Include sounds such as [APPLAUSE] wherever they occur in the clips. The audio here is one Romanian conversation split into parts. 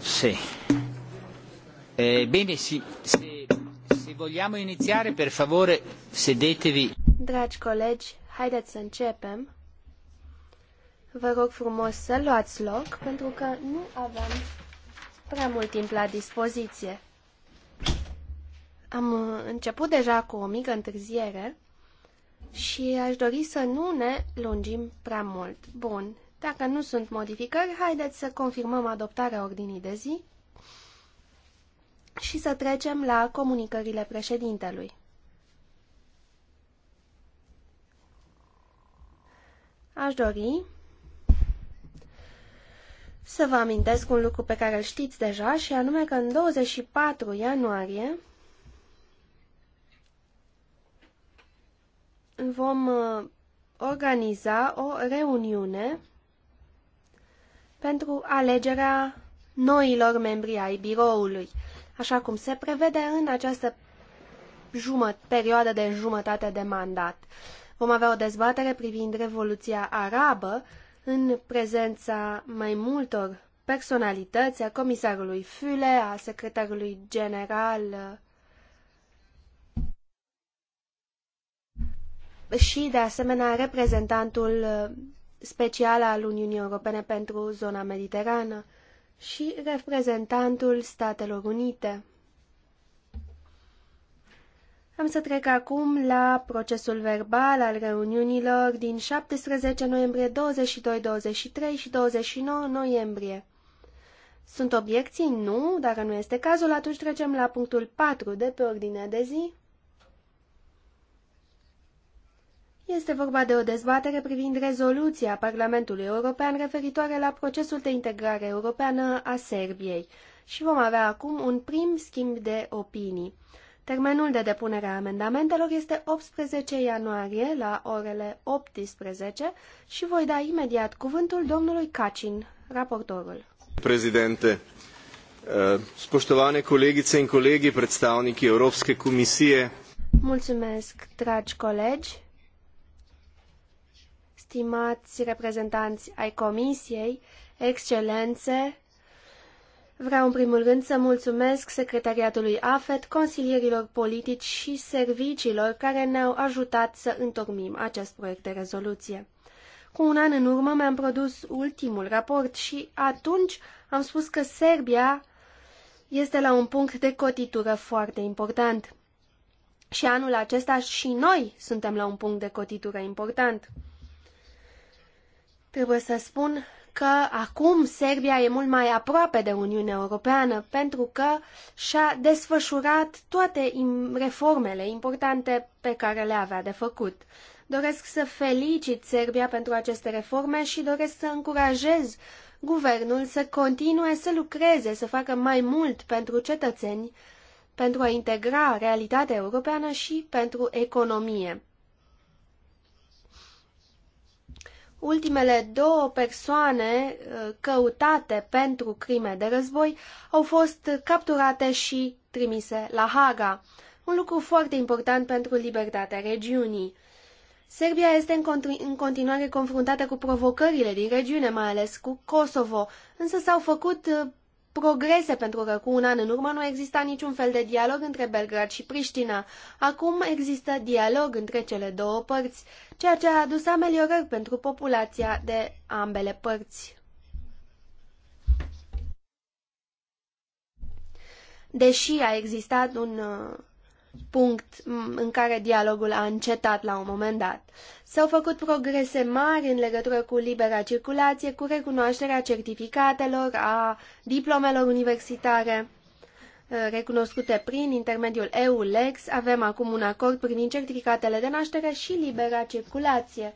Sì. Eh, bene, sì, se, se vogliamo iniziare, per favore, sedetevi. Dragi colegi, haideți să începem. Vă rog frumos să luați loc, pentru că nu avem prea mult timp la dispoziție. Am uh, început deja cu o mică întârziere și aș dori să nu ne lungim prea mult. Bun, dacă nu sunt modificări, haideți să confirmăm adoptarea ordinii de zi și să trecem la comunicările președintelui. Aș dori să vă amintesc un lucru pe care îl știți deja și anume că în 24 ianuarie vom uh, organiza o reuniune pentru alegerea noilor membri ai biroului, așa cum se prevede în această jumăt, perioadă de jumătate de mandat. Vom avea o dezbatere privind Revoluția Arabă în prezența mai multor personalități, a comisarului Füle, a secretarului general uh, și, de asemenea, reprezentantul uh, special al Uniunii Europene pentru zona mediterană și reprezentantul Statelor Unite. Am să trec acum la procesul verbal al reuniunilor din 17 noiembrie, 22, 23 și 29 noiembrie. Sunt obiecții? Nu, dacă nu este cazul, atunci trecem la punctul 4 de pe ordinea de zi. Este vorba de o dezbatere privind rezoluția Parlamentului European referitoare la procesul de integrare europeană a Serbiei și vom avea acum un prim schimb de opinii. Termenul de depunere a amendamentelor este 18 ianuarie la orele 18 și voi da imediat cuvântul domnului Cacin, raportorul. Prezidente, eh, spoștovane colegițe în colegi, predstavnici Europske Comisie. Mulțumesc, dragi colegi stimați reprezentanți ai Comisiei, excelențe, vreau în primul rând să mulțumesc Secretariatului AFET, consilierilor politici și serviciilor care ne-au ajutat să întocmim acest proiect de rezoluție. Cu un an în urmă mi-am produs ultimul raport și atunci am spus că Serbia este la un punct de cotitură foarte important. Și anul acesta și noi suntem la un punct de cotitură important. Trebuie să spun că acum Serbia e mult mai aproape de Uniunea Europeană pentru că și-a desfășurat toate reformele importante pe care le avea de făcut. Doresc să felicit Serbia pentru aceste reforme și doresc să încurajez guvernul să continue să lucreze, să facă mai mult pentru cetățeni, pentru a integra realitatea europeană și pentru economie. Ultimele două persoane uh, căutate pentru crime de război au fost capturate și trimise la Haga, un lucru foarte important pentru libertatea regiunii. Serbia este în continuare confruntată cu provocările din regiune, mai ales cu Kosovo, însă s-au făcut uh, progrese, pentru că cu un an în urmă nu exista niciun fel de dialog între Belgrad și Priștina. Acum există dialog între cele două părți, ceea ce a adus ameliorări pentru populația de ambele părți. Deși a existat un uh, punct în care dialogul a încetat la un moment dat. S-au făcut progrese mari în legătură cu libera circulație, cu recunoașterea certificatelor, a diplomelor universitare uh, recunoscute prin intermediul EULEX. Avem acum un acord privind certificatele de naștere și libera circulație.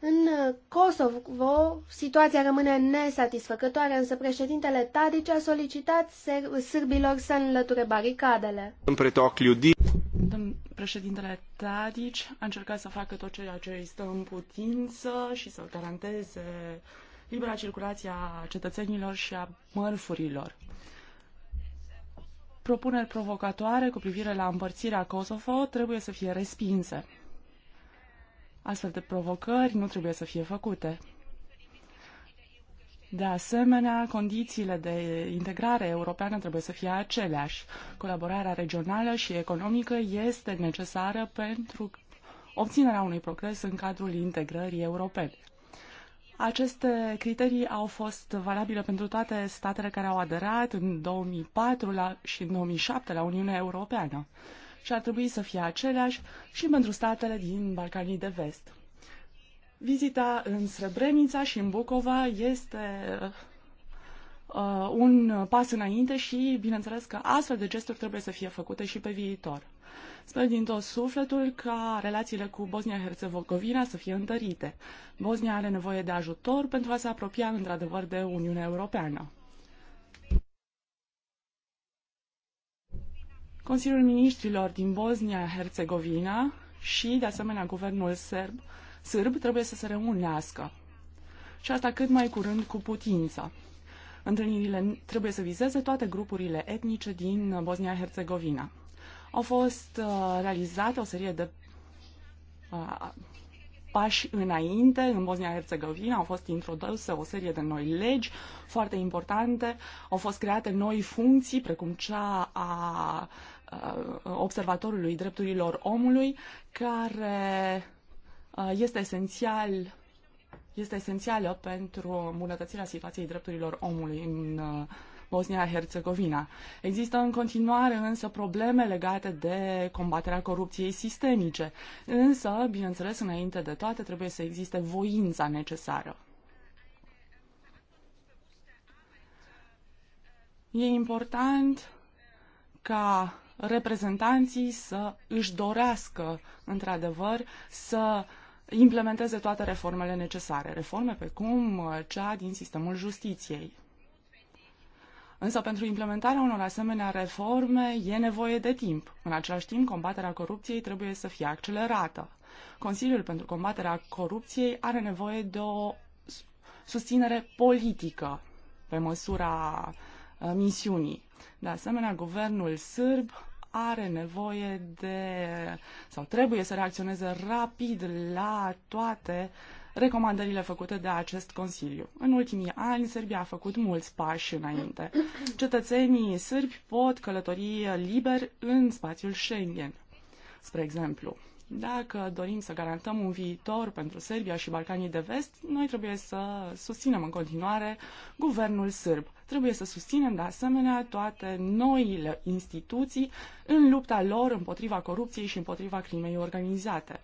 În uh, Kosovo, situația rămâne nesatisfăcătoare, însă președintele Tadic a solicitat sârbilor să înlăture baricadele. Președintele Tadic a încercat să facă tot ceea ce îi stă în putință și să garanteze libera circulație a cetățenilor și a mărfurilor. Propuneri provocatoare cu privire la împărțirea Kosovo trebuie să fie respinse. Astfel de provocări nu trebuie să fie făcute. De asemenea, condițiile de integrare europeană trebuie să fie aceleași. Colaborarea regională și economică este necesară pentru obținerea unui progres în cadrul integrării europene. Aceste criterii au fost valabile pentru toate statele care au aderat în 2004 la, și în 2007 la Uniunea Europeană și ar trebui să fie aceleași și pentru statele din Balcanii de Vest. Vizita în Srebrenica și în Bucova este uh, un pas înainte și, bineînțeles, că astfel de gesturi trebuie să fie făcute și pe viitor. Sper din tot sufletul ca relațiile cu Bosnia-Herzegovina să fie întărite. Bosnia are nevoie de ajutor pentru a se apropia într-adevăr de Uniunea Europeană. Consiliul Ministrilor din Bosnia-Herzegovina și, de asemenea, guvernul serb sârb trebuie să se reunească. Și asta cât mai curând cu putință. Întâlnirile trebuie să vizeze toate grupurile etnice din Bosnia-Herzegovina. Au fost uh, realizate o serie de uh, pași înainte în Bosnia-Herzegovina, au fost introduse o serie de noi legi foarte importante, au fost create noi funcții, precum cea a uh, observatorului drepturilor omului, care Uh, este esențial este esențială pentru îmbunătățirea situației drepturilor omului în uh, Bosnia-Herzegovina. Există în continuare însă probleme legate de combaterea corupției sistemice, însă, bineînțeles, înainte de toate trebuie să existe voința necesară. E important ca reprezentanții să își dorească, într-adevăr, să implementeze toate reformele necesare, reforme pe cum uh, cea din sistemul justiției. Însă pentru implementarea unor asemenea reforme e nevoie de timp. În același timp, combaterea corupției trebuie să fie accelerată. Consiliul pentru combaterea corupției are nevoie de o susținere politică pe măsura uh, misiunii. De asemenea, guvernul sârb are nevoie de sau trebuie să reacționeze rapid la toate recomandările făcute de acest Consiliu. În ultimii ani, Serbia a făcut mulți pași înainte. Cetățenii sârbi pot călători liber în spațiul Schengen, spre exemplu. Dacă dorim să garantăm un viitor pentru Serbia și Balcanii de Vest, noi trebuie să susținem în continuare guvernul sârb. Trebuie să susținem de asemenea toate noile instituții în lupta lor împotriva corupției și împotriva crimei organizate.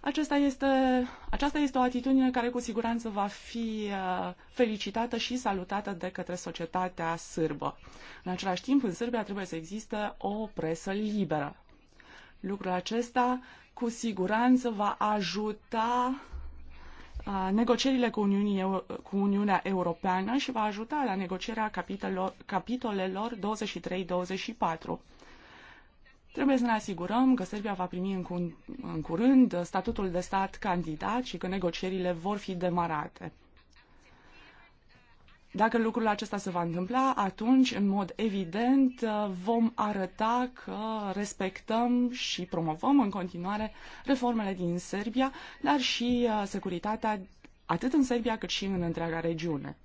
Aceasta este, aceasta este o atitudine care cu siguranță va fi uh, felicitată și salutată de către societatea sârbă. În același timp, în Sârbia trebuie să existe o presă liberă. Lucrul acesta cu siguranță va ajuta negocierile cu, Uniunii, cu Uniunea Europeană și va ajuta la negocierea capitolelor, capitolelor 23-24. Trebuie să ne asigurăm că Serbia va primi în, în curând statutul de stat candidat și că negocierile vor fi demarate. Dacă lucrul acesta se va întâmpla, atunci, în mod evident, vom arăta că respectăm și promovăm în continuare reformele din Serbia, dar și uh, securitatea atât în Serbia cât și în întreaga regiune.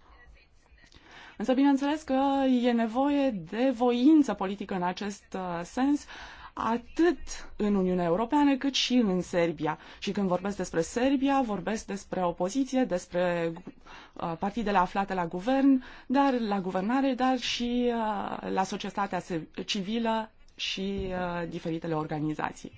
Însă, bineînțeles că e nevoie de voință politică în acest uh, sens, atât în Uniunea Europeană cât și în Serbia. Și când vorbesc despre Serbia, vorbesc despre opoziție, despre uh, partidele aflate la guvern, dar la guvernare, dar și uh, la societatea civilă și uh, diferitele organizații.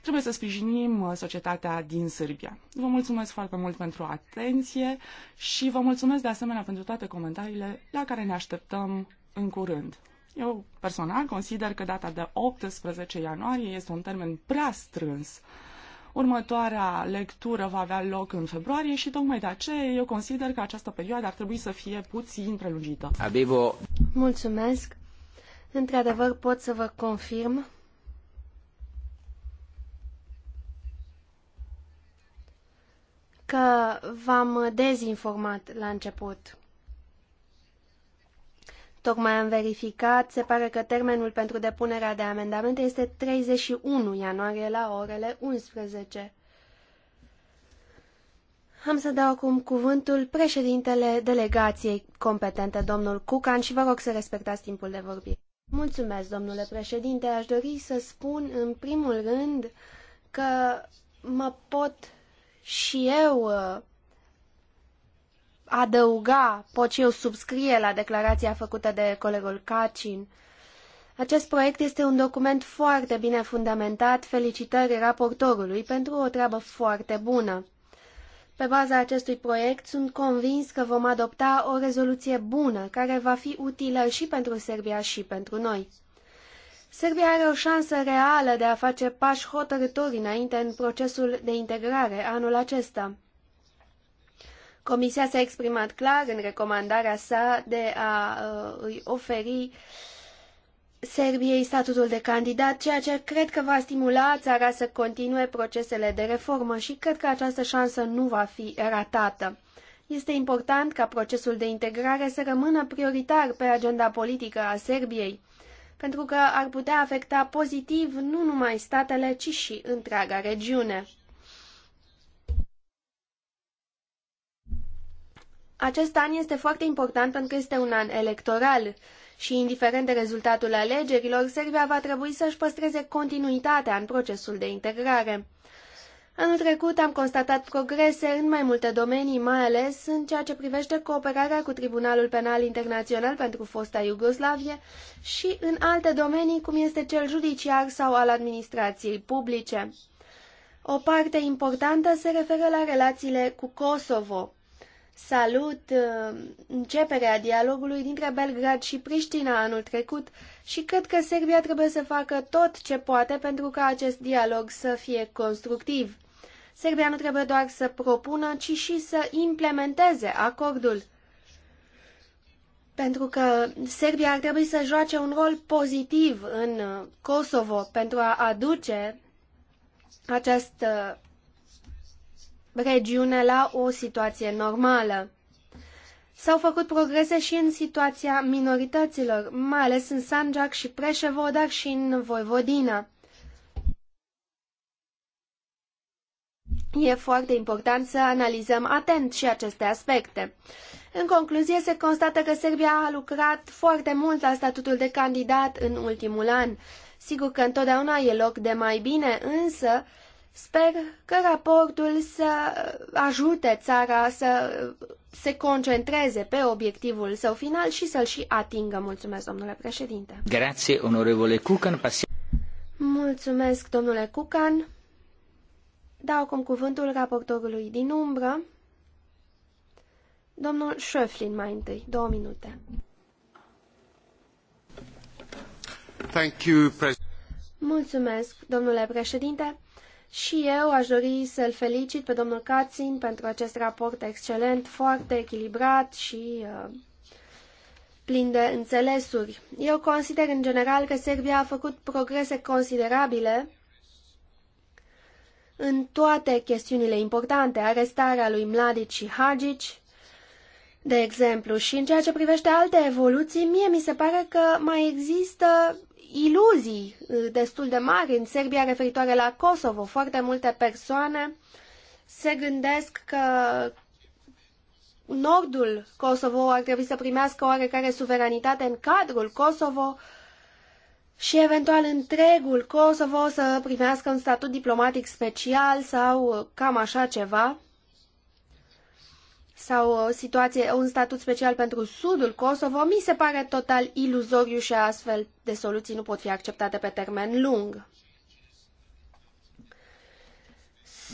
Trebuie să sprijinim societatea din Serbia. Vă mulțumesc foarte mult pentru atenție și vă mulțumesc de asemenea pentru toate comentariile la care ne așteptăm în curând. Eu personal consider că data de 18 ianuarie este un termen prea strâns. Următoarea lectură va avea loc în februarie și tocmai de aceea eu consider că această perioadă ar trebui să fie puțin prelungită. Abivo. Mulțumesc. Într-adevăr pot să vă confirm că v-am dezinformat la început. Tocmai am verificat, se pare că termenul pentru depunerea de amendamente este 31 ianuarie la orele 11. Am să dau acum cuvântul președintele delegației competente, domnul Cucan, și vă rog să respectați timpul de vorbire. Mulțumesc, domnule președinte. Aș dori să spun în primul rând că mă pot și eu adăuga, pot și eu subscrie la declarația făcută de colegul Cacin. Acest proiect este un document foarte bine fundamentat, felicitări raportorului pentru o treabă foarte bună. Pe baza acestui proiect, sunt convins că vom adopta o rezoluție bună, care va fi utilă și pentru Serbia și pentru noi. Serbia are o șansă reală de a face pași hotărători înainte în procesul de integrare anul acesta. Comisia s-a exprimat clar în recomandarea sa de a uh, îi oferi Serbiei statutul de candidat, ceea ce cred că va stimula țara să continue procesele de reformă și cred că această șansă nu va fi ratată. Este important ca procesul de integrare să rămână prioritar pe agenda politică a Serbiei, pentru că ar putea afecta pozitiv nu numai statele, ci și întreaga regiune. Acest an este foarte important pentru că este un an electoral și, indiferent de rezultatul alegerilor, Serbia va trebui să-și păstreze continuitatea în procesul de integrare. Anul trecut am constatat progrese în mai multe domenii, mai ales în ceea ce privește cooperarea cu Tribunalul Penal Internațional pentru fosta Iugoslavie și în alte domenii, cum este cel judiciar sau al administrației publice. O parte importantă se referă la relațiile cu Kosovo. Salut uh, începerea dialogului dintre Belgrad și Priștina anul trecut și cred că Serbia trebuie să facă tot ce poate pentru ca acest dialog să fie constructiv. Serbia nu trebuie doar să propună, ci și să implementeze acordul. Pentru că Serbia ar trebui să joace un rol pozitiv în uh, Kosovo pentru a aduce această regiune la o situație normală. S-au făcut progrese și în situația minorităților, mai ales în Sanjac și Preșevo, dar și în Voivodina. E foarte important să analizăm atent și aceste aspecte. În concluzie, se constată că Serbia a lucrat foarte mult la statutul de candidat în ultimul an. Sigur că întotdeauna e loc de mai bine, însă Sper că raportul să ajute țara să se concentreze pe obiectivul său final și să-l și atingă. Mulțumesc, domnule președinte. Grazie, onorevole Cucan. Mulțumesc, domnule Cucan. Dau acum cuvântul raportorului din umbră, domnul Schöflin mai întâi, două minute. Thank you, Mulțumesc, domnule președinte. Și eu aș dori să-l felicit pe domnul Cațin pentru acest raport excelent, foarte echilibrat și uh, plin de înțelesuri. Eu consider în general că Serbia a făcut progrese considerabile în toate chestiunile importante, arestarea lui Mladic și Hagici, de exemplu. Și în ceea ce privește alte evoluții, mie mi se pare că mai există iluzii uh, destul de mari în Serbia referitoare la Kosovo. Foarte multe persoane se gândesc că nordul Kosovo ar trebui să primească oarecare suveranitate în cadrul Kosovo și eventual întregul Kosovo să primească un statut diplomatic special sau cam așa ceva sau o situație, un statut special pentru sudul Kosovo, mi se pare total iluzoriu și astfel de soluții nu pot fi acceptate pe termen lung.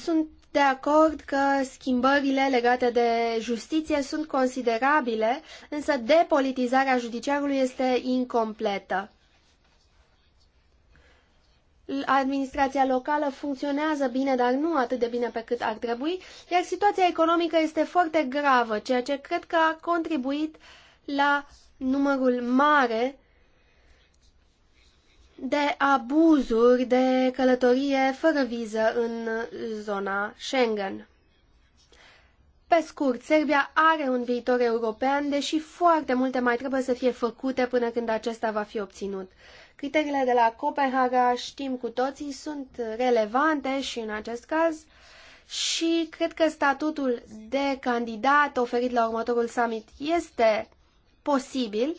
Sunt de acord că schimbările legate de justiție sunt considerabile, însă depolitizarea judiciarului este incompletă administrația locală funcționează bine, dar nu atât de bine pe cât ar trebui, iar situația economică este foarte gravă, ceea ce cred că a contribuit la numărul mare de abuzuri de călătorie fără viză în zona Schengen. Pe scurt, Serbia are un viitor european, deși foarte multe mai trebuie să fie făcute până când acesta va fi obținut. Criteriile de la Copenhaga, știm cu toții, sunt relevante și în acest caz și cred că statutul de candidat oferit la următorul summit este posibil,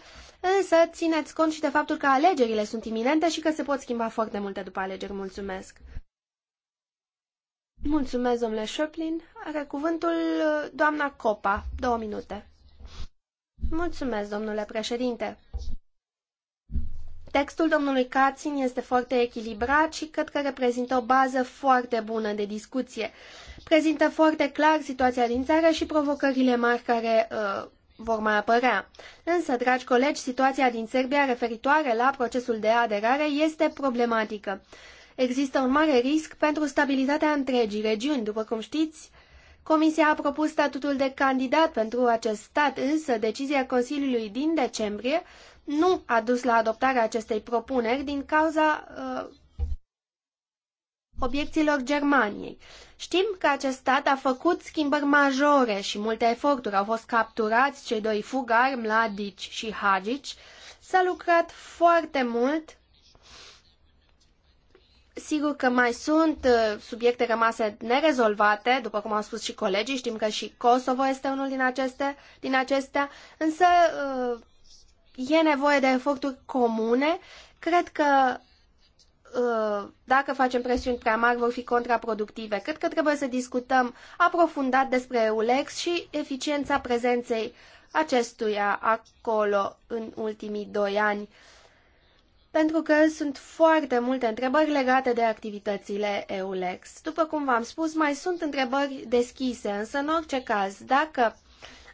însă țineți cont și de faptul că alegerile sunt iminente și că se pot schimba foarte multe după alegeri. Mulțumesc! Mulțumesc, domnule Șoplin. Are cuvântul doamna Copa. Două minute. Mulțumesc, domnule președinte. Textul domnului Cațin este foarte echilibrat și cred că reprezintă o bază foarte bună de discuție. Prezintă foarte clar situația din țară și provocările mari care uh, vor mai apărea. Însă, dragi colegi, situația din Serbia referitoare la procesul de aderare este problematică. Există un mare risc pentru stabilitatea întregii regiuni. După cum știți, Comisia a propus statutul de candidat pentru acest stat, însă decizia Consiliului din decembrie nu a dus la adoptarea acestei propuneri din cauza uh, obiecțiilor Germaniei. Știm că acest stat a făcut schimbări majore și multe eforturi. Au fost capturați cei doi fugari, Mladic și Hagici. S-a lucrat foarte mult. Sigur că mai sunt uh, subiecte rămase nerezolvate, după cum au spus și colegii, știm că și Kosovo este unul din, aceste, din acestea, însă uh, e nevoie de eforturi comune. Cred că uh, dacă facem presiuni prea mari, vor fi contraproductive. Cred că trebuie să discutăm aprofundat despre EULEX și eficiența prezenței acestuia acolo în ultimii doi ani, pentru că sunt foarte multe întrebări legate de activitățile EULEX. După cum v-am spus, mai sunt întrebări deschise, însă în orice caz, dacă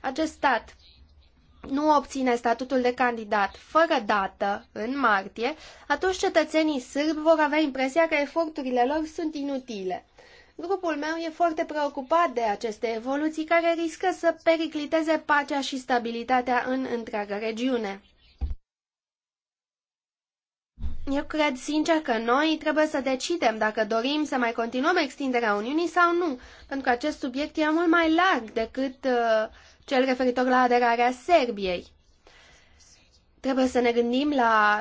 acest stat nu obține statutul de candidat fără dată, în martie, atunci cetățenii sârbi vor avea impresia că eforturile lor sunt inutile. Grupul meu e foarte preocupat de aceste evoluții care riscă să pericliteze pacea și stabilitatea în întreaga regiune. Eu cred sincer că noi trebuie să decidem dacă dorim să mai continuăm extinderea Uniunii sau nu, pentru că acest subiect e mult mai larg decât uh, cel referitor la aderarea Serbiei. Trebuie să ne gândim la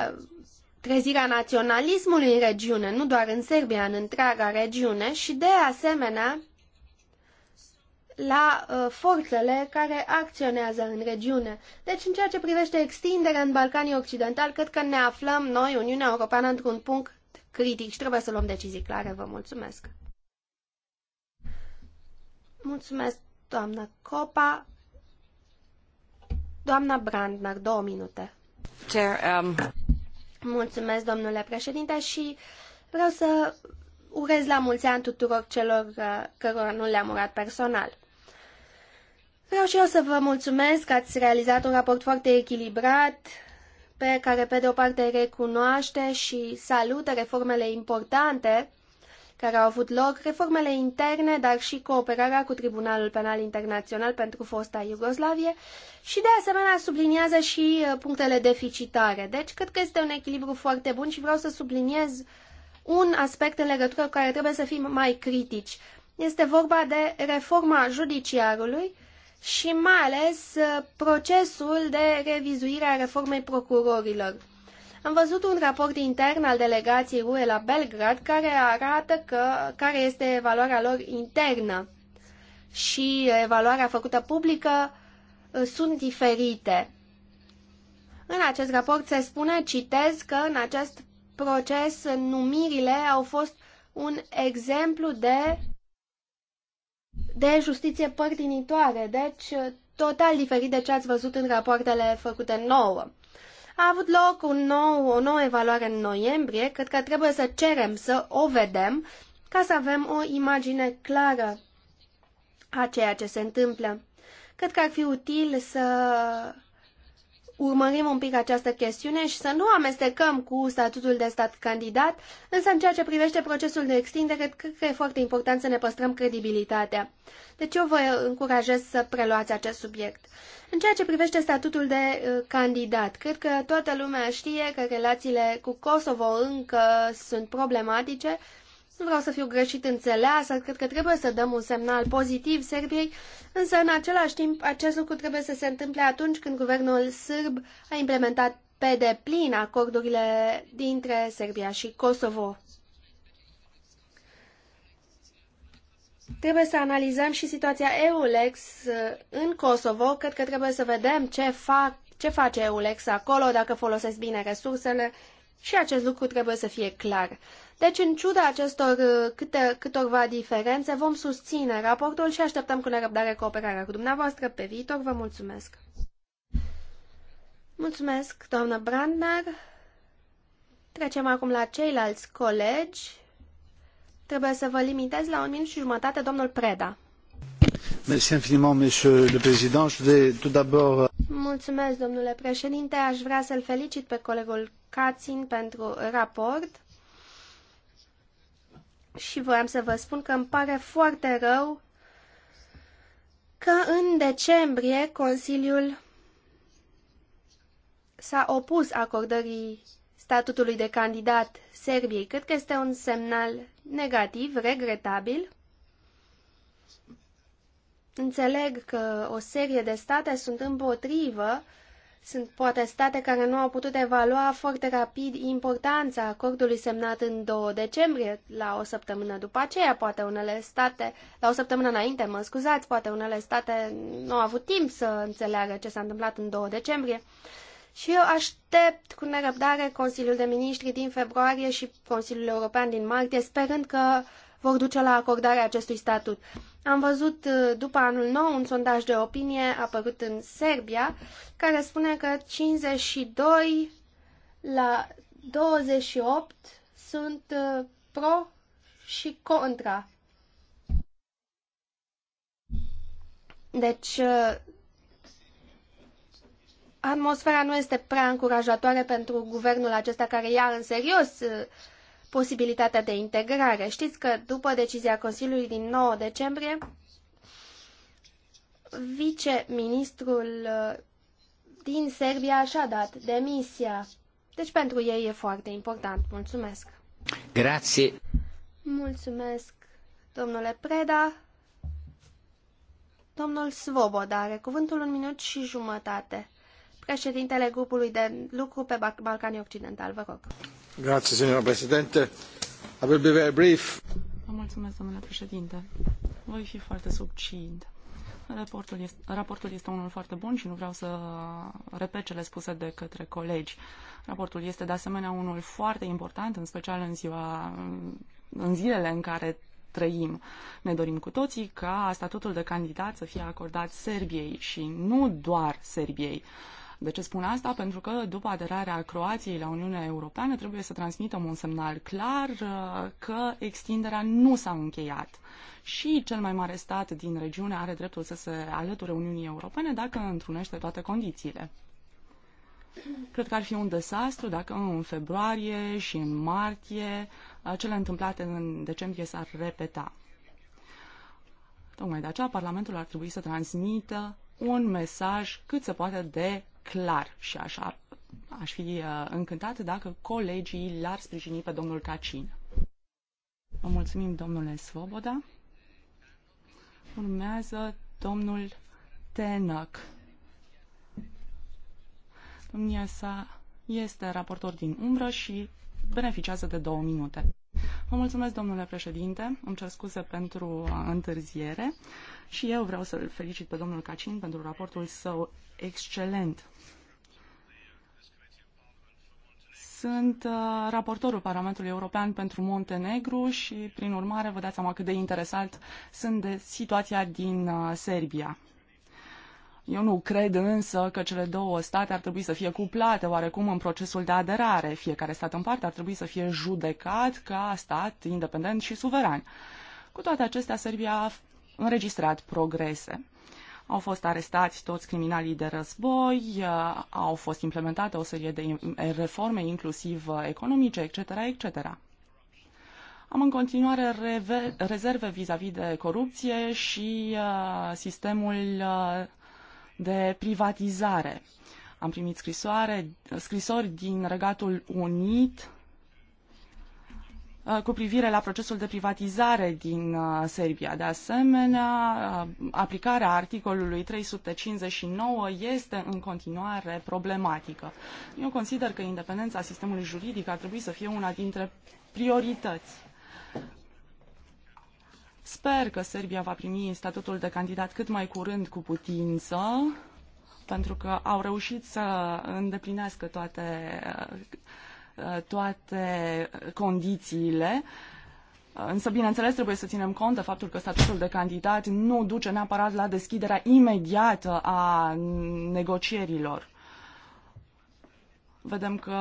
trezirea naționalismului în regiune, nu doar în Serbia, în întreaga regiune și de asemenea la uh, forțele care acționează în regiune. Deci, în ceea ce privește extinderea în Balcanii Occidentali, cred că ne aflăm noi, Uniunea Europeană, într-un punct critic și trebuie să luăm decizii clare. Vă mulțumesc! Mulțumesc, doamnă Copa. Doamna Brandner, două minute. Chair, um... Mulțumesc, domnule președinte, și vreau să urez la mulți ani tuturor celor uh, cărora nu le-am urat personal. Vreau și eu să vă mulțumesc că ați realizat un raport foarte echilibrat, pe care pe de o parte recunoaște și salută reformele importante care au avut loc, reformele interne, dar și cooperarea cu Tribunalul Penal Internațional pentru fosta Iugoslavie și de asemenea subliniază și uh, punctele deficitare. Deci cred că este un echilibru foarte bun și vreau să subliniez un aspect în legătură cu care trebuie să fim mai critici. Este vorba de reforma judiciarului și mai ales uh, procesul de revizuire a reformei procurorilor am văzut un raport intern al delegației UE la Belgrad care arată că, care este valoarea lor internă și evaluarea făcută publică uh, sunt diferite. În acest raport se spune, citez, că în acest proces numirile au fost un exemplu de, de justiție părtinitoare, deci uh, total diferit de ce ați văzut în rapoartele făcute nouă. A avut loc un nou, o nouă evaluare în noiembrie, cred că trebuie să cerem să o vedem ca să avem o imagine clară a ceea ce se întâmplă. Cred că ar fi util să urmărim un pic această chestiune și să nu amestecăm cu statutul de stat candidat, însă în ceea ce privește procesul de extindere, cred că e foarte important să ne păstrăm credibilitatea. Deci eu vă încurajez să preluați acest subiect. În ceea ce privește statutul de uh, candidat, cred că toată lumea știe că relațiile cu Kosovo încă sunt problematice. Nu vreau să fiu greșit înțeleasă, cred că trebuie să dăm un semnal pozitiv Serbiei, însă în același timp acest lucru trebuie să se întâmple atunci când guvernul sârb a implementat pe deplin acordurile dintre Serbia și Kosovo. Trebuie să analizăm și situația EULEX uh, în Kosovo. Cred că trebuie să vedem ce, fac, ce face EULEX acolo, dacă folosesc bine resursele și acest lucru trebuie să fie clar. Deci, în ciuda acestor uh, câte, câtorva diferențe, vom susține raportul și așteptăm cu nerăbdare cooperarea cu dumneavoastră pe viitor. Vă mulțumesc! Mulțumesc, doamnă Brandner! Trecem acum la ceilalți colegi. Trebuie să vă limitez la un minut și jumătate, domnul Preda. Euh, Mulțumesc, domnule președinte. Aș vrea să-l felicit pe colegul Cațin pentru raport. Și voiam să vă spun că îmi pare foarte rău că în decembrie Consiliul s-a opus acordării statutului de candidat Serbiei. Cred că este un semnal negativ, regretabil. Înțeleg că o serie de state sunt împotrivă, sunt poate state care nu au putut evalua foarte rapid importanța acordului semnat în 2 decembrie, la o săptămână după aceea, poate unele state, la o săptămână înainte, mă scuzați, poate unele state nu au avut timp să înțeleagă ce s-a întâmplat în 2 decembrie. Și eu aștept cu nerăbdare Consiliul de Ministri din februarie și Consiliul European din martie, sperând că vor duce la acordarea acestui statut. Am văzut uh, după anul nou un sondaj de opinie apărut în Serbia, care spune că 52 la 28 sunt uh, pro și contra. Deci, uh, atmosfera nu este prea încurajatoare pentru guvernul acesta care ia în serios uh, posibilitatea de integrare. Știți că după decizia Consiliului din 9 decembrie, viceministrul uh, din Serbia și-a dat demisia. Deci pentru ei e foarte important. Mulțumesc! Grazie! Mulțumesc, domnule Preda! Domnul Svoboda are cuvântul un minut și jumătate președintele grupului de lucru pe Balcanii Occidentali. Vă rog. Grazie, signora Presidente. I will be very brief. Vă mulțumesc, domnule președinte. Voi fi foarte subțint. Raportul este, raportul este unul foarte bun și nu vreau să repet cele spuse de către colegi. Raportul este de asemenea unul foarte important, în special în ziua în zilele în care trăim. Ne dorim cu toții ca statutul de candidat să fie acordat Serbiei și nu doar Serbiei. Uh, de ce spun asta? Pentru că după aderarea Croației la Uniunea Europeană trebuie să transmitem un semnal clar uh, că extinderea nu s-a încheiat. Și cel mai mare stat din regiune are dreptul să se alăture Uniunii Europene dacă întrunește toate condițiile. Cred că ar fi un dezastru dacă în februarie și în martie uh, cele întâmplate în decembrie s-ar repeta. Tocmai de aceea Parlamentul ar trebui să transmită un mesaj cât se poate de clar și așa aș fi uh, încântat dacă colegii l-ar sprijini pe domnul Cacin. Vă mulțumim, domnule Svoboda. Urmează domnul Tenac. Domnia sa este raportor din umbră și beneficiază de două minute. Vă mulțumesc, domnule președinte. Îmi cer scuze pentru uh, întârziere și eu vreau să-l felicit pe domnul Cacin pentru raportul său excelent. Sunt uh, raportorul Parlamentului European pentru Montenegru și, prin urmare, vă dați seama cât de interesat sunt de situația din uh, Serbia. Eu nu cred însă că cele două state ar trebui să fie cuplate oarecum în procesul de aderare. Fiecare stat în parte ar trebui să fie judecat ca stat independent și suveran. Cu toate acestea, Serbia a înregistrat progrese. Au fost arestați toți criminalii de război, uh, au fost implementate o serie de reforme, inclusiv uh, economice, etc., etc. Am în continuare rezerve vis-a-vis -vis de corupție și uh, sistemul uh, de privatizare. Am primit scrisoare, scrisori din Regatul Unit Uh, cu privire la procesul de privatizare din uh, Serbia. De asemenea, uh, aplicarea articolului 359 este în continuare problematică. Eu consider că independența sistemului juridic ar trebui să fie una dintre priorități. Sper că Serbia va primi statutul de candidat cât mai curând cu putință, pentru că au reușit să îndeplinească toate toate condițiile. Însă, bineînțeles, trebuie să ținem cont de faptul că statutul de candidat nu duce neapărat la deschiderea imediată a negocierilor. Vedem că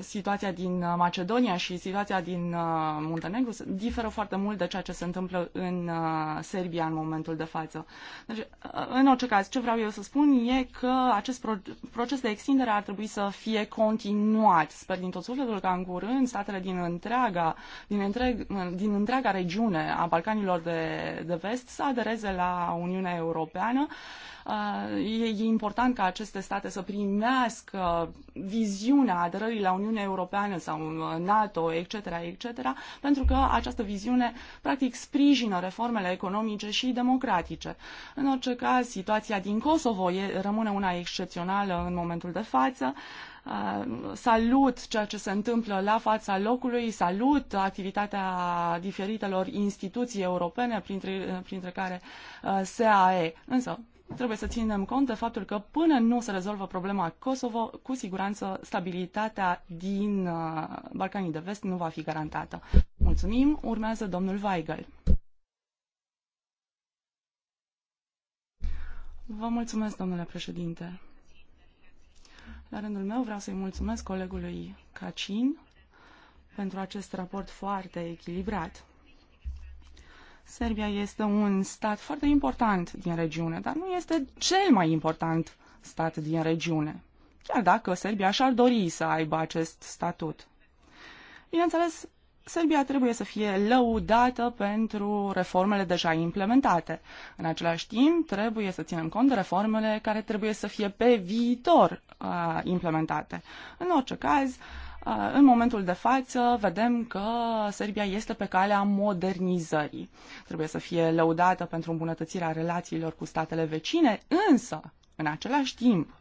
situația din Macedonia și situația din uh, Muntenegru diferă foarte mult de ceea ce se întâmplă în uh, Serbia în momentul de față. Deci, uh, în orice caz, ce vreau eu să spun e că acest proces de extindere ar trebui să fie continuat. Sper din tot sufletul ca în curând statele din întreaga, din, întreg, din întreaga regiune a Balcanilor de, de vest să adereze la Uniunea Europeană. E, e important ca aceste state să primească viziunea aderării la Uniunea Europeană sau uh, NATO, etc., etc., pentru că această viziune, practic, sprijină reformele economice și democratice. În orice caz, situația din Kosovo e, rămâne una excepțională în momentul de față. Uh, salut ceea ce se întâmplă la fața locului, salut activitatea diferitelor instituții europene, printre, printre care uh, SAE. Însă, trebuie să ținem cont de faptul că până nu se rezolvă problema Kosovo, cu siguranță stabilitatea din uh, Balcanii de Vest nu va fi garantată. Mulțumim. Urmează domnul Weigel. Vă mulțumesc, domnule președinte. La rândul meu vreau să-i mulțumesc colegului Cacin pentru acest raport foarte echilibrat. Serbia este un stat foarte important din regiune, dar nu este cel mai important stat din regiune, chiar dacă Serbia și-ar dori să aibă acest statut. Bineînțeles, Serbia trebuie să fie lăudată pentru reformele deja implementate. În același timp, trebuie să ținem cont de reformele care trebuie să fie pe viitor uh, implementate. În orice caz, uh, Uh, în momentul de față vedem că Serbia este pe calea modernizării. Trebuie să fie lăudată pentru îmbunătățirea relațiilor cu statele vecine, însă, în același timp,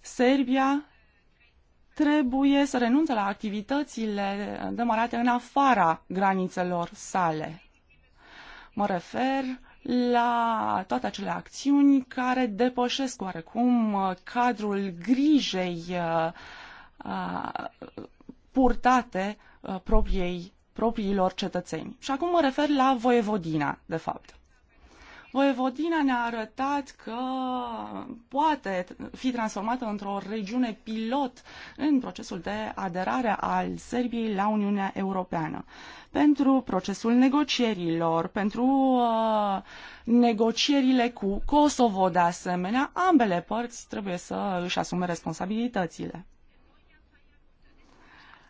Serbia trebuie să renunțe la activitățile demarate în afara granițelor sale. Mă refer la toate acele acțiuni care depășesc oarecum uh, cadrul grijei uh, purtate propriei, propriilor cetățeni. Și acum mă refer la Voievodina, de fapt. Voievodina ne-a arătat că poate fi transformată într-o regiune pilot în procesul de aderare al Serbiei la Uniunea Europeană. Pentru procesul negocierilor, pentru uh, negocierile cu Kosovo de asemenea, ambele părți trebuie să își asume responsabilitățile.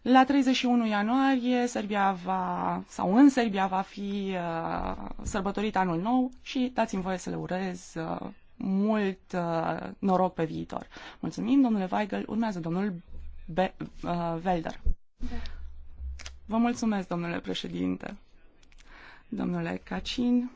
La 31 ianuarie, Serbia va, sau în Serbia va fi uh, sărbătorit anul nou și dați-mi voie să le urez uh, mult uh, noroc pe viitor. Mulțumim, domnule Weigel. Urmează domnul Be- uh, Velder. Da. Vă mulțumesc, domnule președinte. Domnule Cacin,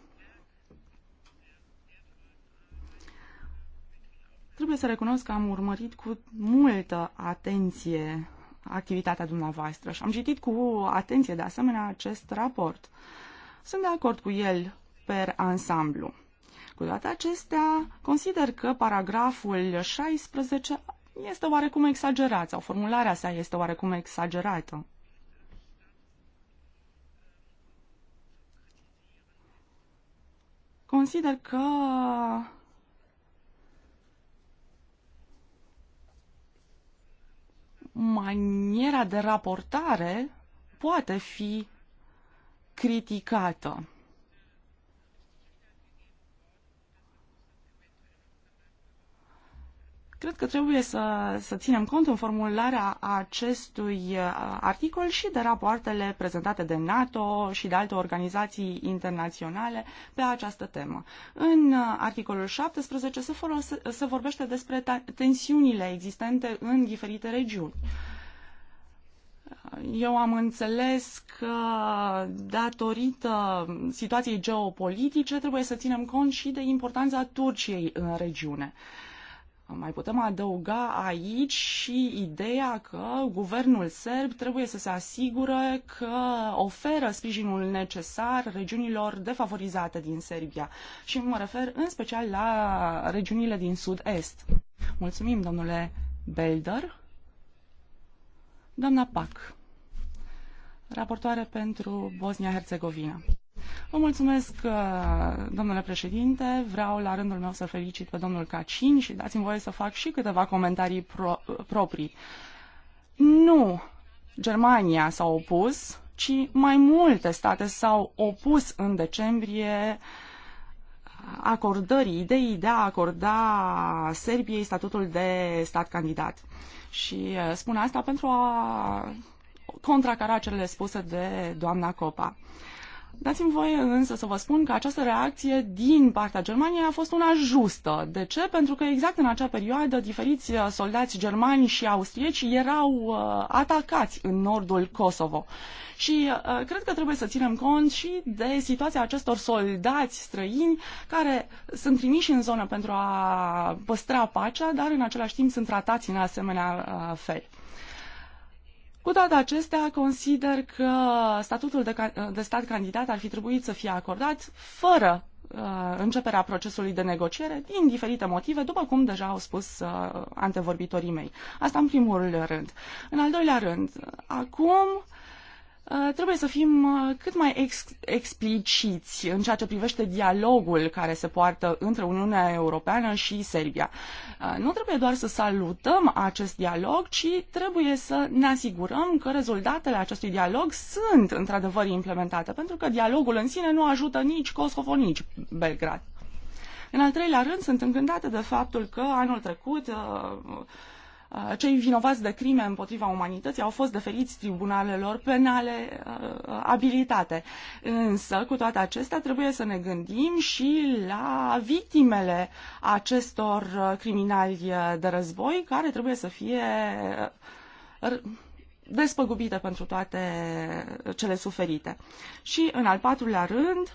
trebuie să recunosc că am urmărit cu multă atenție activitatea dumneavoastră și am citit cu atenție de asemenea acest raport. Sunt de acord cu el per ansamblu. Cu toate acestea, consider că paragraful 16 este oarecum exagerat sau formularea sa este oarecum exagerată. Consider că maniera de raportare poate fi criticată. Cred că trebuie să, să ținem cont în formularea acestui uh, articol și de rapoartele prezentate de NATO și de alte organizații internaționale pe această temă. În uh, articolul 17 se, folose, se vorbește despre tensiunile existente în diferite regiuni. Eu am înțeles că datorită situației geopolitice trebuie să ținem cont și de importanța Turciei în regiune. Uh, mai putem adăuga aici și ideea că guvernul serb trebuie să se asigure că oferă sprijinul necesar regiunilor defavorizate din Serbia și mă refer în special la regiunile din sud-est. Mulțumim, domnule Belder. Doamna Pac, raportoare pentru Bosnia-Herzegovina. Vă mulțumesc, uh, domnule președinte. Vreau la rândul meu să felicit pe domnul Cacin și dați-mi voie să fac și câteva comentarii pro- proprii. Nu Germania s-a opus, ci mai multe state s-au opus în decembrie acordării, ideii de a acorda Serbiei statutul de stat candidat. Și uh, spun asta pentru a contracara cele spuse de doamna Copa. Uh, Dați-mi voie însă să vă spun că această reacție din partea Germaniei a fost una justă. De ce? Pentru că exact în acea perioadă diferiți uh, soldați germani și austrieci erau uh, atacați în nordul Kosovo. Și uh, cred că trebuie să ținem cont și de situația acestor soldați străini care sunt trimiși în zonă pentru a păstra pacea, dar în același timp sunt tratați în asemenea uh, fel. Cu toate acestea, consider că statutul de, de stat candidat ar fi trebuit să fie acordat fără uh, începerea procesului de negociere din diferite motive, după cum deja au spus uh, antevorbitorii mei. Asta în primul rând. În al doilea rând, acum Uh, trebuie să fim uh, cât mai ex- expliciți în ceea ce privește dialogul care se poartă între Uniunea Europeană și Serbia. Uh, nu trebuie doar să salutăm acest dialog, ci trebuie să ne asigurăm că rezultatele acestui dialog sunt într-adevăr implementate, pentru că dialogul în sine nu ajută nici Kosovo, nici Belgrad. În al treilea rând, sunt încântată de faptul că anul trecut uh, cei vinovați de crime împotriva umanității au fost deferiți tribunalelor penale abilitate. Însă, cu toate acestea, trebuie să ne gândim și la victimele acestor criminali de război care trebuie să fie despăgubite pentru toate cele suferite. Și, în al patrulea rând,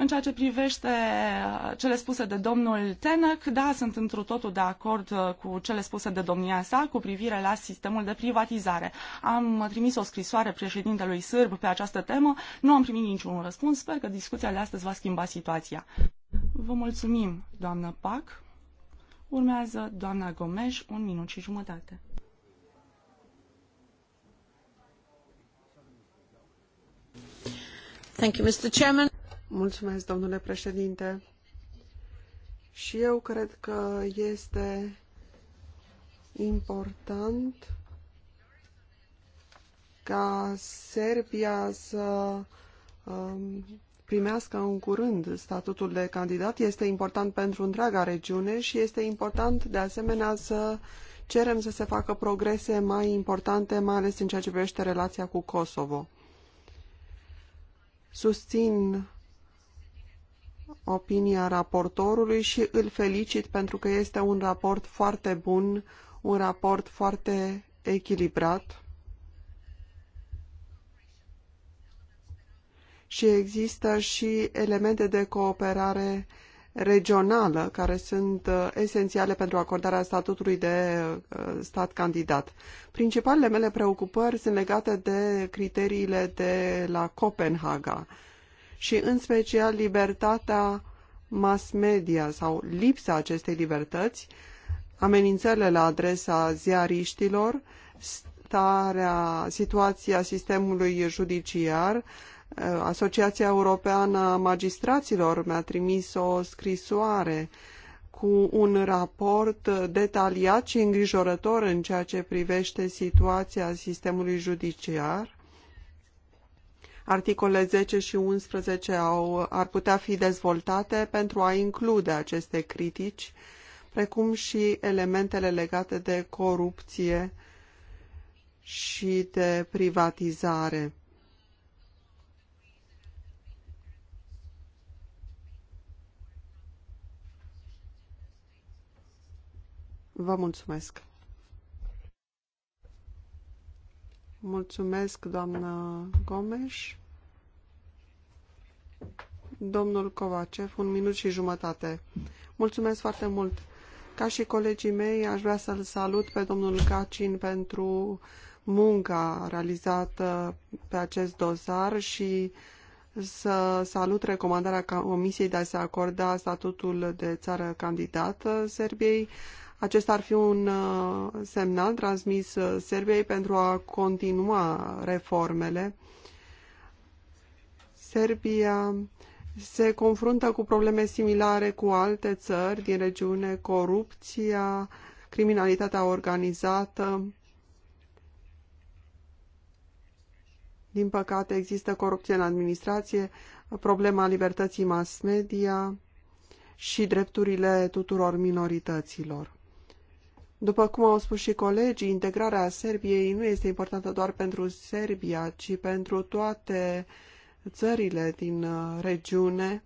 în ceea ce privește uh, cele spuse de domnul Tenăc, da, sunt întru totul de acord uh, cu cele spuse de domnia sa cu privire la sistemul de privatizare. Am trimis o scrisoare președintelui sârb pe această temă, nu am primit niciun răspuns, sper că discuția de astăzi va schimba situația. Vă mulțumim, doamnă Pac. Urmează doamna Gomes, un minut și jumătate. Thank you, Mr. Chairman. Mulțumesc, domnule președinte. Și eu cred că este important ca Serbia să um, primească în curând statutul de candidat. Este important pentru întreaga regiune și este important de asemenea să cerem să se facă progrese mai importante, mai ales în ceea ce privește relația cu Kosovo. Susțin opinia raportorului și îl felicit pentru că este un raport foarte bun, un raport foarte echilibrat. Și există și elemente de cooperare regională care sunt uh, esențiale pentru acordarea statutului de uh, stat candidat. Principalele mele preocupări sunt legate de criteriile de la Copenhaga și în special libertatea mass media sau lipsa acestei libertăți, amenințările la adresa ziariștilor, starea, situația sistemului judiciar, eh, Asociația Europeană a Magistraților mi-a trimis o scrisoare cu un raport detaliat și îngrijorător în ceea ce privește situația sistemului judiciar Articolele 10 și 11 au, ar putea fi dezvoltate pentru a include aceste critici, precum și elementele legate de corupție și de privatizare. Vă mulțumesc. Mulțumesc, doamnă Gomes. Domnul Covacev, un minut și jumătate. Mulțumesc foarte mult. Ca și colegii mei, aș vrea să-l salut pe domnul Kacin pentru munca realizată pe acest dosar și să salut recomandarea Comisiei de a se acorda statutul de țară candidată Serbiei. Acesta ar fi un uh, semnal transmis uh, Serbiei pentru a continua reformele. Serbia se confruntă cu probleme similare cu alte țări din regiune, corupția, criminalitatea organizată. Din păcate există corupție în administrație, problema libertății mass media și drepturile tuturor minorităților. După cum au spus și colegii, integrarea Serbiei nu este importantă doar pentru Serbia, ci pentru toate uh, țările din uh, regiune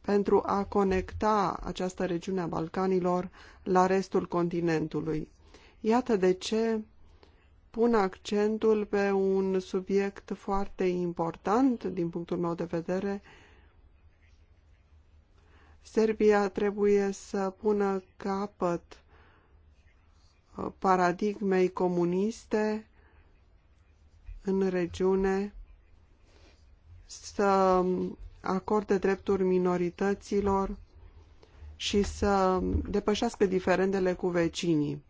pentru a conecta această regiune a Balcanilor la restul continentului. Iată de ce pun accentul pe un subiect foarte important din punctul meu de vedere. Serbia trebuie să pună capăt uh, paradigmei comuniste în regiune să acorde drepturi minorităților și să depășească diferendele cu vecinii.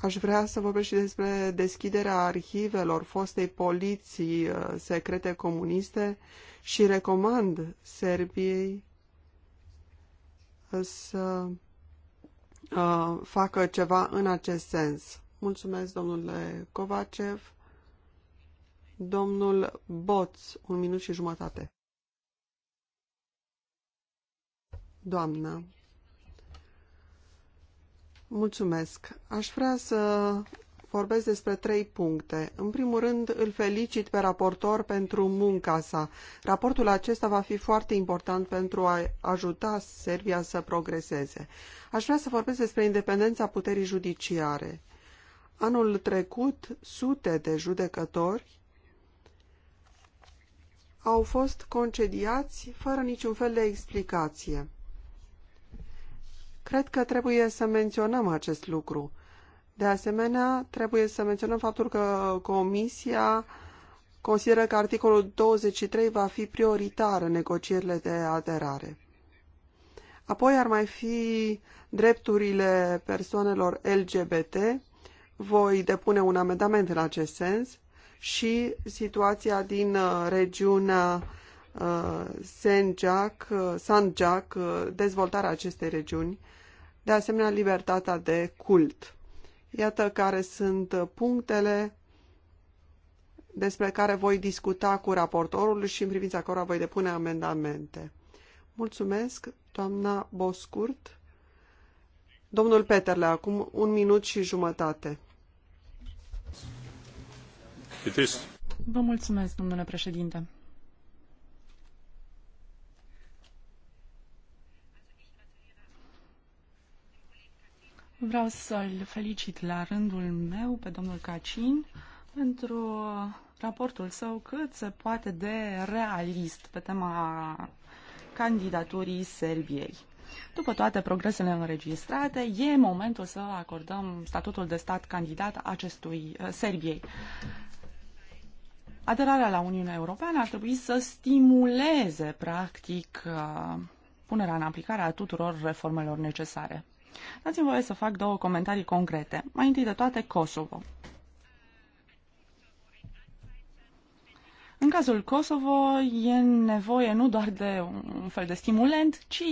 Aș vrea să vorbesc și despre deschiderea arhivelor fostei poliții uh, secrete comuniste și recomand Serbiei uh, să uh, facă ceva în acest sens. Mulțumesc, domnule Kovacev. Domnul Boț, un minut și jumătate. Doamnă, mulțumesc. Aș vrea să vorbesc despre trei puncte. În primul rând, îl felicit pe raportor pentru munca sa. Raportul acesta va fi foarte important pentru a ajuta Serbia să progreseze. Aș vrea să vorbesc despre independența puterii judiciare. Anul trecut, sute de judecători au fost concediați fără niciun fel de explicație. Cred că trebuie să menționăm acest lucru. De asemenea, trebuie să menționăm faptul că Comisia consideră că articolul 23 va fi prioritar în negocierile de aderare. Apoi ar mai fi drepturile persoanelor LGBT. Voi depune un amendament în acest sens și situația din uh, regiunea uh, Sanjak, uh, Sanjak, dezvoltarea acestei regiuni, de asemenea libertatea de cult. Iată care sunt punctele despre care voi discuta cu raportorul și în privința cărora voi depune amendamente. Mulțumesc, doamna Boscurt. Domnul Peterle, acum un minut și jumătate. Vreau să-l felicit la rândul meu pe domnul Cacin pentru raportul său cât se poate de realist pe tema candidaturii Serbiei. După toate progresele înregistrate, e momentul să acordăm statutul de stat candidat acestui Serbiei. Aderarea la Uniunea Europeană ar trebui să stimuleze, practic, uh, punerea în aplicare a tuturor reformelor necesare. Dați-mi voie să fac două comentarii concrete. Mai întâi de toate, Kosovo. În cazul Kosovo e nevoie nu doar de un fel de stimulent, ci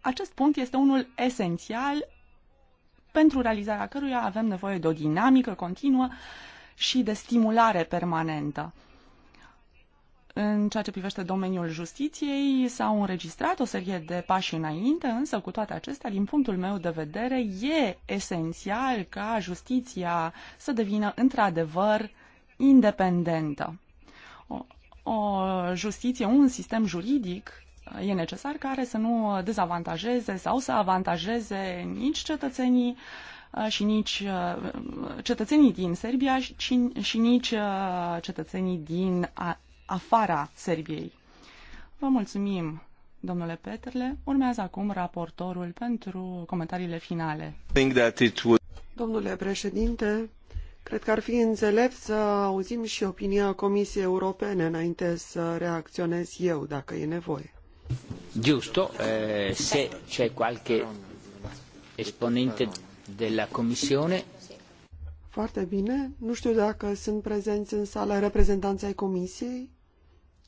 acest punct este unul esențial pentru realizarea căruia avem nevoie de o dinamică continuă și de stimulare permanentă. În ceea ce privește domeniul justiției, s-au înregistrat o serie de pași înainte, însă cu toate acestea, din punctul meu de vedere, e esențial ca justiția să devină într-adevăr independentă. O, o justiție, un sistem juridic e necesar care să nu dezavantajeze sau să avantajeze nici cetățenii uh, Uh, și nici uh, cetățenii din Serbia și nici uh, cetățenii din afara Serbiei. Vă mulțumim, domnule Peterle. Urmează acum raportorul pentru comentariile finale. Domnule președinte, cred că ar fi înțelept să auzim și opinia Comisiei Europene înainte să reacționez eu, dacă e nevoie. Giusto, eh, se c'è qualche esponente de la Comisione. Foarte bine. Nu știu dacă sunt prezenți în sală reprezentanții Comisiei.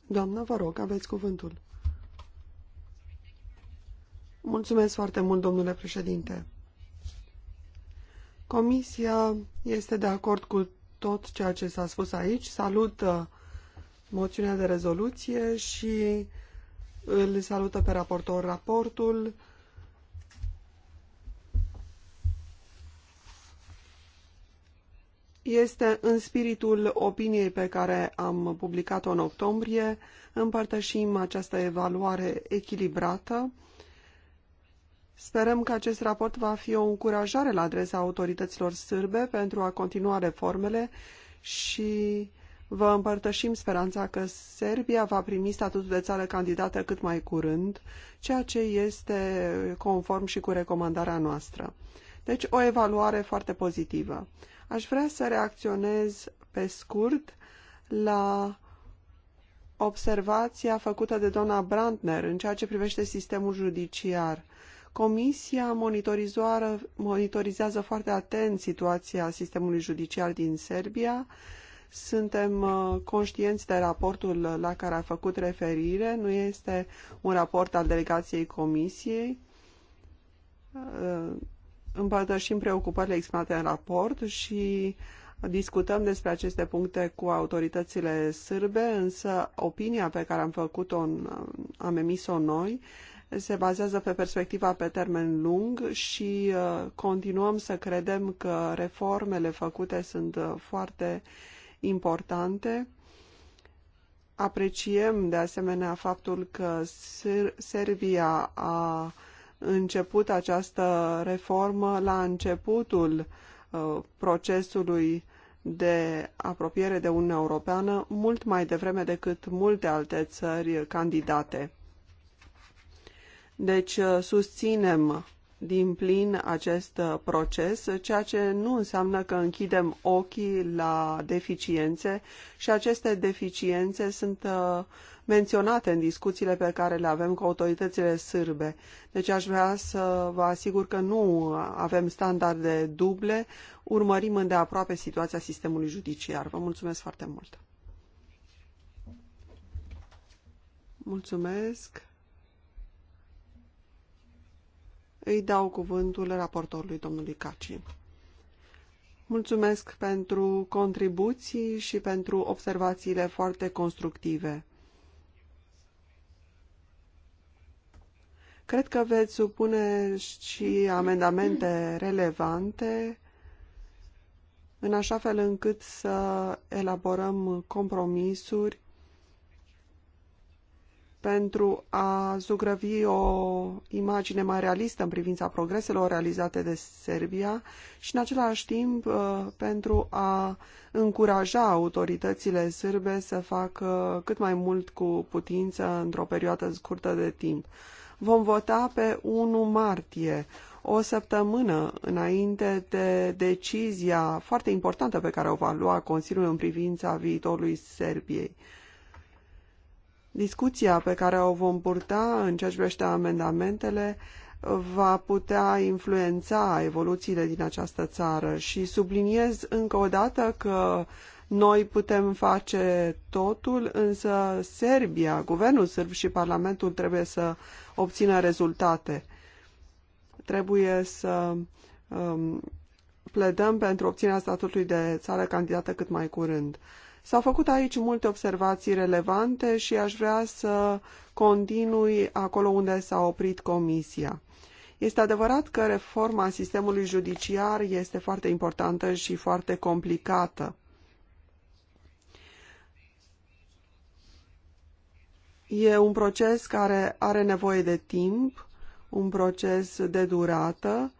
Doamnă, vă rog, aveți cuvântul. Mulțumesc foarte mult, domnule președinte. Comisia este de acord cu tot ceea ce s-a spus aici. Salută moțiunea de rezoluție și îl salută pe raportor raportul. este în spiritul opiniei pe care am publicat-o în octombrie. Împărtășim această evaluare echilibrată. Sperăm că acest raport va fi o încurajare la adresa autorităților sârbe pentru a continua reformele și vă împărtășim speranța că Serbia va primi statutul de țară candidată cât mai curând, ceea ce este conform și cu recomandarea noastră. Deci o evaluare foarte pozitivă. Aș vrea să reacționez pe scurt la observația făcută de doamna Brandner în ceea ce privește sistemul judiciar. Comisia monitorizează foarte atent situația sistemului judiciar din Serbia. Suntem uh, conștienți de raportul la care a făcut referire. Nu este un raport al delegației Comisiei uh, împărtășim preocupările exprimate în raport și discutăm despre aceste puncte cu autoritățile sârbe, însă opinia pe care am făcut-o, am emis-o noi, se bazează pe perspectiva pe termen lung și uh, continuăm să credem că reformele făcute sunt uh, foarte importante. Apreciem de asemenea faptul că Serbia a început această reformă la începutul uh, procesului de apropiere de Uniunea Europeană mult mai devreme decât multe alte țări candidate. Deci uh, susținem din plin acest uh, proces, ceea ce nu înseamnă că închidem ochii la deficiențe și aceste deficiențe sunt uh, menționate în discuțiile pe care le avem cu autoritățile sârbe. Deci aș vrea să vă asigur că nu avem standarde duble, urmărim îndeaproape situația sistemului judiciar. Vă mulțumesc foarte mult! Mulțumesc! îi dau cuvântul raportorului domnului Caci. Mulțumesc pentru contribuții și pentru observațiile foarte constructive. Cred că veți supune și amendamente relevante în așa fel încât să elaborăm compromisuri pentru a zugrăvi o imagine mai realistă în privința progreselor realizate de Serbia și, în același timp, uh, pentru a încuraja autoritățile sârbe să facă cât mai mult cu putință într-o perioadă scurtă de timp. Vom vota pe 1 martie, o săptămână înainte de decizia foarte importantă pe care o va lua Consiliul în privința viitorului Serbiei. Discuția pe care o vom purta în ceea ce privește amendamentele va putea influența evoluțiile din această țară și subliniez încă o dată că noi putem face totul, însă Serbia, guvernul sârb și Parlamentul trebuie să obțină rezultate. Trebuie să um, pledăm pentru obținerea statutului de țară candidată cât mai curând. S-au făcut aici multe observații relevante și aș vrea să continui acolo unde s-a oprit comisia. Este adevărat că reforma sistemului judiciar este foarte importantă și foarte complicată. E un proces care are nevoie de timp, un proces de durată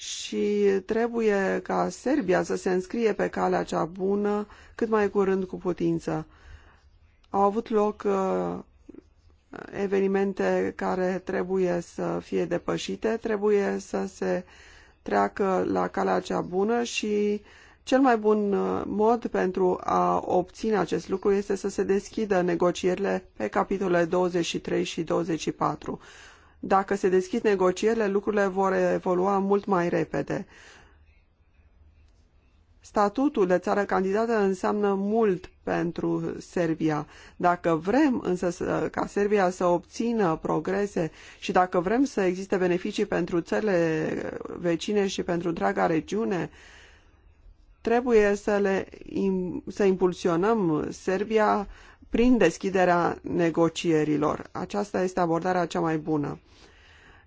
și trebuie ca Serbia să se înscrie pe calea cea bună cât mai curând cu putință. Au avut loc uh, evenimente care trebuie să fie depășite, trebuie să se treacă la calea cea bună și cel mai bun uh, mod pentru a obține acest lucru este să se deschidă negocierile pe capitolele 23 și 24. Dacă se deschid negocierile, lucrurile vor evolua mult mai repede. Statutul de țară candidată înseamnă mult pentru Serbia. Dacă vrem însă ca Serbia să obțină progrese și dacă vrem să existe beneficii pentru țările vecine și pentru întreaga regiune, trebuie să, le, să impulsionăm Serbia prin deschiderea negocierilor. Aceasta este abordarea cea mai bună.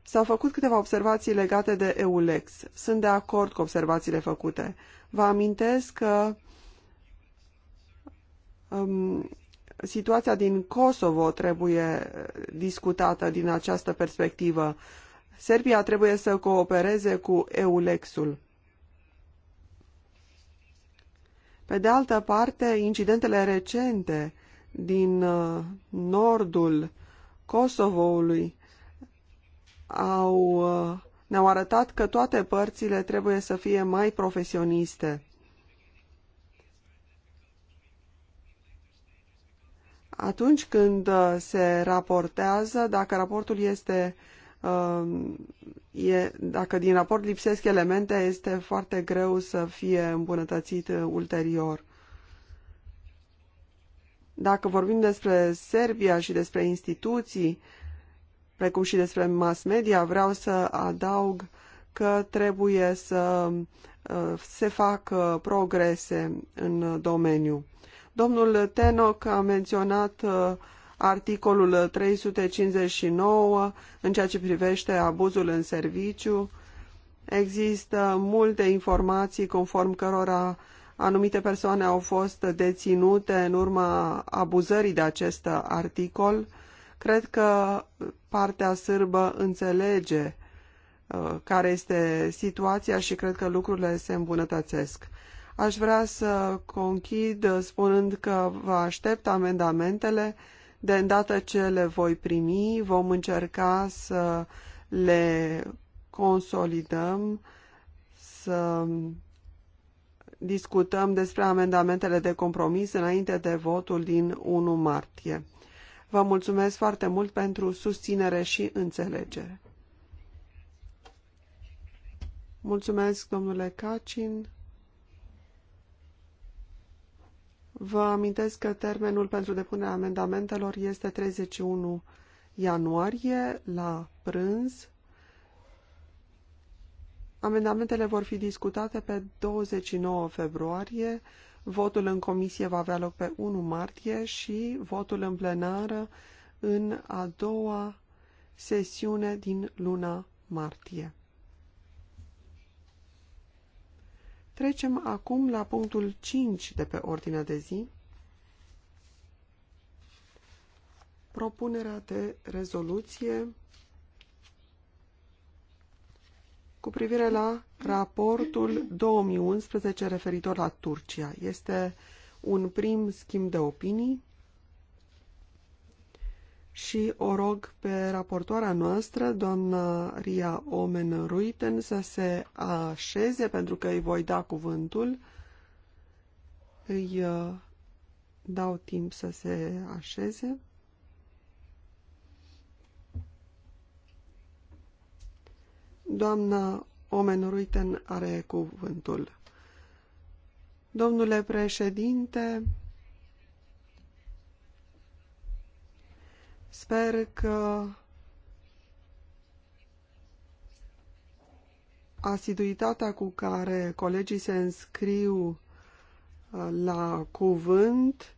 S-au făcut câteva observații legate de EULEX. Sunt de acord cu observațiile făcute. Vă amintesc că um, situația din Kosovo trebuie uh, discutată din această perspectivă. Serbia trebuie să coopereze cu EULEX-ul. Pe de altă parte, incidentele recente din uh, nordul Kosovoului au, uh, ne-au arătat că toate părțile trebuie să fie mai profesioniste. Atunci când uh, se raportează, dacă raportul este e, dacă din raport lipsesc elemente, este foarte greu să fie îmbunătățit ulterior. Dacă vorbim despre Serbia și despre instituții, precum și despre mass media, vreau să adaug că trebuie să uh, se facă progrese în domeniu. Domnul Tenoc a menționat uh, articolul 359 în ceea ce privește abuzul în serviciu. Există multe informații conform cărora Anumite persoane au fost deținute în urma abuzării de acest articol. Cred că partea sârbă înțelege uh, care este situația și cred că lucrurile se îmbunătățesc. Aș vrea să conchid spunând că vă aștept amendamentele. De îndată ce le voi primi, vom încerca să le consolidăm, să discutăm despre amendamentele de compromis înainte de votul din 1 martie. Vă mulțumesc foarte mult pentru susținere și înțelegere. Mulțumesc, domnule Cacin. Vă amintesc că termenul pentru depunerea amendamentelor este 31 ianuarie la prânz. Amendamentele vor fi discutate pe 29 februarie, votul în comisie va avea loc pe 1 martie și votul în plenară în a doua sesiune din luna martie. Trecem acum la punctul 5 de pe ordinea de zi, propunerea de rezoluție cu privire la raportul 2011 referitor la Turcia. Este un prim schimb de opinii și o rog pe raportoarea noastră, doamna Ria Omen Ruiten, să se așeze pentru că îi voi da cuvântul. Îi uh, dau timp să se așeze. Doamna Omenuruiten are cuvântul. Domnule președinte, sper că asiduitatea cu care colegii se înscriu uh, la cuvânt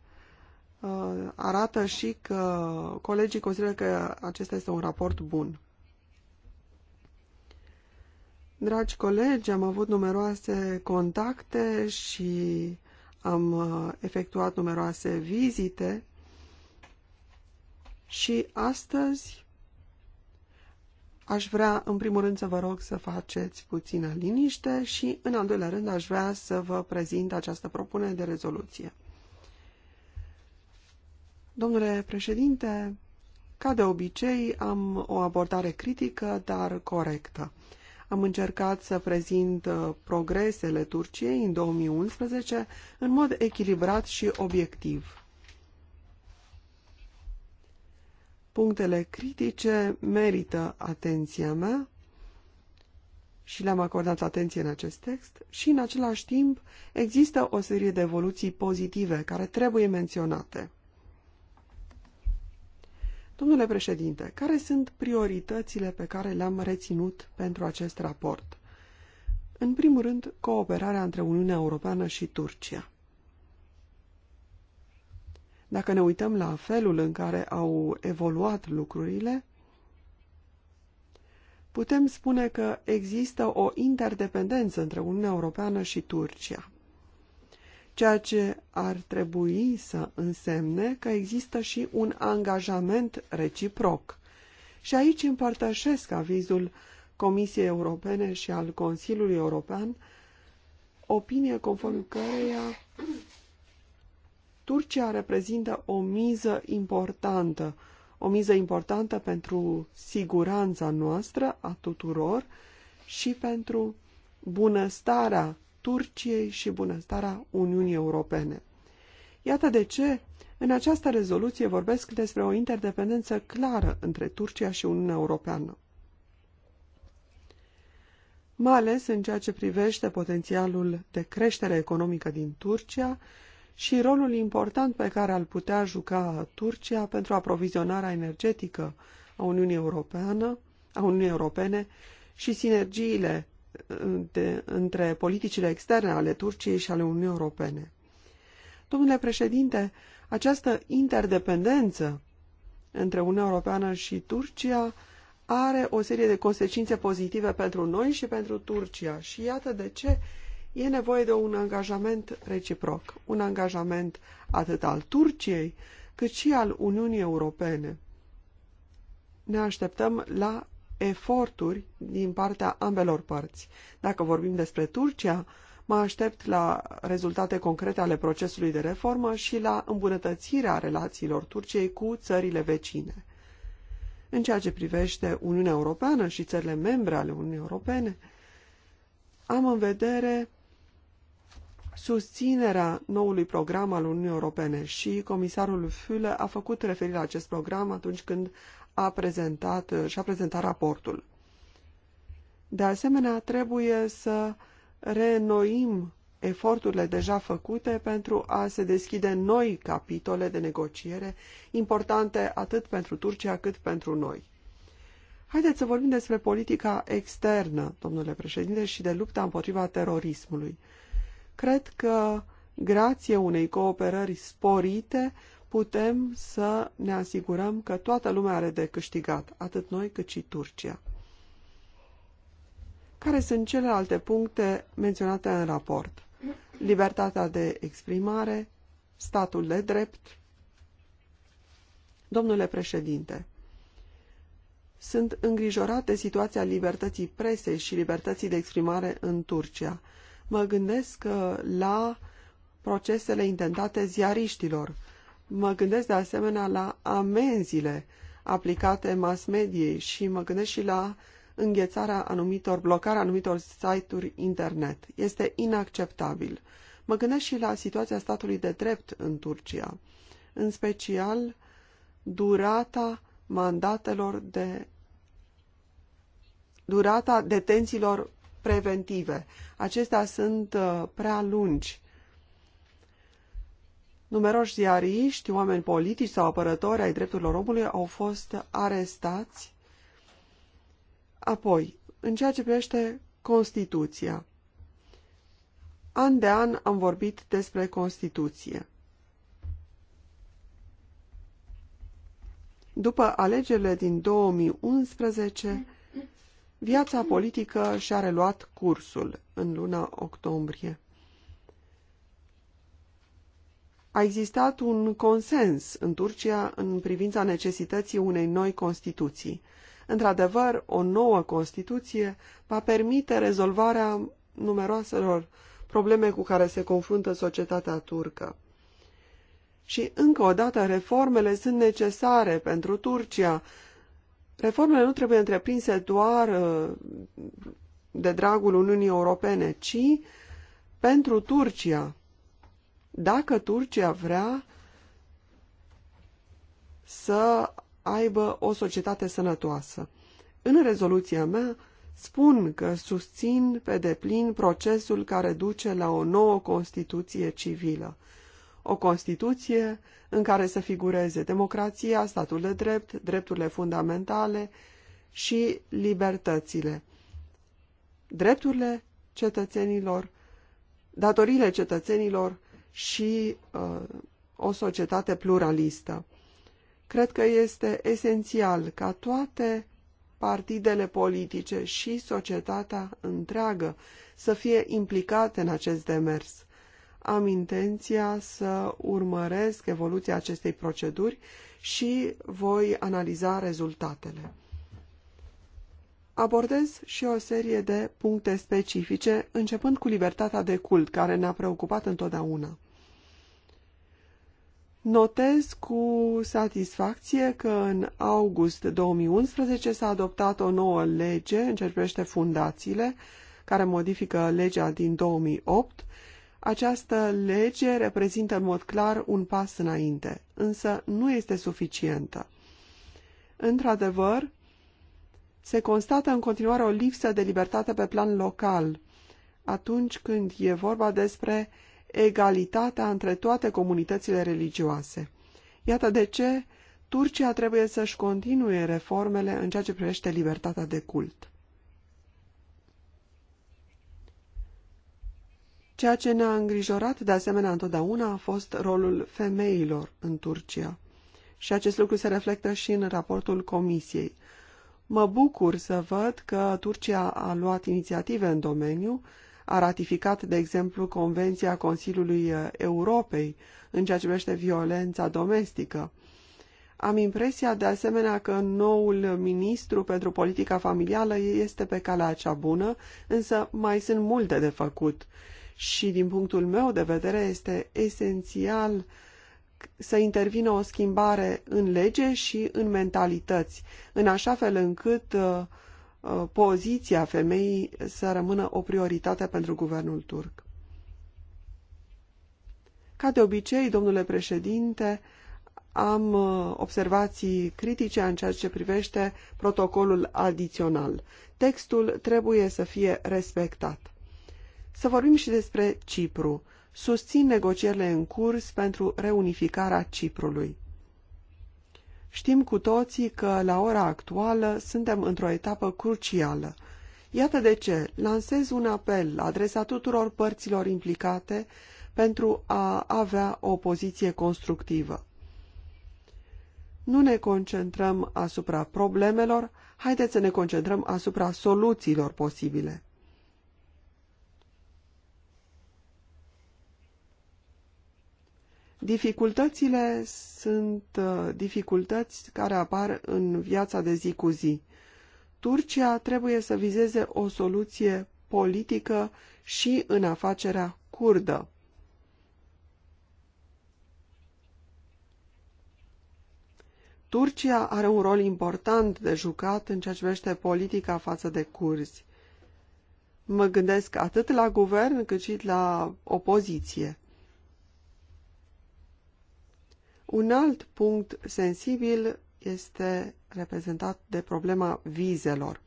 uh, arată și că colegii consideră că acesta este un raport bun. Dragi colegi, am avut numeroase contacte și am uh, efectuat numeroase vizite și astăzi aș vrea, în primul rând, să vă rog să faceți puțină liniște și, în al doilea rând, aș vrea să vă prezint această propunere de rezoluție. Domnule președinte, ca de obicei, am o abordare critică, dar corectă. Am încercat să prezint uh, progresele Turciei în 2011 în mod echilibrat și obiectiv. Punctele critice merită atenția mea și le-am acordat atenție în acest text și, în același timp, există o serie de evoluții pozitive care trebuie menționate. Domnule președinte, care sunt prioritățile pe care le-am reținut pentru acest raport? În primul rând, cooperarea între Uniunea Europeană și Turcia. Dacă ne uităm la felul în care au evoluat lucrurile, putem spune că există o interdependență între Uniunea Europeană și Turcia ceea ce ar trebui să însemne că există și un angajament reciproc. Și aici împărtășesc avizul Comisiei Europene și al Consiliului European, opinie conform căreia Turcia reprezintă o miză importantă, o miză importantă pentru siguranța noastră a tuturor și pentru bunăstarea Turciei și bunăstarea Uniunii Europene. Iată de ce în această rezoluție vorbesc despre o interdependență clară între Turcia și Uniunea Europeană. Mai ales în ceea ce privește potențialul de creștere economică din Turcia și rolul important pe care ar putea juca Turcia pentru aprovizionarea energetică a Uniunii, Europeană, a Uniunii Europene și sinergiile de, între politicile externe ale Turciei și ale Uniunii Europene. Domnule președinte, această interdependență între Uniunea Europeană și Turcia are o serie de consecințe pozitive pentru noi și pentru Turcia. Și iată de ce e nevoie de un angajament reciproc, un angajament atât al Turciei, cât și al Uniunii Europene. Ne așteptăm la eforturi din partea ambelor părți. Dacă vorbim despre Turcia, mă aștept la rezultate concrete ale procesului de reformă și la îmbunătățirea relațiilor Turciei cu țările vecine. În ceea ce privește Uniunea Europeană și țările membre ale Uniunii Europene, am în vedere susținerea noului program al Uniunii Europene și comisarul Füle a făcut referire la acest program atunci când a prezentat, uh, și-a prezentat raportul. De asemenea, trebuie să reînnoim eforturile deja făcute pentru a se deschide noi capitole de negociere importante atât pentru Turcia cât pentru noi. Haideți să vorbim despre politica externă, domnule președinte, și de lupta împotriva terorismului. Cred că, grație unei cooperări sporite, putem să ne asigurăm că toată lumea are de câștigat, atât noi cât și Turcia. Care sunt celelalte puncte menționate în raport? Libertatea de exprimare, statul de drept. Domnule președinte, sunt îngrijorat de situația libertății presei și libertății de exprimare în Turcia. Mă gândesc uh, la procesele intentate ziariștilor, Mă gândesc de asemenea la amenziile aplicate mass mediei și mă gândesc și la înghețarea anumitor, blocarea anumitor site-uri internet. Este inacceptabil. Mă gândesc și la situația statului de drept în Turcia, în special durata mandatelor de durata detențiilor preventive. Acestea sunt uh, prea lungi. Numeroși ziariști, oameni politici sau apărători ai drepturilor omului au fost arestați. Apoi, în ceea ce privește Constituția. An de an am vorbit despre Constituție. După alegerile din 2011, viața politică și-a reluat cursul în luna octombrie. a existat un consens în Turcia în privința necesității unei noi Constituții. Într-adevăr, o nouă Constituție va permite rezolvarea numeroaselor probleme cu care se confruntă societatea turcă. Și, încă o dată, reformele sunt necesare pentru Turcia. Reformele nu trebuie întreprinse doar uh, de dragul Uniunii Europene, ci pentru Turcia, dacă Turcia vrea să aibă o societate sănătoasă. În rezoluția mea spun că susțin pe deplin procesul care duce la o nouă Constituție civilă. O Constituție în care să figureze democrația, statul de drept, drepturile fundamentale și libertățile. Drepturile cetățenilor, datorile cetățenilor și uh, o societate pluralistă. Cred că este esențial ca toate partidele politice și societatea întreagă să fie implicate în acest demers. Am intenția să urmăresc evoluția acestei proceduri și voi analiza rezultatele. Abordez și o serie de puncte specifice, începând cu libertatea de cult, care ne-a preocupat întotdeauna. Notez cu satisfacție că în august 2011 s-a adoptat o nouă lege în ce privește fundațiile, care modifică legea din 2008. Această lege reprezintă în mod clar un pas înainte, însă nu este suficientă. Într-adevăr, se constată în continuare o lipsă de libertate pe plan local, atunci când e vorba despre egalitatea între toate comunitățile religioase. Iată de ce Turcia trebuie să-și continue reformele în ceea ce privește libertatea de cult. Ceea ce ne-a îngrijorat de asemenea întotdeauna a fost rolul femeilor în Turcia. Și acest lucru se reflectă și în raportul Comisiei. Mă bucur să văd că Turcia a luat inițiative în domeniu a ratificat, de exemplu, Convenția Consiliului uh, Europei în ceea ce privește violența domestică. Am impresia, de asemenea, că noul ministru pentru politica familială este pe calea cea bună, însă mai sunt multe de făcut. Și, din punctul meu de vedere, este esențial să intervină o schimbare în lege și în mentalități, în așa fel încât uh, Uh, poziția femeii să rămână o prioritate pentru guvernul turc. Ca de obicei, domnule președinte, am uh, observații critice în ceea ce privește protocolul adițional. Textul trebuie să fie respectat. Să vorbim și despre Cipru. Susțin negocierile în curs pentru reunificarea Ciprului. Știm cu toții că la ora actuală suntem într-o etapă crucială. Iată de ce lansez un apel la adresa tuturor părților implicate pentru a avea o poziție constructivă. Nu ne concentrăm asupra problemelor, haideți să ne concentrăm asupra soluțiilor posibile. Dificultățile sunt uh, dificultăți care apar în viața de zi cu zi. Turcia trebuie să vizeze o soluție politică și în afacerea curdă. Turcia are un rol important de jucat în ceea ce privește politica față de curzi. Mă gândesc atât la guvern cât și la opoziție. Un alt punct sensibil este reprezentat de problema vizelor.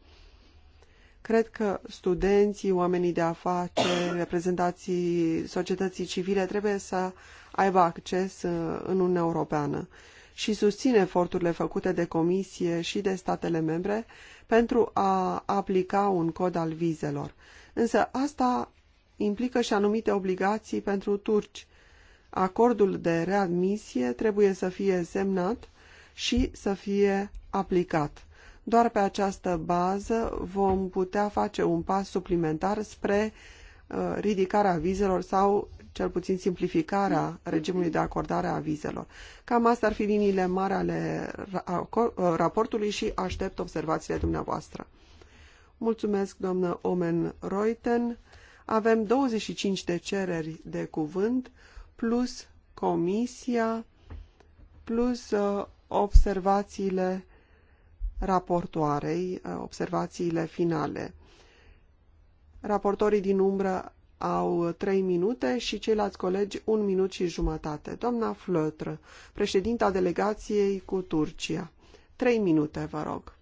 Cred că studenții, oamenii de afaceri, reprezentații societății civile trebuie să aibă acces uh, în Uniunea Europeană și susține eforturile făcute de Comisie și de statele membre pentru a aplica un cod al vizelor. Însă asta implică și anumite obligații pentru turci, acordul de readmisie trebuie să fie semnat și să fie aplicat. Doar pe această bază vom putea face un pas suplimentar spre uh, ridicarea vizelor sau cel puțin simplificarea regimului de acordare a vizelor. Cam astea ar fi liniile mari ale uh, raportului și aștept observațiile dumneavoastră. Mulțumesc, doamnă Omen Reuten. Avem 25 de cereri de cuvânt plus comisia, plus uh, observațiile raportoarei, uh, observațiile finale. Raportorii din umbră au trei minute și ceilalți colegi un minut și jumătate. Doamna Flătră, președinta delegației cu Turcia. Trei minute, vă rog.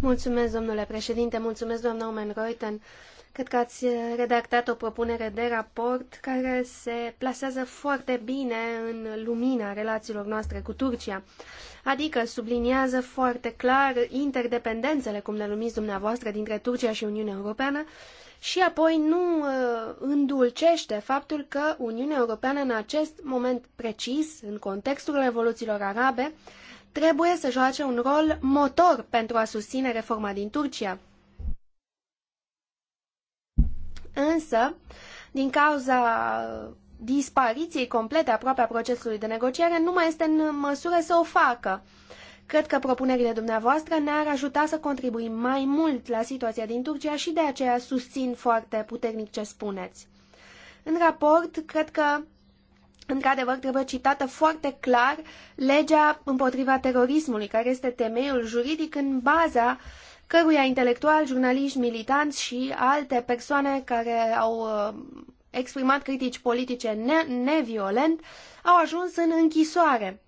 Mulțumesc, domnule președinte, mulțumesc, doamna Omen Reuten. Cred că ați redactat o propunere de raport care se plasează foarte bine în lumina relațiilor noastre cu Turcia. Adică subliniază foarte clar interdependențele, cum le numiți dumneavoastră, dintre Turcia și Uniunea Europeană și apoi nu uh, îndulcește faptul că Uniunea Europeană în acest moment precis, în contextul revoluțiilor arabe, trebuie să joace un rol motor pentru a susține reforma din Turcia Însă, din cauza dispariției complete aproape a procesului de negociere, nu mai este în măsură să o facă. Cred că propunerile dumneavoastră ne-ar ajuta să contribuim mai mult la situația din Turcia și de aceea susțin foarte puternic ce spuneți. În raport, cred că Într-adevăr, trebuie citată foarte clar legea împotriva terorismului, care este temeiul juridic în baza uh, căruia intelectual, jurnaliști, militanți și alte persoane care au uh, exprimat critici politice ne neviolent au ajuns în închisoare.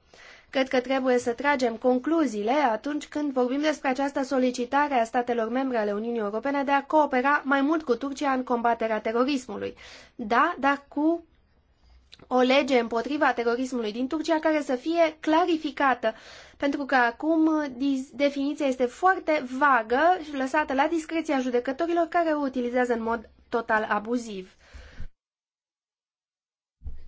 Cred că trebuie să tragem concluziile atunci când vorbim despre această solicitare a statelor membre ale Uniunii Europene de a coopera mai mult cu Turcia în combaterea terorismului. Da, dar cu o lege împotriva terorismului din Turcia care să fie clarificată, pentru că acum definiția este foarte vagă și lăsată la discreția judecătorilor care o utilizează în mod total abuziv.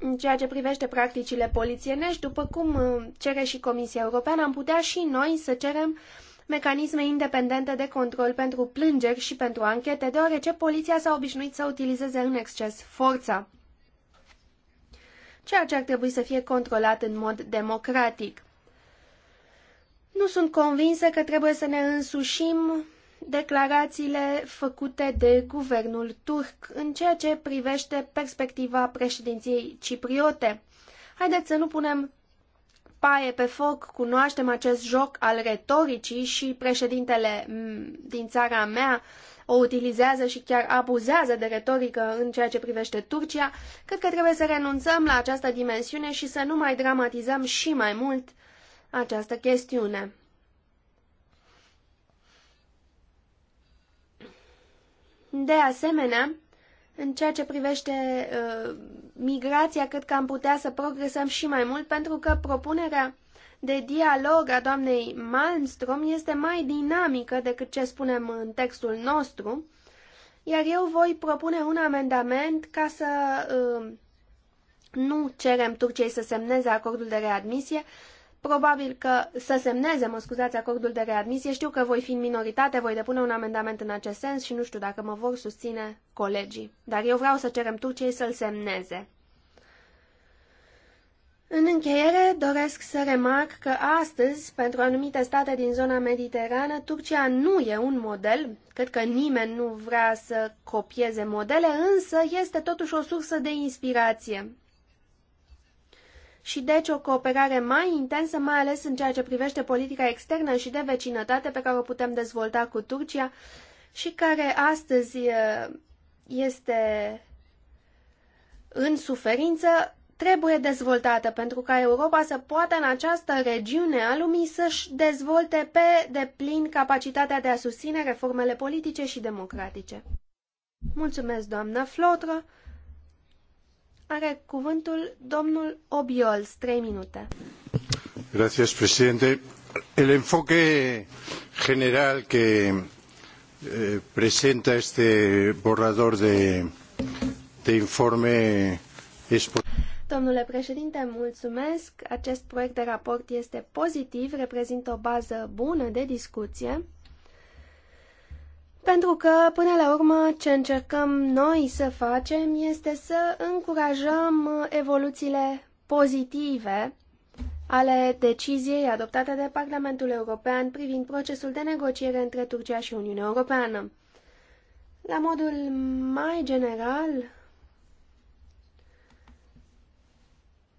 În ceea ce privește practicile polițienești, după cum uh, cere și Comisia Europeană, am putea și noi să cerem mecanisme independente de control pentru plângeri și pentru anchete, deoarece poliția s-a obișnuit să utilizeze în exces forța ceea ce ar trebui să fie controlat în mod democratic. Nu sunt convinsă că trebuie să ne însușim declarațiile făcute de guvernul turc în ceea ce privește perspectiva președinției cipriote. Haideți să nu punem paie pe foc, cunoaștem acest joc al retoricii și președintele mm, din țara mea o utilizează și chiar abuzează de retorică în ceea ce privește Turcia, cred că trebuie să renunțăm la această dimensiune și să nu mai dramatizăm și mai mult această chestiune. De asemenea, în ceea ce privește uh, migrația, cred că am putea să progresăm și mai mult, pentru că propunerea de dialog a doamnei Malmström este mai dinamică decât ce spunem în textul nostru, iar eu voi propune un amendament ca să uh, nu cerem Turciei să semneze acordul de readmisie, probabil că să semneze, mă scuzați, acordul de readmisie. Știu că voi fi în minoritate, voi depune un amendament în acest sens și nu știu dacă mă vor susține colegii. Dar eu vreau să cerem Turciei să-l semneze. În încheiere, doresc să remarc că astăzi, pentru anumite state din zona mediterană, Turcia nu e un model, cred că nimeni nu vrea să copieze modele, însă este totuși o sursă de inspirație. Și deci o cooperare mai intensă, mai ales în ceea ce privește politica externă și de vecinătate pe care o putem dezvolta cu Turcia și care astăzi este în suferință, trebuie dezvoltată pentru ca Europa să poată în această regiune a lumii să-și dezvolte pe deplin capacitatea de a susține reformele politice și democratice. Mulțumesc, doamna Flotră. Are cuvântul domnul Obiols, trei minute. Gracias, Președinte. El enfoque general que eh, presenta este borrador de, de informe es Domnule președinte, mulțumesc. Acest proiect de raport este pozitiv, reprezintă o bază bună de discuție. Pentru că, până la urmă, ce încercăm noi să facem este să încurajăm evoluțiile pozitive ale deciziei adoptate de Parlamentul European privind procesul de negociere între Turcia și Uniunea Europeană. La modul mai general,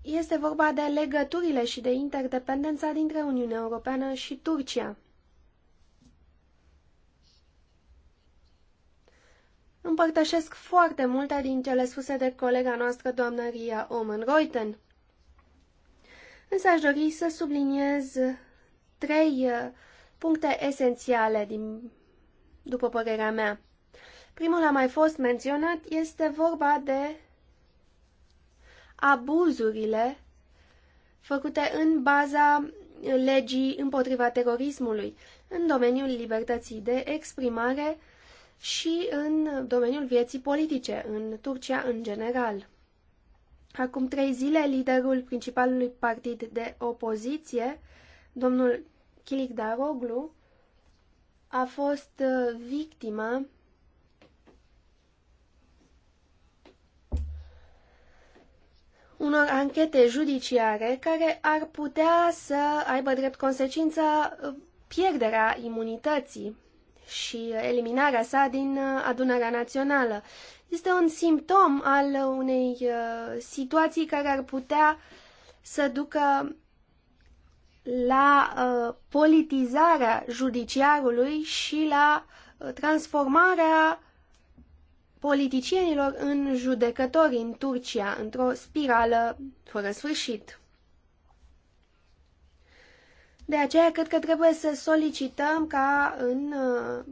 Este vorba de legăturile și de interdependența dintre Uniunea Europeană și Turcia. Împărtășesc foarte multe din cele spuse de colega noastră, doamna Ria Omen-Reuten. Însă aș dori să subliniez trei uh, puncte esențiale, din, după părerea mea. Primul a mai fost menționat, este vorba de abuzurile făcute în baza legii împotriva terorismului, în domeniul libertății de exprimare și în domeniul vieții politice, în Turcia în general. Acum trei zile, liderul principalului partid de opoziție, domnul Kilik Daroglu, a fost uh, victima unor anchete judiciare care ar putea să aibă drept consecință uh, pierderea imunității și eliminarea sa din uh, adunarea națională. Este un simptom al unei uh, situații care ar putea să ducă la politizarea judiciarului și la transformarea politicienilor în judecători în Turcia, într-o spirală fără sfârșit. De aceea cred că trebuie să solicităm ca în uh,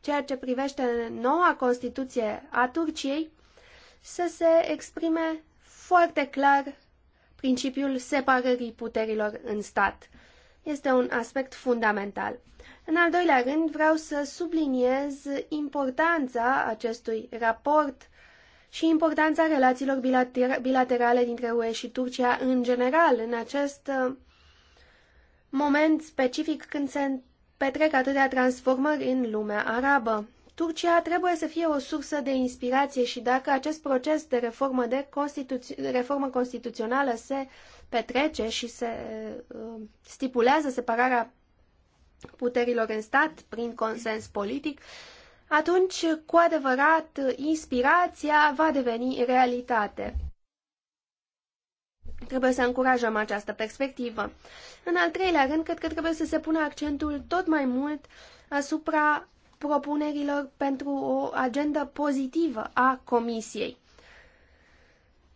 ceea ce privește noua Constituție a Turciei să se exprime foarte clar principiul separării puterilor în stat. Este un aspect fundamental. În al doilea rând, vreau să subliniez importanța acestui raport și importanța relațiilor bilater bilaterale dintre UE și Turcia în general, în acest uh, moment specific când se petrec atâtea transformări în lumea arabă. Turcia trebuie să fie o sursă de inspirație și dacă acest proces de reformă, de Constitu- reformă constituțională se petrece și se uh, stipulează separarea puterilor în stat prin consens politic, atunci, cu adevărat, inspirația va deveni realitate. Trebuie să încurajăm această perspectivă. În al treilea rând, cred că trebuie să se pună accentul tot mai mult asupra propunerilor pentru o agendă pozitivă a Comisiei.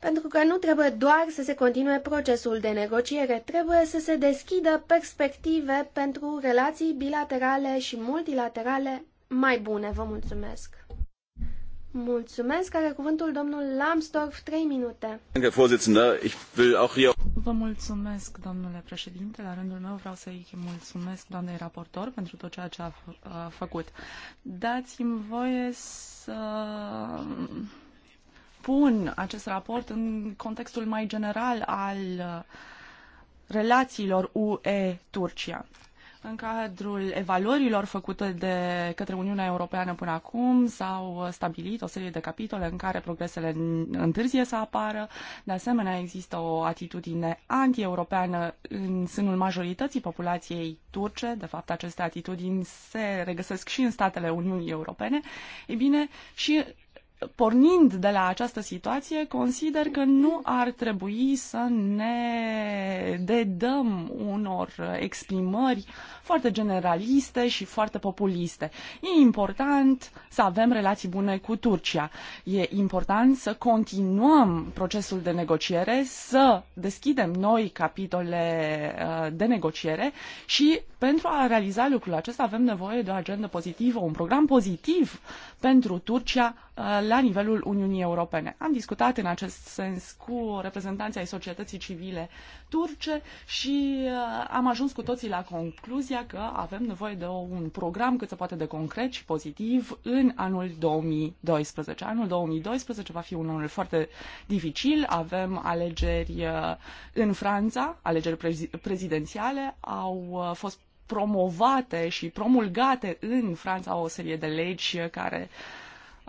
Pentru că nu trebuie doar să se continue procesul de negociere, trebuie să se deschidă perspective pentru relații bilaterale și multilaterale mai bune. Vă mulțumesc! Mulțumesc. Are cuvântul domnul Lambsdorff, 3 minute. Vă mulțumesc, domnule președinte. La rândul meu vreau să-i mulțumesc doamnei raportor pentru tot ceea ce a, făcut. Dați-mi voie să pun acest raport în contextul mai general al uh, relațiilor UE-Turcia. În cadrul evaluărilor făcute de către Uniunea Europeană până acum s-au stabilit o serie de capitole în care progresele întârzie să apară. De asemenea, există o atitudine anti-europeană în sânul majorității populației turce. De fapt, aceste atitudini se regăsesc și în statele Uniunii Europene. Ei bine, și pornind de la această situație, consider că nu ar trebui să ne dedăm unor exprimări foarte generaliste și foarte populiste. E important să avem relații bune cu Turcia. E important să continuăm procesul de negociere, să deschidem noi capitole uh, de negociere și pentru a realiza lucrul acesta avem nevoie de o agendă pozitivă, un program pozitiv pentru Turcia Uh, la nivelul Uniunii Europene. Am discutat în acest sens cu reprezentanții ai societății civile turce și uh, am ajuns cu toții la concluzia că avem nevoie de un program cât se poate de concret și pozitiv în anul 2012. Anul 2012 va fi un anul foarte dificil. Avem alegeri uh, în Franța, alegeri prezidențiale, au fost promovate și promulgate în Franța o serie de legi care uh,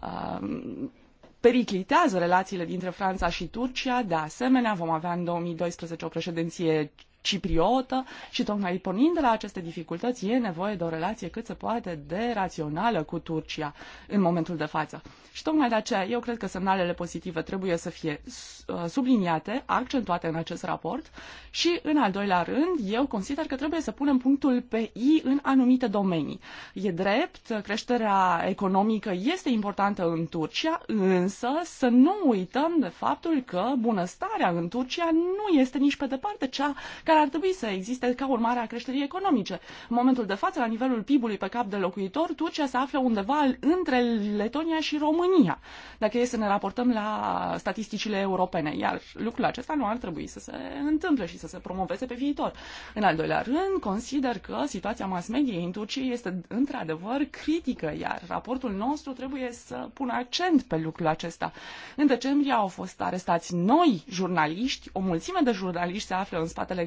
Um, periclitează relațiile dintre Franța și Turcia. De asemenea, vom avea în 2012 o președinție cipriotă și tocmai pornind de la aceste dificultăți e nevoie de o relație cât se poate de rațională cu Turcia în momentul de față. Și tocmai de aceea eu cred că semnalele pozitive trebuie să fie uh, subliniate, accentuate în acest raport și în al doilea rând eu consider că trebuie să punem punctul pe I în anumite domenii. E drept, creșterea economică este importantă în Turcia, însă să nu uităm de faptul că bunăstarea în Turcia nu este nici pe departe cea care ar trebui să existe ca urmare a creșterii economice. În momentul de față, la nivelul PIB-ului pe cap de locuitor, Turcia se află undeva între Letonia și România, dacă e să ne raportăm la statisticile europene. Iar lucrul acesta nu ar trebui să se întâmple și să se promoveze pe viitor. În al doilea rând, consider că situația mass media în Turcia este într-adevăr critică, iar raportul nostru trebuie să pună accent pe lucrul acesta. În decembrie au fost arestați noi jurnaliști, o mulțime de jurnaliști se află în spatele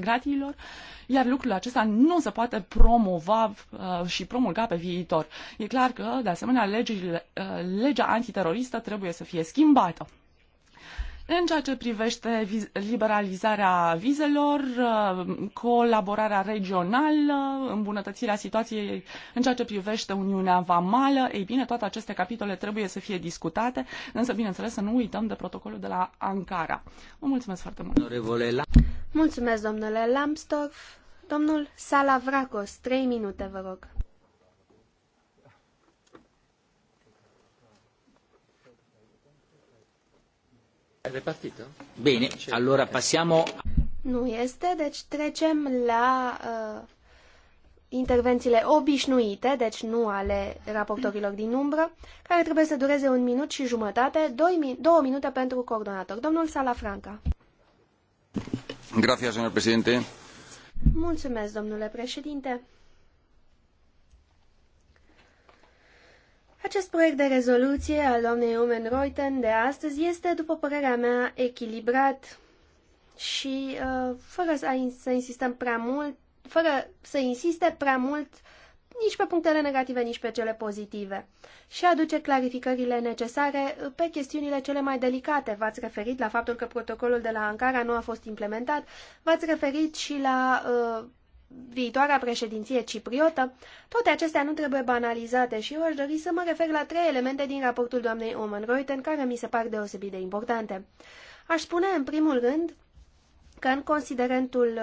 gratiilor, iar lucrul acesta nu se poate promova uh, și promulga pe viitor. E clar că, de asemenea, legile, uh, legea antiteroristă trebuie să fie schimbată. În ceea ce privește liberalizarea vizelor, uh, colaborarea regională, îmbunătățirea situației în ceea ce privește Uniunea Vamală, ei bine, toate aceste capitole trebuie să fie discutate, însă, bineînțeles, să nu uităm de protocolul de la Ankara. Vă mulțumesc foarte mult! Mulțumesc, domnule Lambstorff! Domnul Salavracos, trei minute, vă rog. È partito? Bine, allora passiamo... Nu este, deci trecem la uh, intervențiile obișnuite, deci nu ale raportorilor din umbră, care trebuie să dureze un minut și jumătate, doi, două minute pentru coordonator. Domnul Salafranca. Grazie, Mulțumesc, domnule președinte. Acest proiect de rezoluție al doamnei Omen Reuten de astăzi este, după părerea mea, echilibrat și uh, fără să, să insistăm prea mult, fără să insiste prea mult nici pe punctele negative, nici pe cele pozitive. Și aduce clarificările necesare uh, pe chestiunile cele mai delicate. V-ați referit la faptul că protocolul de la Ankara nu a fost implementat, v-ați referit și la uh, viitoarea președinție cipriotă, toate acestea nu trebuie banalizate și eu aș dori să mă refer la trei elemente din raportul doamnei Oman Reuten care mi se par deosebit de importante. Aș spune, în primul rând, că în considerentul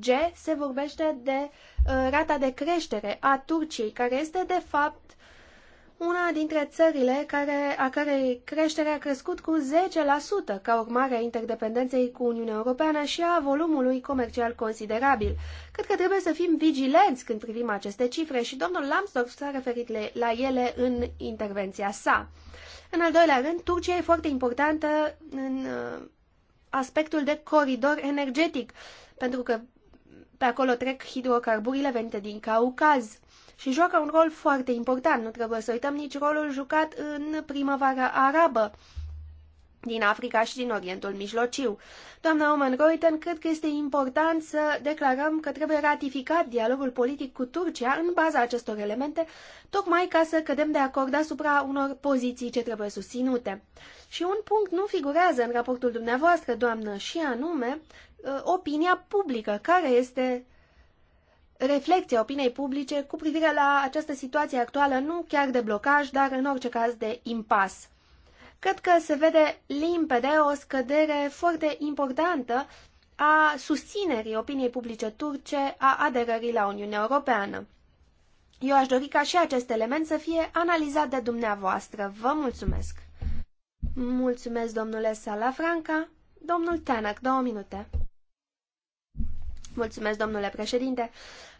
G se vorbește de uh, rata de creștere a Turciei, care este, de fapt, una dintre țările care, a cărei creștere a crescut cu 10% ca urmare a interdependenței cu Uniunea Europeană și a volumului comercial considerabil. Cred că trebuie să fim vigilenți când privim aceste cifre și domnul Lambsdorff s-a referit la ele în intervenția sa. În al doilea rând, Turcia e foarte importantă în uh, aspectul de coridor energetic, pentru că pe acolo trec hidrocarburile venite din Caucaz și joacă un rol foarte important. Nu trebuie să uităm nici rolul jucat în primăvara arabă din Africa și din Orientul Mijlociu. Doamna Oman Reuten, cred că este important să declarăm că trebuie ratificat dialogul politic cu Turcia în baza acestor elemente, tocmai ca să cădem de acord asupra unor poziții ce trebuie susținute. Și un punct nu figurează în raportul dumneavoastră, doamnă, și anume uh, opinia publică, care este reflecție opiniei publice cu privire la această situație actuală, nu chiar de blocaj, dar în orice caz de impas. Cred că se vede limpede o scădere foarte importantă a susținerii opiniei publice turce a aderării la Uniunea Europeană. Eu aș dori ca și acest element să fie analizat de dumneavoastră. Vă mulțumesc! Mulțumesc, domnule Salafranca. Domnul Tanak, două minute. Mulțumesc, domnule președinte.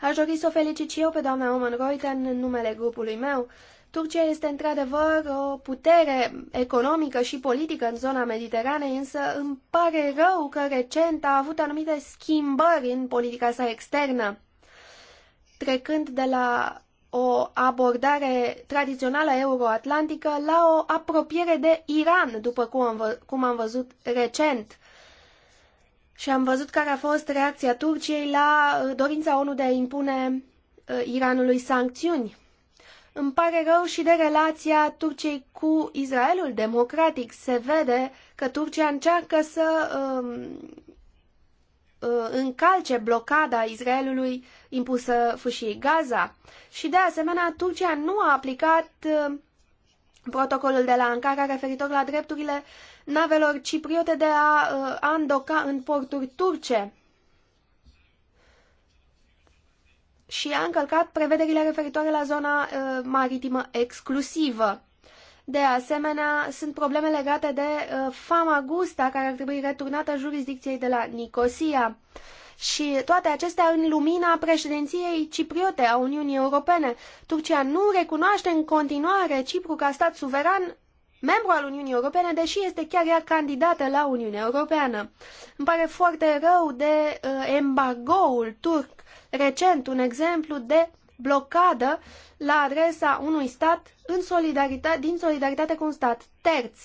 Aș dori să o felicit și eu pe doamna Oman Reuten în numele grupului meu. Turcia este într-adevăr o putere economică și politică în zona Mediteranei, însă îmi pare rău că recent a avut anumite schimbări în politica sa externă, trecând de la o abordare tradițională euroatlantică la o apropiere de Iran, după cum am, văzut recent și am văzut care a fost reacția Turciei la uh, dorința ONU de a impune uh, Iranului sancțiuni. Îmi pare rău și de relația Turciei cu Israelul democratic. Se vede că Turcia încearcă să um, uh, încalce blocada Israelului impusă fâșiei Gaza. Și de asemenea, Turcia nu a aplicat protocolul de la Ankara referitor la drepturile navelor cipriote de a uh, andoca în porturi turce și a încălcat prevederile referitoare la zona uh, maritimă exclusivă. De asemenea, sunt probleme legate de uh, fama gusta care ar trebui returnată jurisdicției de la Nicosia. Și toate acestea în lumina președinției cipriote a Uniunii Europene. Turcia nu recunoaște în continuare Cipru ca stat suveran membru al Uniunii Europene, deși este chiar ea candidată la Uniunea Europeană. Îmi pare foarte rău de uh, embargoul turc recent, un exemplu de blocadă la adresa unui stat în solidaritate, din solidaritate cu un stat terț.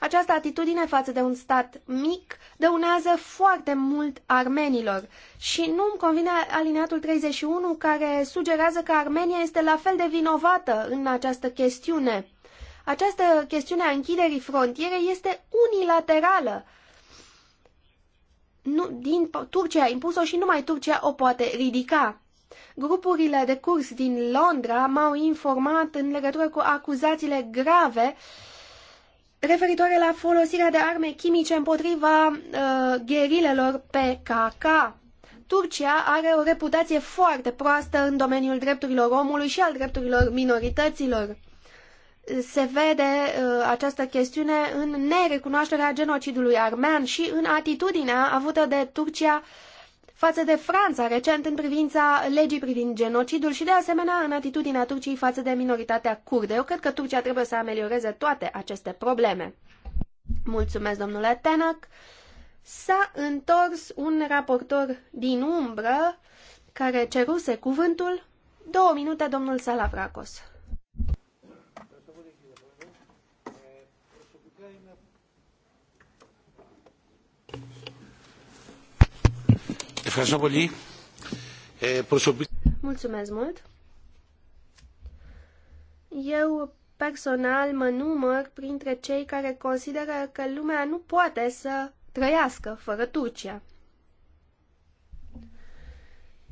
Această atitudine față de un stat mic dăunează foarte mult armenilor și nu îmi convine alineatul 31 care sugerează că Armenia este la fel de vinovată în această chestiune. Această chestiune a închiderii frontierei este unilaterală. Nu, din Turcia a impus-o și numai Turcia o poate ridica. Grupurile de curs din Londra m-au informat în legătură cu acuzațiile grave referitoare la folosirea de arme chimice împotriva uh, gherilelor PKK. Turcia are o reputație foarte proastă în domeniul drepturilor omului și al drepturilor minorităților se vede uh, această chestiune în nerecunoașterea genocidului armean și în atitudinea avută de Turcia față de Franța recent în privința legii privind genocidul și de asemenea în atitudinea Turciei față de minoritatea curdă. Eu cred că Turcia trebuie să amelioreze toate aceste probleme. Mulțumesc, domnule Tenac. S-a întors un raportor din umbră care ceruse cuvântul. Două minute, domnul Salavracos. Eh, Mulțumesc mult. Eu personal mă număr printre cei care consideră că lumea nu poate să trăiască fără Turcia.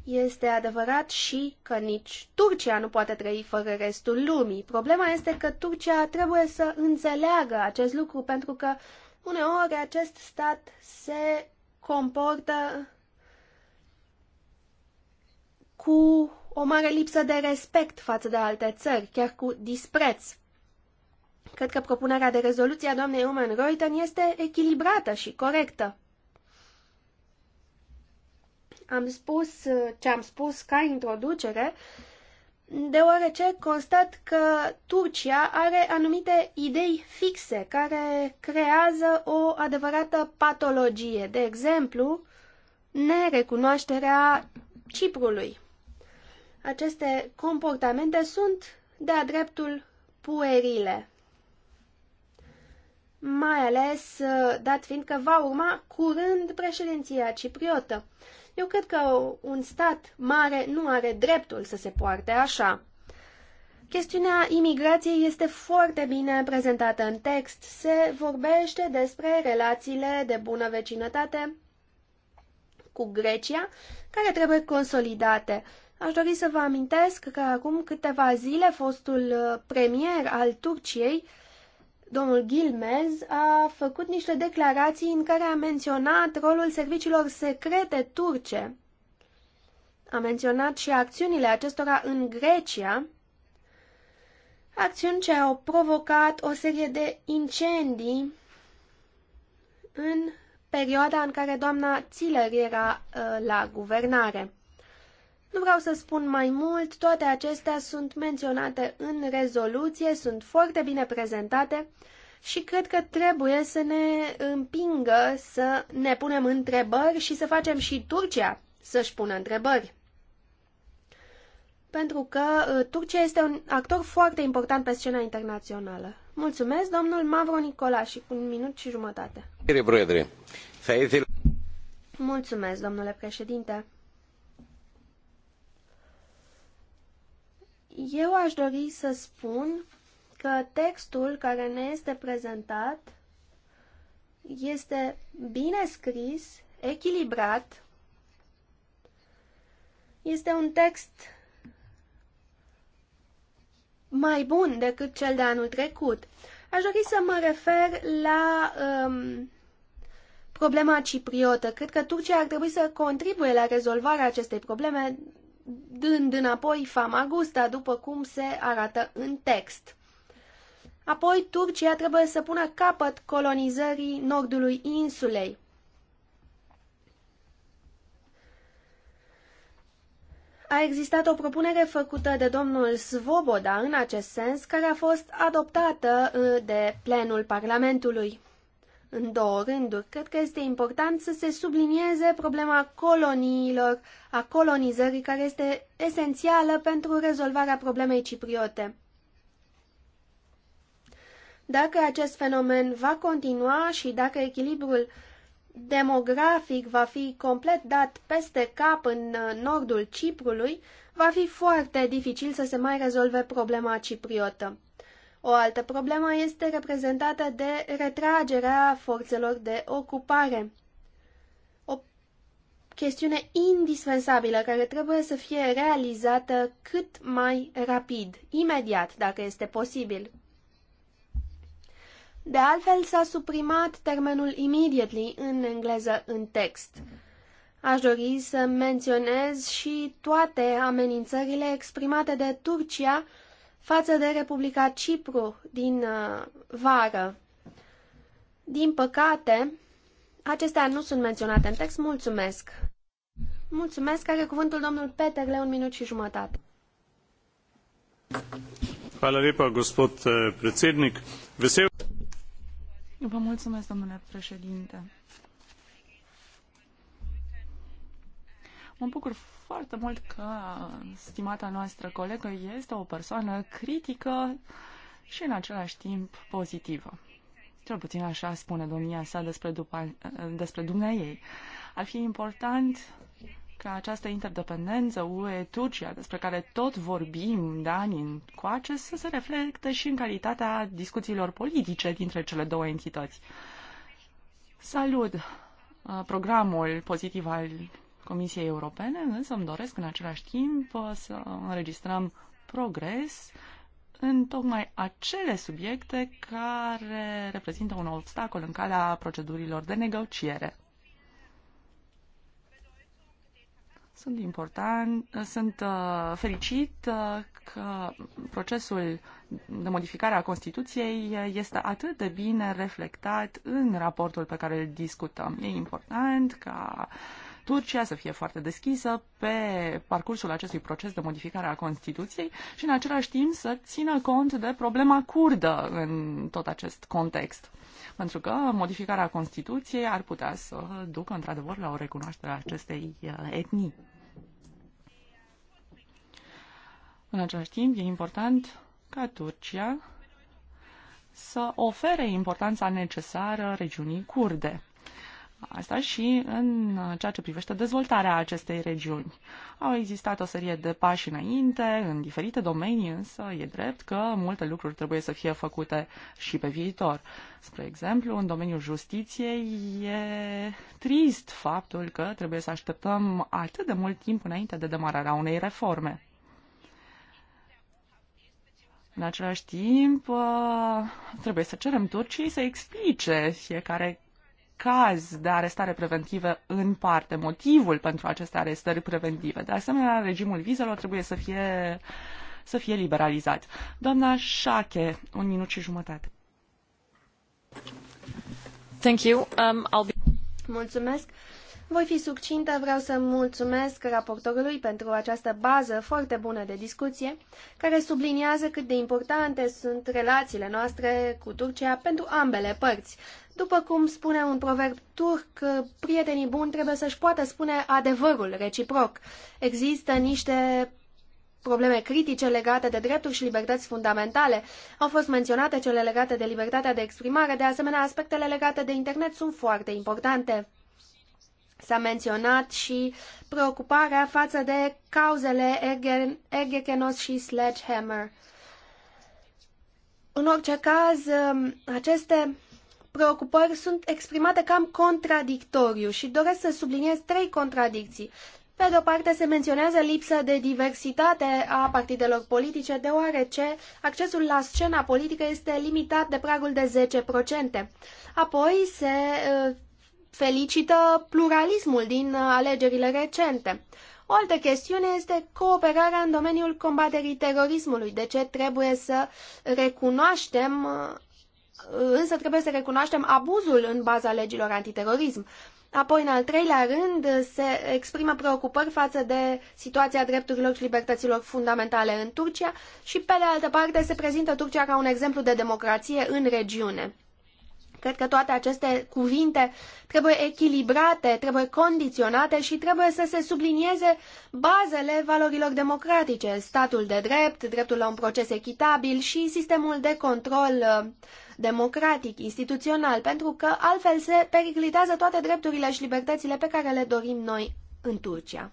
Este adevărat și că nici Turcia nu poate trăi fără restul lumii. Problema este că Turcia trebuie să înțeleagă acest lucru, pentru că uneori acest stat se comportă cu o mare lipsă de respect față de alte țări, chiar cu dispreț. Cred că propunerea de rezoluție a doamnei Oman Reuten este echilibrată și corectă. Am spus ce am spus ca introducere, deoarece constat că Turcia are anumite idei fixe care creează o adevărată patologie, de exemplu, nerecunoașterea Ciprului. Aceste comportamente sunt de-a dreptul puerile, mai ales uh, dat fiind că va urma curând președinția cipriotă. Eu cred că un stat mare nu are dreptul să se poarte așa. Chestiunea imigrației este foarte bine prezentată în text. Se vorbește despre relațiile de bună vecinătate cu Grecia, care trebuie consolidate. Aș dori să vă amintesc că acum câteva zile fostul uh, premier al Turciei, domnul Gilmez, a făcut niște declarații în care a menționat rolul serviciilor secrete turce. A menționat și acțiunile acestora în Grecia, acțiuni ce au provocat o serie de incendii în perioada în care doamna Țiler era uh, la guvernare. Nu vreau să spun mai mult, toate acestea sunt menționate în rezoluție, sunt foarte bine prezentate și cred că trebuie să ne împingă să ne punem întrebări și să facem și Turcia să-și pună întrebări. Pentru că uh, Turcia este un actor foarte important pe scena internațională. Mulțumesc, domnul Mavro Nicola, și cu un minut și jumătate. Mulțumesc, domnule președinte. Eu aș dori să spun că textul care ne este prezentat este bine scris, echilibrat. Este un text mai bun decât cel de anul trecut. Aș dori să mă refer la um, problema cipriotă. Cred că Turcia ar trebui să contribuie la rezolvarea acestei probleme dând înapoi fama gusta, după cum se arată în text. Apoi, Turcia trebuie să pună capăt colonizării nordului insulei. A existat o propunere făcută de domnul Svoboda în acest sens, care a fost adoptată uh, de plenul Parlamentului în două rânduri. Cred că este important să se sublinieze problema coloniilor, a colonizării, care este esențială pentru rezolvarea problemei cipriote. Dacă acest fenomen va continua și dacă echilibrul demografic va fi complet dat peste cap în uh, nordul Ciprului, va fi foarte dificil să se mai rezolve problema cipriotă. O altă problemă este reprezentată de retragerea forțelor de ocupare. O chestiune indispensabilă care trebuie să fie realizată cât mai rapid, imediat, dacă este posibil. De altfel, s-a suprimat termenul immediately în engleză în text. Aș dori să menționez și toate amenințările exprimate de Turcia față de Republica Cipru din uh, vară. Din păcate, acestea nu sunt menționate în text. Mulțumesc! Mulțumesc! Are cuvântul domnul Peterle, un minut și jumătate. Hvala lepa, gospod uh, predsednik. Vesel... Vă mulțumesc, domnule președinte. Mă bucur foarte mult că stimata noastră colegă este o persoană critică și în același timp pozitivă. Cel puțin așa spune domnia sa despre, după, despre dumnea ei. Ar fi important ca această interdependență UE-Turcia, despre care tot vorbim de ani încoace, să se reflecte și în calitatea discuțiilor politice dintre cele două entități. Salut uh, programul pozitiv al Comisiei Europene, însă îmi doresc în același timp uh, să înregistrăm progres în tocmai acele subiecte care reprezintă un obstacol în calea procedurilor de negociere. Sunt important, uh, sunt uh, fericit că procesul de modificare a Constituției este atât de bine reflectat în raportul pe care îl discutăm. E important ca uh, Turcia să fie foarte deschisă pe parcursul acestui proces de modificare a Constituției și în același timp să țină cont de problema curdă în tot acest context. Pentru că modificarea Constituției ar putea să ducă într-adevăr la o recunoaștere a acestei uh, etnii. În același timp, e important ca Turcia să ofere importanța necesară regiunii kurde. Asta și în ceea ce privește dezvoltarea acestei regiuni. Au existat o serie de pași înainte, în diferite domenii, însă e drept că multe lucruri trebuie să fie făcute și pe viitor. Spre exemplu, în domeniul justiției e trist faptul că trebuie să așteptăm atât de mult timp înainte de demararea unei reforme. În același timp, trebuie să cerem turcii să explice fiecare caz de arestare preventivă în parte, motivul pentru aceste arestări preventive. De asemenea, regimul vizelor trebuie să fie, să fie liberalizat. Doamna Șache, un minut și jumătate. Thank you. Um, I'll be... Mulțumesc. Voi fi succintă, vreau să mulțumesc raportorului pentru această bază foarte bună de discuție, care subliniază cât de importante sunt relațiile noastre cu Turcia pentru ambele părți, după cum spune un proverb turc, prietenii buni trebuie să-și poată spune adevărul reciproc. Există niște probleme critice legate de drepturi și libertăți fundamentale. Au fost menționate cele legate de libertatea de exprimare, de asemenea aspectele legate de internet sunt foarte importante. S-a menționat și preocuparea față de cauzele Egekenos și Sledgehammer. În orice caz, aceste preocupări sunt exprimate cam contradictoriu și doresc să subliniez trei contradicții. Pe de o parte, se menționează lipsa de diversitate a partidelor politice, deoarece accesul la scena politică este limitat de pragul de 10%. Apoi se ă, felicită pluralismul din alegerile recente. O altă chestiune este cooperarea în domeniul combaterii terorismului, de ce trebuie să recunoaștem ă, însă trebuie să recunoaștem abuzul în baza legilor antiterorism. Apoi, în al treilea rând, se exprimă preocupări față de situația drepturilor și libertăților fundamentale în Turcia și, pe de altă parte, se prezintă Turcia ca un exemplu de democrație în regiune. Cred că toate aceste cuvinte trebuie echilibrate, trebuie condiționate și trebuie să se sublinieze bazele valorilor democratice, statul de drept, dreptul la un proces echitabil și sistemul de control uh, democratic, instituțional, pentru că altfel se periclitează toate drepturile și libertățile pe care le dorim noi în Turcia.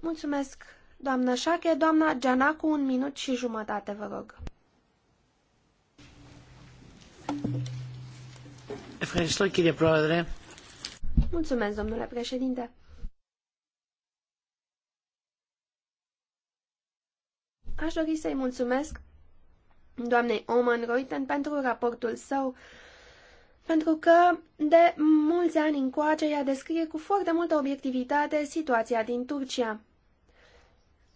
Mulțumesc, doamna Șache. Doamna cu un minut și jumătate, vă rog. Mulțumesc, domnule președinte. Aș dori să-i mulțumesc doamnei Oman Reuten pentru raportul său, pentru că de mulți ani încoace ea descrie cu foarte multă obiectivitate situația din Turcia.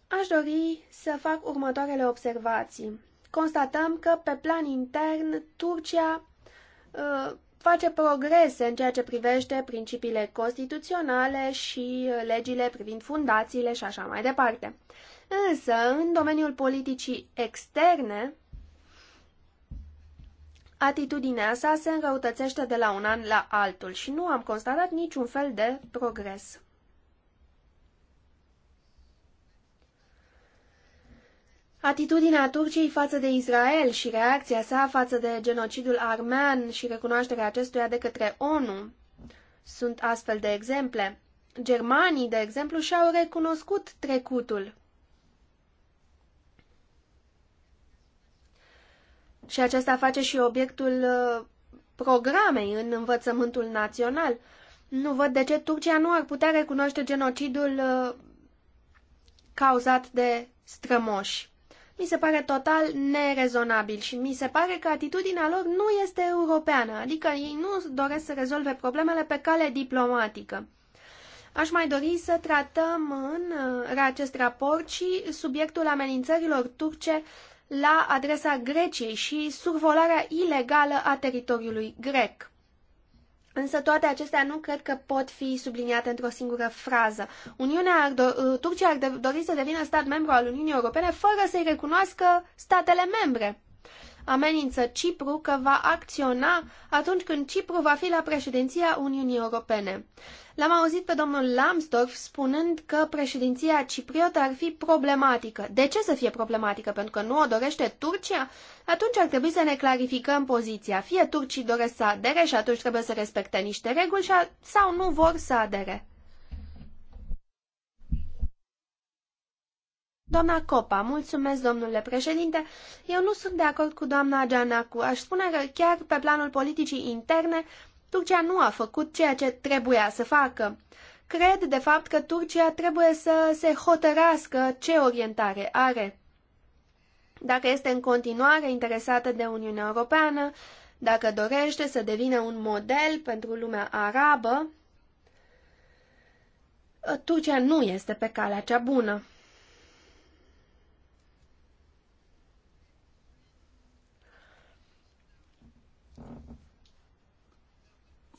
Aș dori să fac următoarele observații. Constatăm că pe plan intern Turcia uh, face progrese în ceea ce privește principiile constituționale și uh, legile privind fundațiile și așa mai departe. Însă, în domeniul politicii externe, Atitudinea sa se înrăutățește de la un an la altul și nu am constatat niciun fel de progres. Atitudinea Turciei față de Israel și reacția sa față de genocidul armean și recunoașterea acestuia de către ONU sunt astfel de exemple. Germanii, de exemplu, și-au recunoscut trecutul Și aceasta face și obiectul uh, programei în învățământul național. Nu văd de ce Turcia nu ar putea recunoaște genocidul uh, cauzat de strămoși. Mi se pare total nerezonabil și mi se pare că atitudinea lor nu este europeană, adică ei nu doresc să rezolve problemele pe cale diplomatică. Aș mai dori să tratăm în uh, acest raport și subiectul amenințărilor turce la adresa Greciei și survolarea ilegală a teritoriului grec. Însă toate acestea nu cred că pot fi subliniate într-o singură frază. Uniunea ar do- uh, Turcia ar dori să devină stat membru al Uniunii Europene fără să-i recunoască statele membre amenință Cipru că va acționa atunci când Cipru va fi la președinția Uniunii Europene. L-am auzit pe domnul Lambsdorff spunând că președinția cipriotă ar fi problematică. De ce să fie problematică? Pentru că nu o dorește Turcia? Atunci ar trebui să ne clarificăm poziția. Fie turcii doresc să adere și atunci trebuie să respecte niște reguli sau nu vor să adere. Doamna Copa, mulțumesc, domnule președinte. Eu nu sunt de acord cu doamna Gianacu. Aș spune că chiar pe planul politicii interne, Turcia nu a făcut ceea ce trebuia să facă. Cred, de fapt, că Turcia trebuie să se hotărască ce orientare are. Dacă este în continuare interesată de Uniunea Europeană, dacă dorește să devină un model pentru lumea arabă, Turcia nu este pe calea cea bună.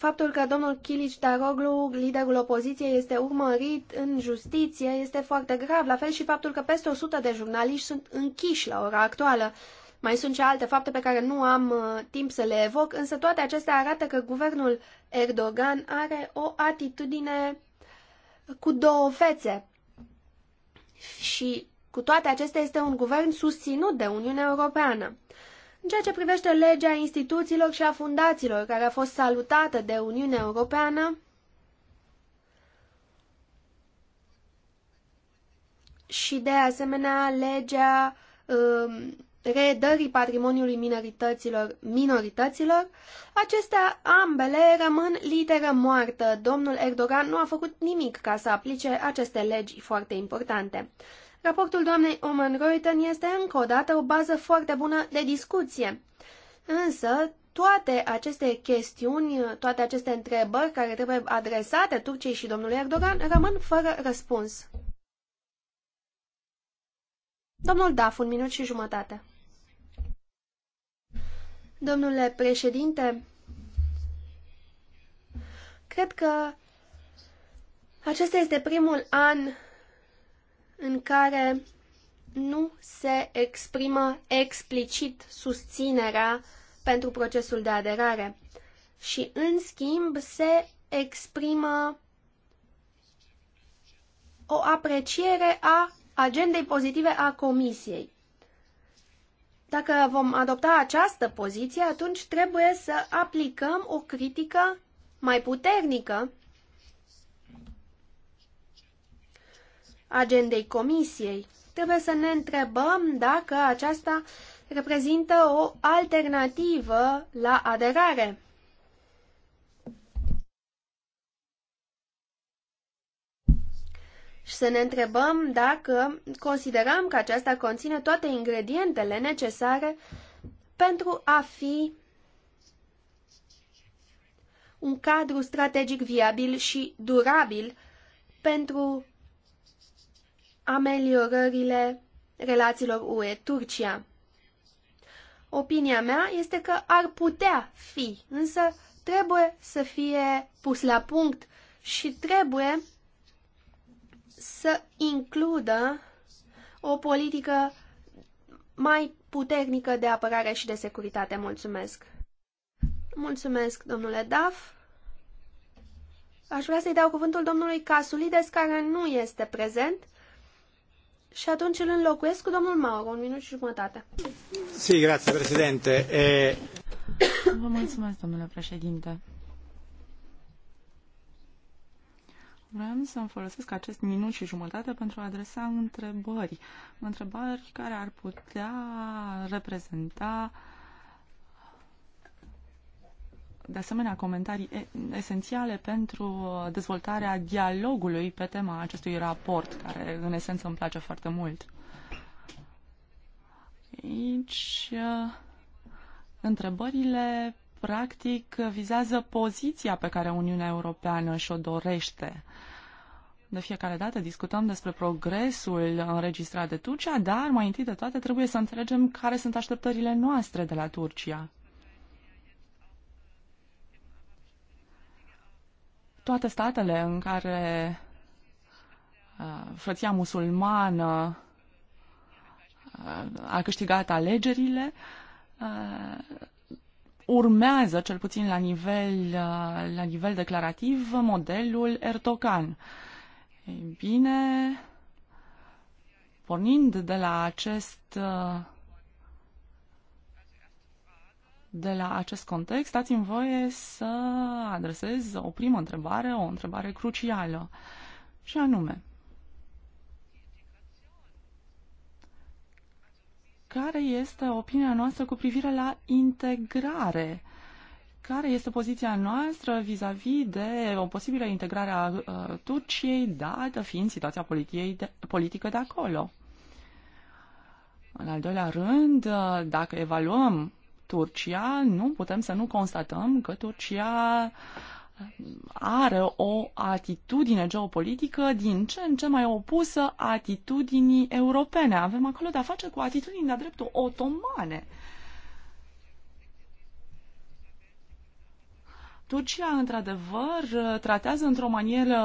Faptul că domnul Kilic Daroglu, liderul opoziției, este urmărit în justiție este foarte grav, la fel și faptul că peste 100 de jurnaliști sunt închiși la ora actuală. Mai sunt și alte fapte pe care nu am uh, timp să le evoc, însă toate acestea arată că guvernul Erdogan are o atitudine cu două fețe. Și cu toate acestea este un guvern susținut de Uniunea Europeană. Uh, în ceea ce privește legea instituțiilor și a fundațiilor, care a fost salutată de Uniunea Europeană, și de asemenea legea um, patrimoniului minorităților, minorităților, acestea ambele rămân literă moartă. Domnul Erdogan nu a făcut nimic ca să aplice aceste legi foarte importante. Raportul doamnei Oman Reuten este încă o dată o bază foarte bună de discuție. Însă, toate aceste chestiuni, toate aceste întrebări care trebuie adresate Turciei și domnului Erdogan rămân fără răspuns. Domnul Daf, un minut și jumătate. Domnule președinte, cred că acesta este primul an în care nu se exprimă explicit susținerea pentru procesul de aderare și, în schimb, se exprimă o apreciere a agendei pozitive a Comisiei. Dacă vom adopta această poziție, atunci trebuie să aplicăm o critică mai puternică agendei Comisiei. Trebuie să ne întrebăm dacă aceasta reprezintă o alternativă la aderare. și să ne întrebăm dacă considerăm că aceasta conține toate ingredientele necesare pentru a fi un cadru strategic viabil și durabil pentru ameliorările relațiilor UE-Turcia. Opinia mea este că ar putea fi, însă trebuie să fie pus la punct și trebuie să includă o politică mai puternică de apărare și de securitate. Mulțumesc! Mulțumesc, domnule Daf. Aș vrea să-i dau cuvântul domnului Casulides, care nu este prezent, și atunci îl înlocuiesc cu domnul Mauro, un minut și jumătate. Si, grazie, președinte. E... Vă mulțumesc, domnule președinte. Vreau să-mi folosesc acest minut și jumătate pentru a adresa întrebări. Întrebări care ar putea reprezenta uh, de asemenea comentarii esențiale pentru uh, dezvoltarea dialogului pe tema acestui raport, care în esență îmi place foarte mult. Aici uh, întrebările practic vizează poziția pe care Uniunea Europeană și-o dorește. De fiecare dată discutăm despre progresul înregistrat de Turcia, dar mai întâi de toate trebuie să înțelegem care sunt așteptările noastre de la Turcia. Toate statele în care uh, frăția musulmană uh, a câștigat alegerile, uh, urmează, cel puțin la nivel, la nivel declarativ, modelul Erdogan. Ei bine, pornind de la acest de la acest context, dați-mi voie să adresez o primă întrebare, o întrebare crucială, și anume, care este opinia noastră cu privire la integrare? Care este poziția noastră vis-a-vis -vis de o posibilă integrare a uh, Turciei, dată fiind situația de, politică de acolo? În al doilea rând, uh, dacă evaluăm Turcia, nu putem să nu constatăm că Turcia are o atitudine geopolitică din ce în ce mai opusă atitudinii europene. Avem acolo de-a face cu atitudini de-a dreptul otomane. Uh, Turcia, într-adevăr, tratează într-o manieră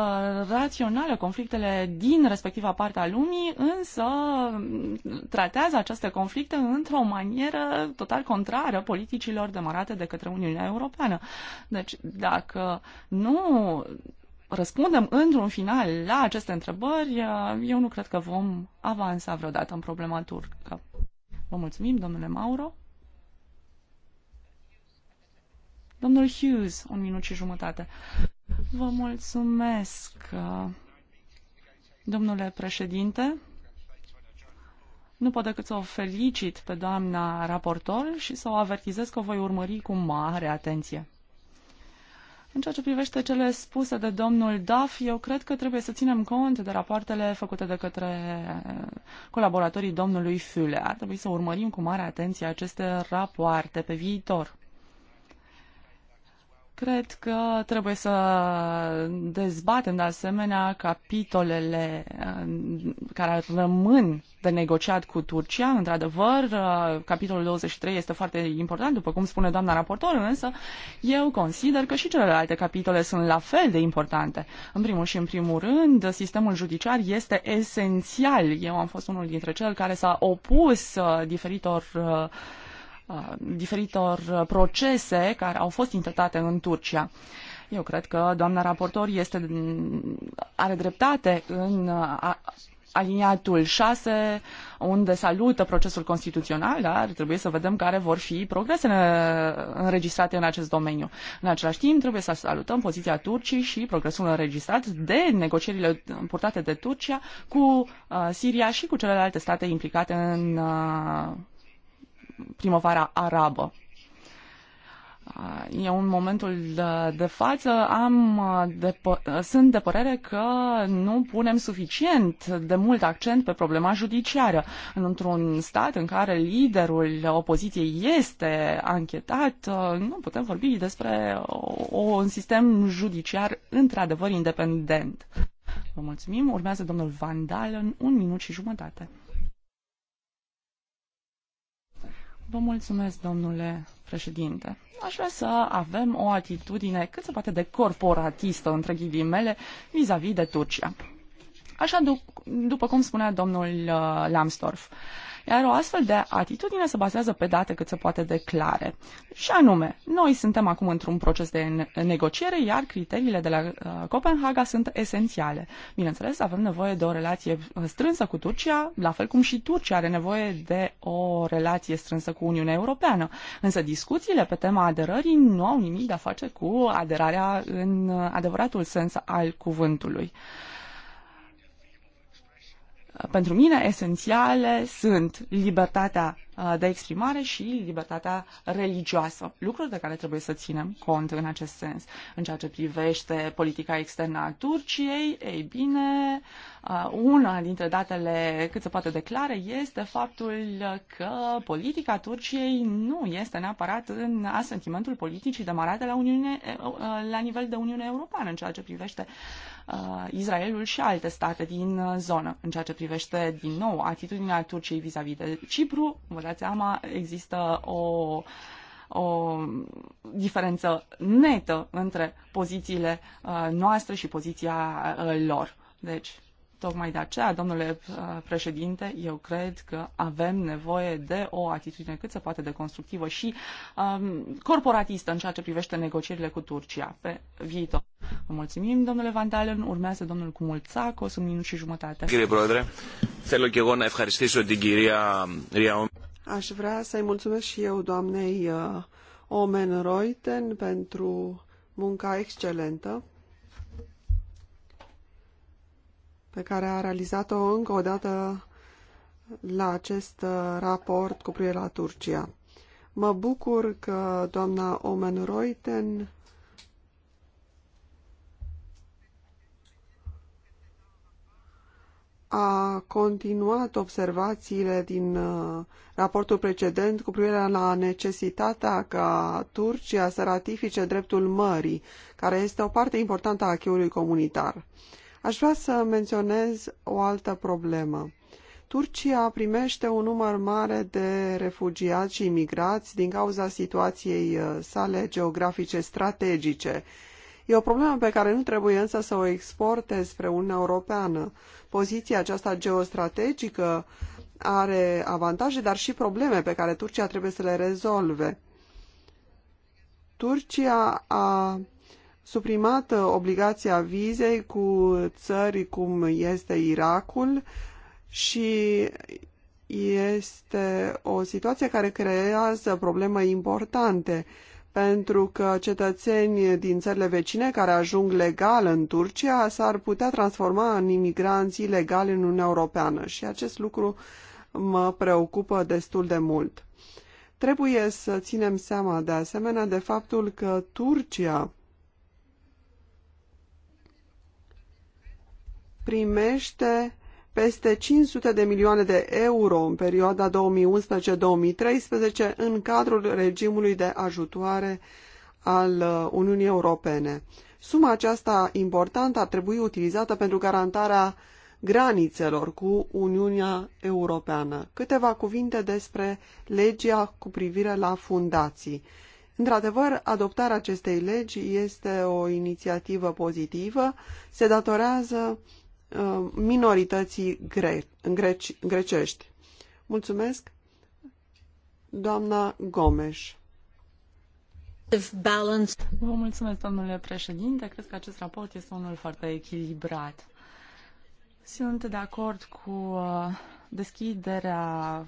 rațională conflictele din respectiva parte a lumii, însă mm, tratează aceste conflicte într-o manieră total contrară politicilor demarate de către Uniunea Europeană. Deci, dacă nu răspundem într-un final la aceste întrebări, eh, eu nu cred că vom avansa vreodată în problema turcă. Vă mulțumim, domnule Mauro. Domnul Hughes, un minut și jumătate. Vă mulțumesc, domnule președinte. Nu pot decât să o felicit pe doamna raportor și să o avertizez că o voi urmări cu mare atenție. În ceea ce privește cele spuse de domnul Duff, eu cred că trebuie să ținem cont de rapoartele făcute de către colaboratorii domnului Füle. Ar trebui să urmărim cu mare atenție aceste rapoarte pe viitor. Cred că trebuie să dezbatem de asemenea capitolele uh, care rămân de negociat cu Turcia. Într-adevăr, uh, capitolul 23 este foarte important, după cum spune doamna raportor, însă eu consider că și celelalte capitole sunt la fel de importante. În primul și în primul rând, sistemul judiciar este esențial. Eu am fost unul dintre cel care s-a opus uh, diferitor uh, Uh, diferitor procese care au fost intentate în Turcia. Eu cred că doamna raportor este, mm, are dreptate în uh, aliniatul 6, unde salută procesul constituțional, dar trebuie să vedem care vor fi progresele înregistrate în acest domeniu. În același timp, trebuie să salutăm poziția Turcii și progresul înregistrat de negocierile purtate de Turcia cu uh, Siria și cu celelalte state implicate în uh, primăvara arabă. Ah, e în momentul de față am ah, de, sunt de părere că nu punem suficient de mult accent pe problema judiciară. Într-un stat în care liderul opoziției este anchetat, ah, nu putem vorbi despre o, un sistem judiciar într-adevăr independent. Vă mulțumim. Urmează domnul Vandal în un minut și jumătate. Vă mulțumesc, domnule președinte. Aș vrea să avem o atitudine cât se poate de corporatistă, între ghilimele, vis-a-vis de Turcia. Așa, dup- după cum spunea domnul uh, Lambsdorff, uh, iar o astfel de atitudine se bazează pe date cât se poate de clare. Și anume, noi suntem acum într-un proces de negociere, iar criteriile de la uh, Copenhaga sunt esențiale. Bineînțeles, avem nevoie de o relație uh, strânsă cu Turcia, la fel cum și Turcia are nevoie de o relație strânsă cu Uniunea Europeană. Însă discuțiile pe tema aderării nu au nimic de a face cu aderarea în uh, adevăratul sens al cuvântului. Pentru mine, esențiale sunt libertatea uh, de exprimare și libertatea religioasă, lucruri de care trebuie să ținem cont în acest sens. În ceea ce privește politica externă a Turciei, ei bine, uh, una dintre datele cât se poate declare este faptul că politica Turciei nu este neapărat în asentimentul politicii demarate la, Uniune, uh, la nivel de Uniune Europeană în ceea ce privește Uh, Israelul și alte state din uh, zonă. În ceea ce privește, din nou, atitudinea Turciei vis-a-vis -vis de Cipru, vă dați seama, există o o diferență netă între pozițiile uh, noastre și poziția lor. Deci, Tocmai de aceea, domnule uh, președinte, eu cred că avem nevoie de o atitudine cât se poate de constructivă și um, corporatistă în ceea ce privește negocierile cu Turcia pe viitor. Vă mulțumim, domnule Van Dalen. Urmează domnul o sunt minut și jumătate. Aș vrea să-i mulțumesc și eu doamnei uh, Omen Reuten pentru munca excelentă pe care a realizat-o încă o dată la acest uh, raport cu privire la Turcia. Mă bucur că doamna Omen Reuten a continuat observațiile din uh, raportul precedent cu privire la necesitatea ca Turcia să ratifice dreptul mării, care este o parte importantă a acquis comunitar. Aș vrea să menționez o altă problemă. Turcia primește un număr mare de refugiați și imigrați din cauza situației uh, sale geografice strategice. E o problemă pe care nu trebuie însă să o exporte spre Uniunea Europeană. Poziția aceasta geostrategică are avantaje, dar și probleme pe care Turcia trebuie să le rezolve. Turcia a suprimată uh, obligația vizei cu țări cum este Irakul și este o situație care creează probleme importante pentru că cetățeni din țările vecine care ajung legal în Turcia s-ar putea transforma în imigranți ilegali în Uniunea Europeană și acest lucru mă preocupă destul de mult. Trebuie să ținem seama de asemenea de faptul că Turcia primește peste 500 de milioane de euro în perioada 2011-2013 în cadrul regimului de ajutoare al uh, Uniunii Europene. Suma aceasta importantă ar trebui utilizată pentru garantarea granițelor cu Uniunea Europeană. Câteva cuvinte despre legea cu privire la fundații. Într-adevăr, adoptarea acestei legi este o inițiativă pozitivă, se datorează Uh, minorității gre greci grecești. Mulțumesc, doamna Gomes. Vă mulțumesc, domnule președinte. Cred că acest raport este unul foarte echilibrat. Sunt de acord cu uh, deschiderea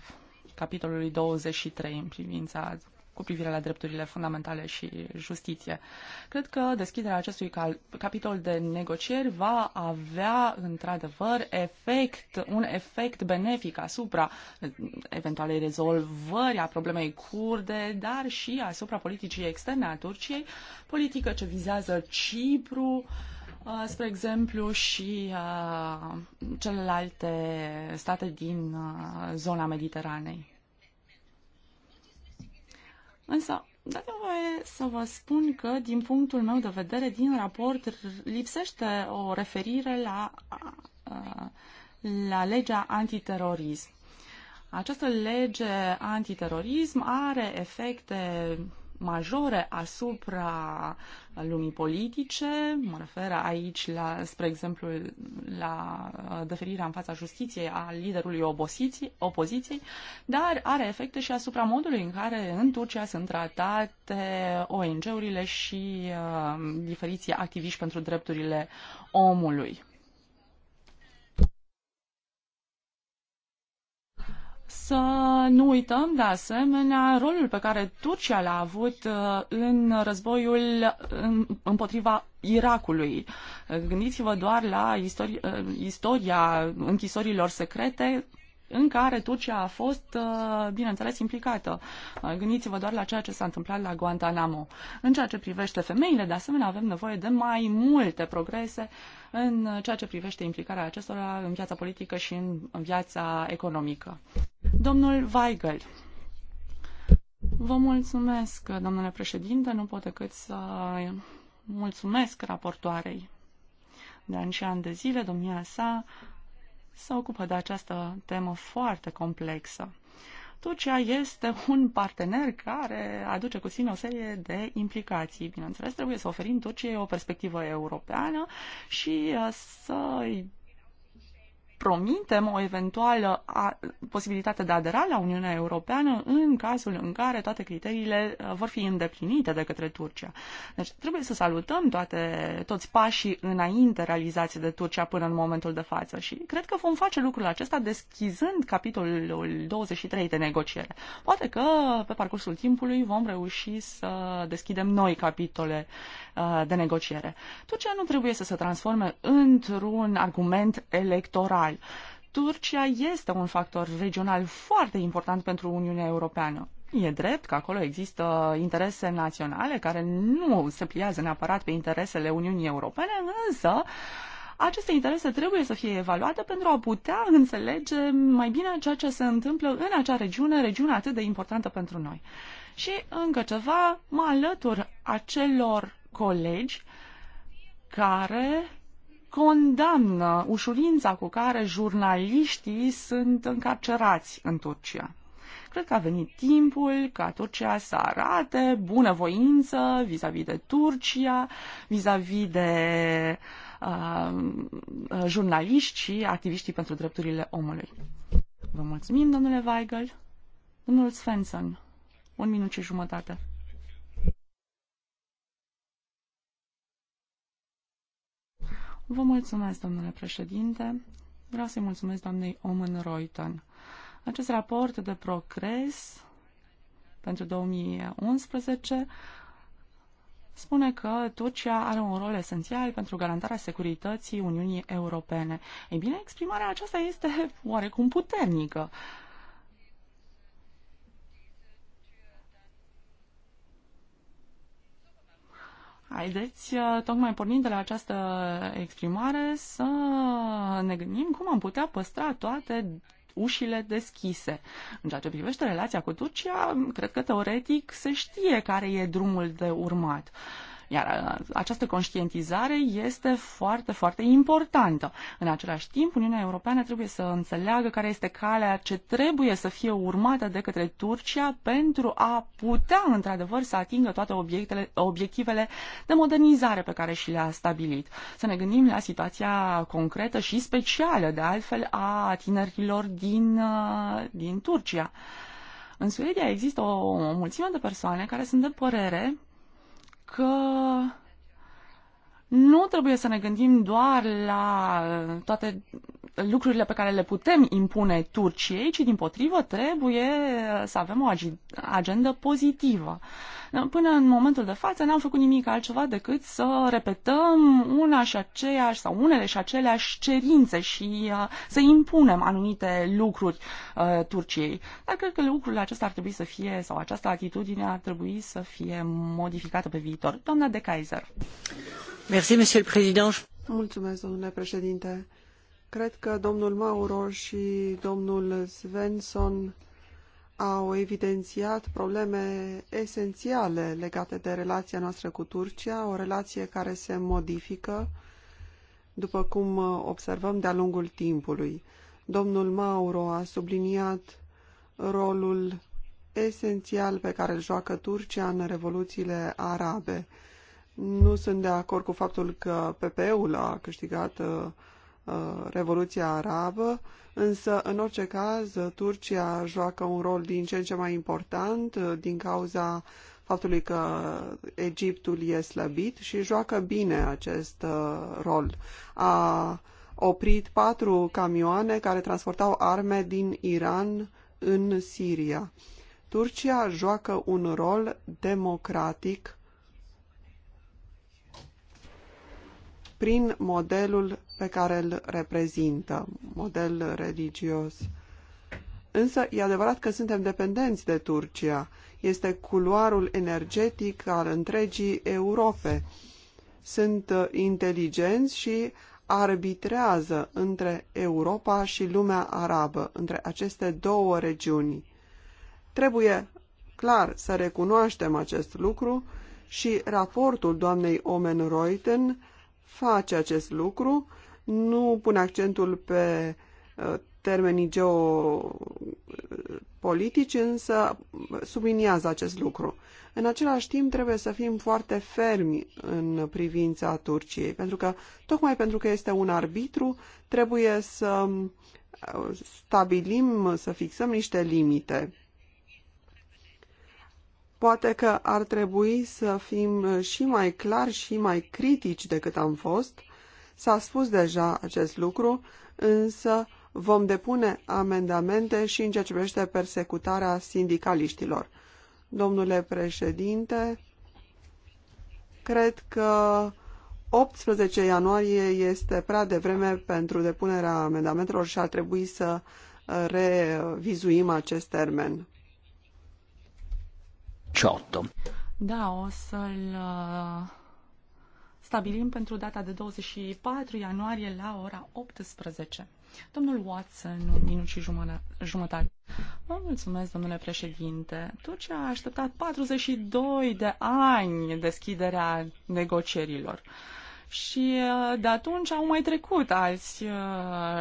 capitolului 23 în privința cu privire la drepturile fundamentale și justiție. Cred că deschiderea acestui capitol de negocieri va avea într-adevăr efect, un efect benefic asupra eh, eventualei rezolvări a problemei curde, dar și asupra politicii externe a Turciei, politică ce vizează Cipru, eh, spre exemplu, și eh, celelalte state din zona Mediteranei. Însă, dați voie să vă spun că, din punctul meu de vedere, din raport lipsește o referire la, la legea antiterorism. Această lege antiterorism are efecte majore asupra lumii politice. Mă refer aici, la, spre exemplu, la uh, deferirea în fața justiției a liderului opoziției, dar are efecte și asupra modului în care în Turcia sunt tratate ONG-urile și uh, diferiții activiști pentru drepturile omului. Să nu uităm, de asemenea, rolul pe care Turcia l-a avut uh, în războiul uh, împotriva Irakului. Gândiți-vă doar la istoria, uh, istoria închisorilor secrete în care Turcia a fost, bineînțeles, implicată. Gândiți-vă doar la ceea ce s-a întâmplat la Guantanamo. În ceea ce privește femeile, de asemenea, avem nevoie de mai multe progrese în ceea ce privește implicarea acestora în viața politică și în viața economică. Domnul Vă mulțumesc, domnule președinte, nu pot decât să mulțumesc raportoarei. De ani și ani de zile, domnia sa se ocupă de această temă foarte complexă. Turcia este un partener care aduce cu sine o serie de implicații. Bineînțeles, trebuie să oferim Turciei o perspectivă europeană și uh, să i promitem o eventuală a, posibilitate de aderare la Uniunea Europeană în cazul în care toate criteriile uh, vor fi îndeplinite de către Turcia. Deci trebuie să salutăm toate, toți pașii înainte realizați de Turcia până în momentul de față și cred că vom face lucrul acesta deschizând capitolul 23 de negociere. Poate că pe parcursul timpului vom reuși să deschidem noi capitole uh, de negociere. Turcia nu trebuie să se transforme într-un argument electoral regional. Turcia este un factor regional foarte important pentru Uniunea Europeană. E drept că acolo există interese naționale care nu se pliază neapărat pe interesele Uniunii Europene, însă aceste interese trebuie să fie evaluate pentru a putea înțelege mai bine ceea ce se întâmplă în acea regiune, regiune atât de importantă pentru noi. Și încă ceva, mă alătur acelor colegi care condamnă ușurința cu care jurnaliștii sunt încarcerați în Turcia. Cred că a venit timpul ca Turcia să arate bunăvoință vis-a-vis -vis de Turcia, vis-a-vis -vis de uh, jurnaliști și activiștii pentru drepturile omului. Vă mulțumim, domnule Weigel. Domnul Svensson, un minut și jumătate. Vă mulțumesc, domnule președinte. Vreau să-i mulțumesc doamnei Omen Reuten. Acest raport de progres pentru 2011 spune că Turcia are un rol esențial pentru garantarea securității Uniunii Europene. Ei bine, exprimarea aceasta este oarecum puternică. Uh, Haideți, uh, tocmai pornind de la această exprimare, să ne gândim cum am putea păstra toate ușile deschise. În ceea ce privește relația cu Turcia, cred că teoretic se știe care e drumul de urmat. Uh, iar uh, această conștientizare este foarte, foarte importantă. În același timp, Uniunea Europeană trebuie să înțeleagă care este calea ce trebuie să fie urmată de către Turcia pentru a putea, într-adevăr, să atingă toate obiectele, obiectivele de modernizare pe care și le-a stabilit. Să ne gândim la situația concretă și specială, de altfel, a tinerilor din, uh, din Turcia. În Suedia există o, o mulțime de persoane care sunt de părere că nu trebuie să ne gândim doar la uh, toate lucrurile pe care le putem impune Turciei, ci din potrivă trebuie să avem o agendă pozitivă. Până în momentul de față n-am făcut nimic altceva decât să repetăm una și aceeași sau unele și aceleași cerințe și uh, să impunem anumite lucruri uh, Turciei. Dar cred că lucrul acesta ar trebui să fie, sau această atitudine ar trebui să fie modificată pe viitor. Doamna de Kaiser. Mulțumesc, domnule președinte. Cred că domnul Mauro și domnul Svensson au evidențiat probleme esențiale legate de relația noastră cu Turcia, o relație care se modifică, după cum observăm de-a lungul timpului. Domnul Mauro a subliniat rolul esențial pe care îl joacă Turcia în revoluțiile arabe. Nu sunt de acord cu faptul că PP-ul a câștigat uh, Uh, Revoluția Arabă, însă, în orice caz, Turcia joacă un rol din ce în ce mai important uh, din cauza faptului că Egiptul e slăbit și joacă bine acest uh, rol. A oprit patru camioane care transportau arme din Iran în Siria. Turcia joacă un rol democratic prin modelul pe care îl reprezintă, model religios. Însă e adevărat că suntem dependenți de Turcia. Este culoarul energetic al întregii Europe. Sunt uh, inteligenți și arbitrează între Europa și lumea arabă, între aceste două regiuni. Trebuie clar să recunoaștem acest lucru și raportul doamnei Omen Reuten face acest lucru nu pun accentul pe uh, termenii geopolitici, însă subliniază acest lucru. În același timp, trebuie să fim foarte fermi în privința Turciei, pentru că, tocmai pentru că este un arbitru, trebuie să uh, stabilim, să fixăm niște limite. Poate că ar trebui să fim și mai clari și mai critici decât am fost, S-a spus deja acest lucru, însă vom depune amendamente și în ceea ce privește persecutarea sindicaliștilor. Domnule președinte, cred că 18 ianuarie este prea devreme pentru depunerea amendamentelor și ar trebui să revizuim acest termen. 18. Da, o să-l uh, stabilim pentru data de 24 ianuarie la ora 18. Domnul Watson, un minut și jumătate. Vă mulțumesc, domnule președinte. Turcia a așteptat 42 de ani deschiderea negocierilor. Și uh, de atunci au mai trecut alți uh,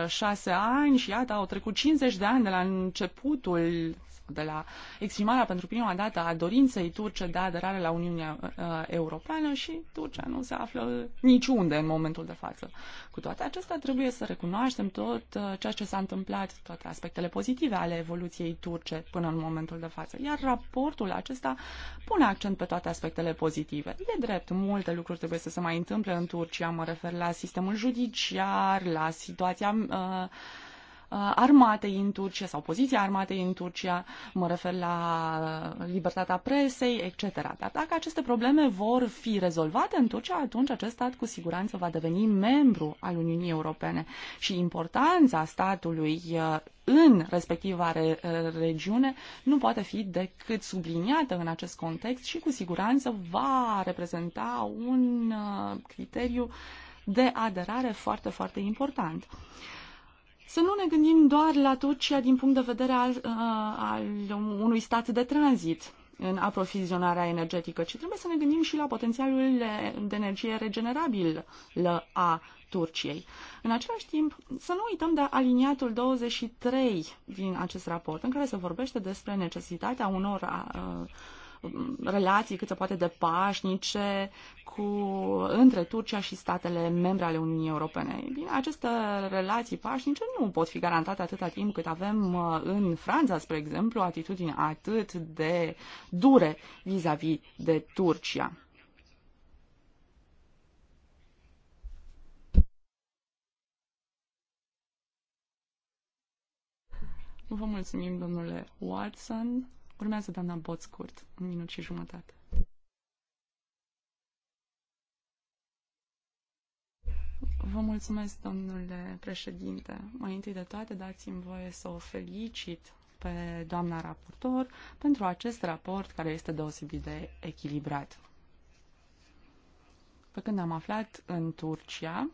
șase ani și iată, au trecut 50 de ani de la începutul de la exprimarea pentru prima dată a dorinței turce de aderare la Uniunea uh, Europeană și Turcia nu se află niciunde în momentul de față. Cu toate acestea, trebuie să recunoaștem tot uh, ceea ce s-a întâmplat, toate aspectele pozitive ale evoluției turce până în momentul de față. Iar raportul acesta pune accent pe toate aspectele pozitive. E drept, multe lucruri trebuie să se mai întâmple în Turcia, mă refer la sistemul judiciar, la situația uh, Uh, armatei în Turcia sau poziția armatei în Turcia, mă refer la uh, libertatea presei, etc. Dar dacă aceste probleme vor fi rezolvate în Turcia, atunci acest stat cu siguranță va deveni membru al Uniunii Europene și importanța statului uh, în respectiva re- regiune nu poate fi decât subliniată în acest context și cu siguranță va reprezenta un criteriu de aderare foarte, foarte important. Uh, să nu ne gândim doar la Turcia din punct de vedere al, uh, al unui stat de tranzit în aprovizionarea energetică, ci trebuie să ne gândim și la potențialul de energie regenerabilă a Turciei. În același timp, să nu uităm de aliniatul 23 din acest raport, în care se vorbește despre necesitatea unor uh, relații cât se poate de pașnice cu, între Turcia și statele membre ale Uniunii Europene. Ei bine, aceste relații pașnice nu pot fi garantate atâta timp cât avem uh, în Franța, spre exemplu, atitudini atât de dure vis-a-vis -vis de Turcia. Vă mulțumim, domnule Watson. Urmează doamna Boț scurt, un minut și jumătate. Vă mulțumesc, domnule președinte. Mai întâi de toate, dați-mi voie să o felicit pe doamna raportor pentru acest raport care este deosebit de echilibrat. Pe când am aflat în Turcia,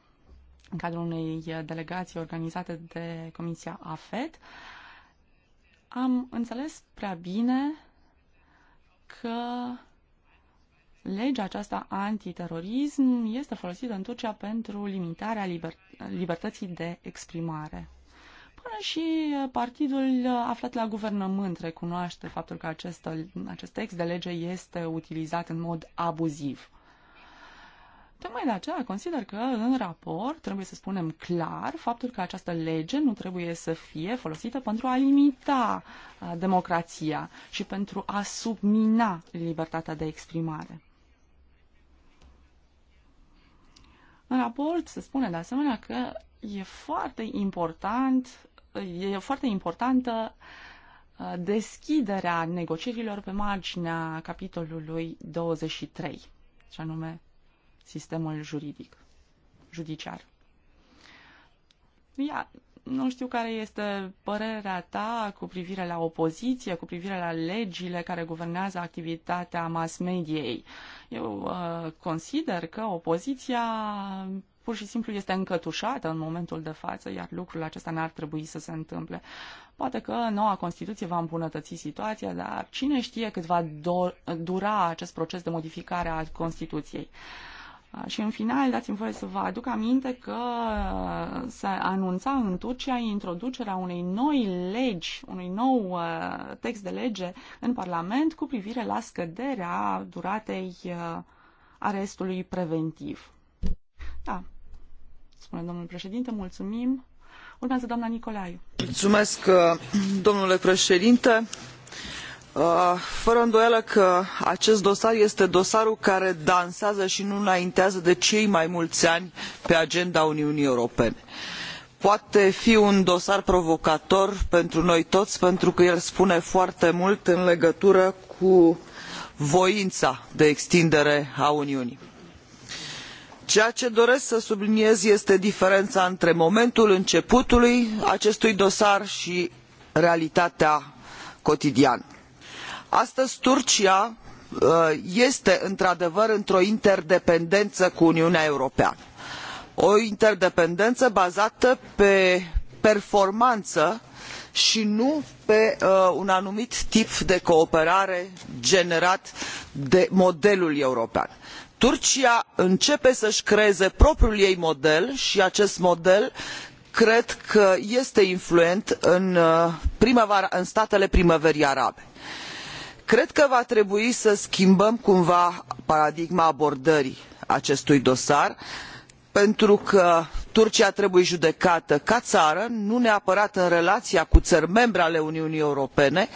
în cadrul unei delegații organizate de Comisia AFET, am înțeles prea bine că legea aceasta antiterorism este folosită în Turcia pentru limitarea liber- libertății de exprimare. Până și partidul aflat la guvernământ recunoaște faptul că acest, acest text de lege este utilizat în mod abuziv. Tocmai de aceea consider că în raport trebuie să spunem clar faptul că această lege nu trebuie să fie folosită pentru a limita uh, democrația și pentru a submina libertatea de exprimare. În raport se spune de asemenea că e foarte important, e foarte importantă uh, deschiderea negocierilor pe marginea capitolului 23, și anume sistemul juridic, judiciar. Ia, nu știu care este părerea ta cu privire la opoziție, cu privire la legile care guvernează activitatea mass mediei. Eu uh, consider că opoziția pur și simplu este încătușată în momentul de față, iar lucrul acesta n-ar trebui să se întâmple. Poate că noua Constituție va îmbunătăți situația, dar cine știe cât va dura acest proces de modificare a Constituției. Uh, Ah, și în final, dați-mi voie să vă aduc aminte că uh, se anunța în Turcia introducerea unei noi legi, unui nou uh, text de lege în Parlament cu privire la scăderea duratei uh, arestului preventiv. Da, spune domnul președinte, mulțumim. Urmează doamna Nicolaiu. Mulțumesc, domnule președinte. Uh, fără îndoială că acest dosar este dosarul care dansează i nu înaintează de cei mai muli ani pe agenda uniunii europene. poate fi un dosar provocator pentru noi toi pentru că el spune foarte mult în legătură cu voina de extindere a uniunii. ceea ce doresc să subliniez este diferena între momentul începutului acestui dosar i realitatea cotidiană astăzi turcia uh, este într adevăr într o interdependenă cu uniunea europeană o interdependenă bazată pe performană i nu pe uh, un anumit tip de cooperare generat de modelul european. turcia începe să i creeze propriul ei model i acest model cred că este influent în, uh, în statele primăverii arabe cred că va trebui să schimbăm cumva paradigma abordării acestui dosar pentru că turcia trebuie judecată ca ară nu neapărat în relaia cu ări membre ale uniunii europene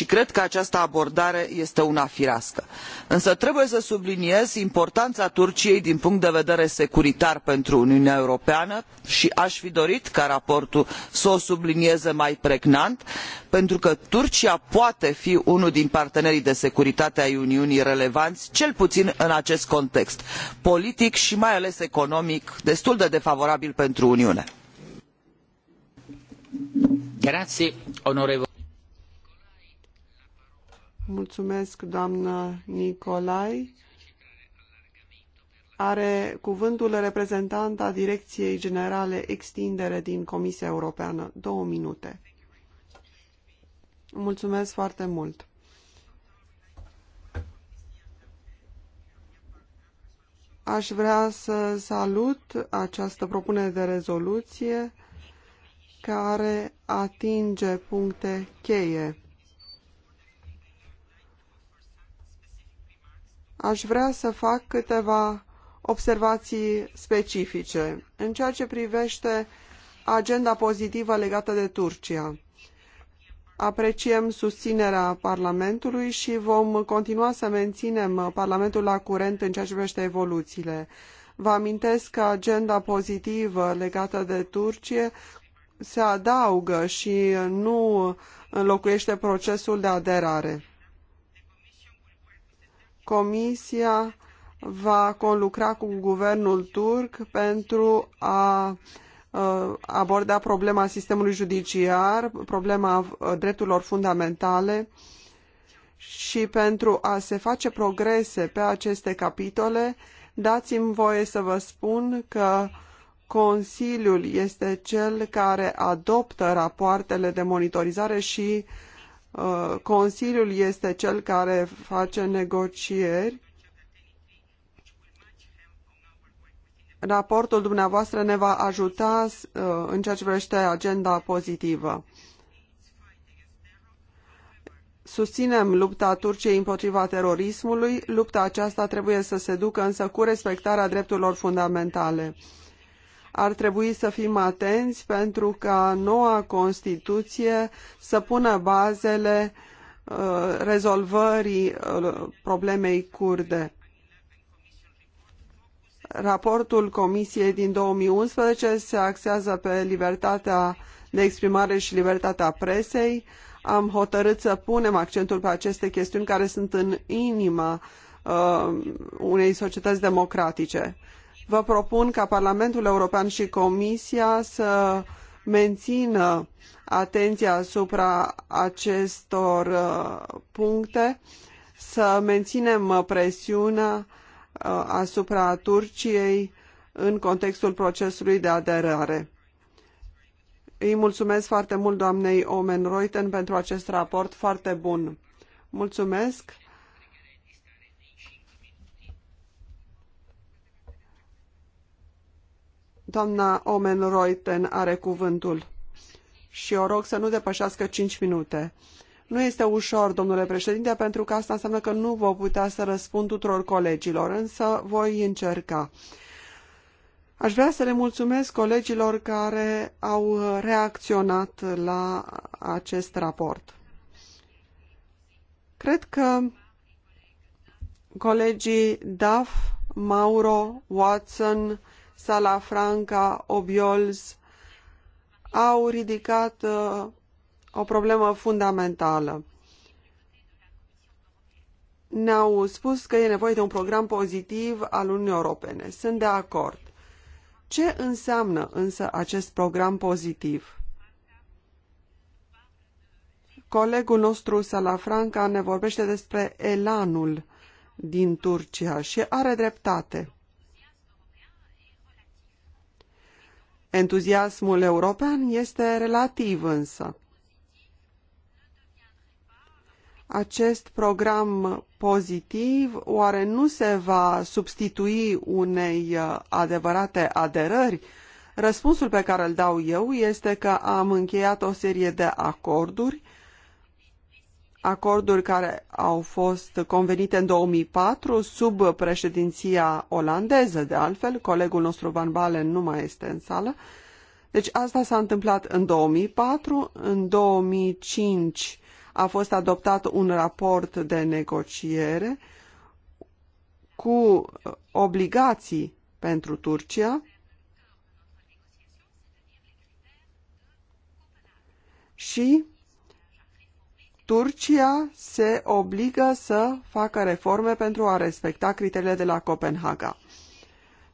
i cred că această abordare este una firească însă trebuie să subliniez importana turciei din punct de vedere securitar pentru uniunea europeană i a fi dorit ca raportul să o sublinieze mai pregnant pentru că turcia poate fi unul din partenerii de securitate ai uniunii relevani cel puin în acest context politic i mai ales economic destul de defavorabil durabil pentru uniune. Mulțumesc, doamnă Nicolai. Are cuvântul reprezentanta Direcției Generale Extindere din Comisia Europeană. Două minute. Mulțumesc foarte mult. Aș vrea să salut această propunere de rezoluție care atinge puncte cheie. Aș vrea să fac câteva observații specifice în ceea ce privește agenda pozitivă legată de Turcia. Apreciem susținerea Parlamentului și vom continua să menținem Parlamentul la curent în ceea ce privește evoluțiile. Vă amintesc că agenda pozitivă legată de Turcie se adaugă și nu înlocuiește procesul de aderare. Comisia va conlucra cu guvernul turc pentru a Uh, aborda problema sistemului judiciar, problema uh, drepturilor fundamentale și pentru a se face progrese pe aceste capitole, dați-mi voie să vă spun că Consiliul este cel care adoptă rapoartele de monitorizare și uh, Consiliul este cel care face negocieri raportul dumneavoastră ne va ajuta uh, în ceea ce privește agenda pozitivă. Susținem lupta Turciei împotriva terorismului. Lupta aceasta trebuie să se ducă însă cu respectarea drepturilor fundamentale. Ar trebui să fim atenți pentru ca noua Constituție să pună bazele uh, rezolvării uh, problemei curde. Raportul Comisiei din 2011 se axează pe libertatea de exprimare și libertatea presei. Am hotărât să punem accentul pe aceste chestiuni care sunt în inima uh, unei societăți democratice. Vă propun ca Parlamentul European și Comisia să mențină atenția asupra acestor uh, puncte, să menținem uh, presiunea Uh, asupra Turciei în contextul procesului de aderare. Îi mulțumesc foarte mult doamnei Omen Reuten pentru acest raport foarte bun. Mulțumesc! Doamna Omen Reuten are cuvântul și o rog să nu depășească 5 minute. Nu este ușor, domnule președinte, pentru că asta înseamnă că nu vă putea să răspund tuturor colegilor, însă voi încerca. Aș vrea să le mulțumesc colegilor care au reacționat la acest raport. Cred că colegii Duff, Mauro, Watson, Salafranca, Obiols au ridicat uh, o problemă fundamentală. Ne-au spus că e nevoie de un program pozitiv al Uniunii Europene. Sunt de acord. Ce înseamnă însă acest program pozitiv? Colegul nostru, Salafranca, ne vorbește despre elanul din Turcia și are dreptate. Entuziasmul european este relativ însă acest program pozitiv oare nu se va substitui unei uh, adevărate aderări? Răspunsul pe care îl dau eu este că am încheiat o serie de acorduri, acorduri care au fost convenite în 2004 sub președinția olandeză, de altfel, colegul nostru Van Balen nu mai este în sală. Deci asta s-a întâmplat în 2004, în 2005 a fost adoptat un raport de negociere cu obligații pentru Turcia și Turcia se obligă să facă reforme pentru a respecta criteriile de la Copenhaga.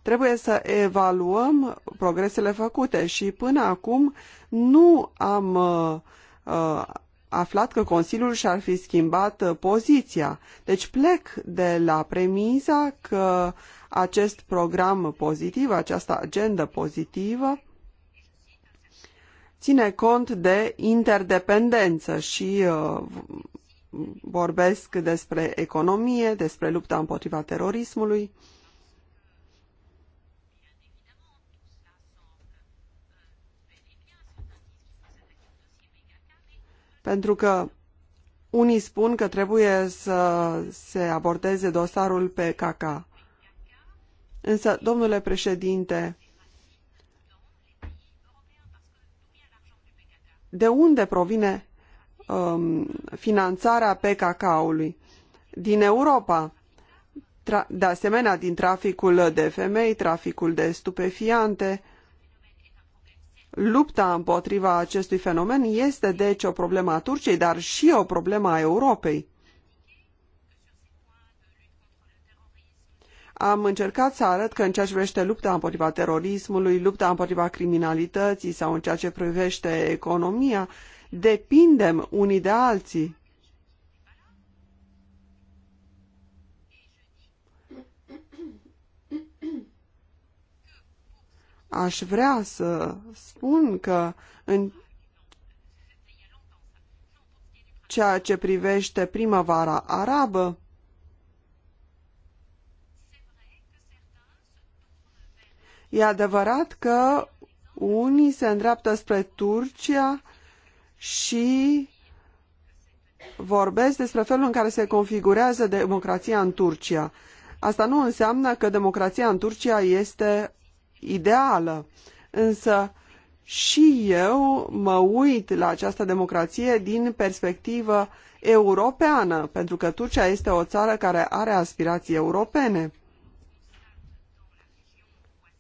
Trebuie să evaluăm progresele făcute și până acum nu am uh, uh aflat că Consiliul și-ar fi schimbat uh, poziția. Deci plec de la premiza că acest program pozitiv, această agendă pozitivă, ține cont de interdependență și uh, vorbesc despre economie, despre lupta împotriva terorismului, Pentru că unii spun că trebuie să se abordeze dosarul pe caca. Însă, domnule președinte, de unde provine um, finanțarea pe cacaului? Din Europa, de asemenea din traficul de femei, traficul de stupefiante, Lupta împotriva acestui fenomen este deci o problemă a Turciei, dar și o problemă a Europei. Am încercat să arăt că în ceea ce privește lupta împotriva terorismului, lupta împotriva criminalității sau în ceea ce privește economia, depindem unii de alții. aș vrea să spun că în ceea ce privește primăvara arabă, E adevărat că unii se îndreaptă spre Turcia și vorbesc despre felul în care se configurează democrația în Turcia. Asta nu înseamnă că democrația în Turcia este ideală, însă și eu mă uit la această democrație din perspectivă europeană, pentru că Turcia este o țară care are aspirații europene.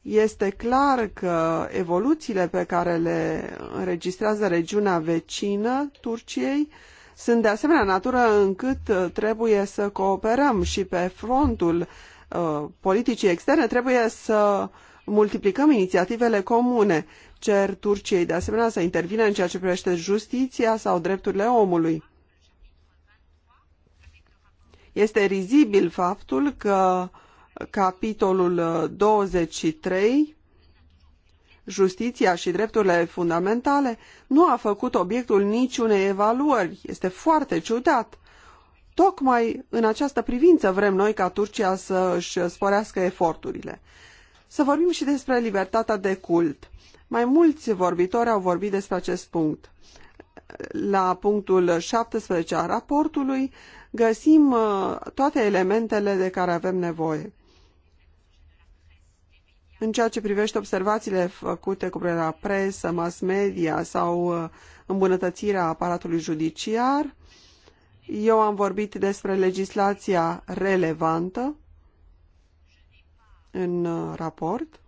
Este clar că evoluțiile pe care le înregistrează regiunea vecină Turciei sunt de asemenea natură încât trebuie să cooperăm și pe frontul uh, politicii externe trebuie să uh, multiplicăm inițiativele comune. Cer Turciei de asemenea să intervină în ceea ce privește justiția sau drepturile omului. Este rizibil faptul că capitolul 23 justiția și drepturile fundamentale nu a făcut obiectul niciunei evaluări. Este foarte ciudat. Tocmai în această privință vrem noi ca Turcia să își sporească eforturile. Să vorbim și despre libertatea de cult. Mai mulți vorbitori au vorbit despre acest punct. La punctul 17 a raportului găsim uh, toate elementele de care avem nevoie. În ceea ce privește observațiile făcute cu la presă, mass media sau uh, îmbunătățirea aparatului judiciar, eu am vorbit despre legislația relevantă, în uh, raport.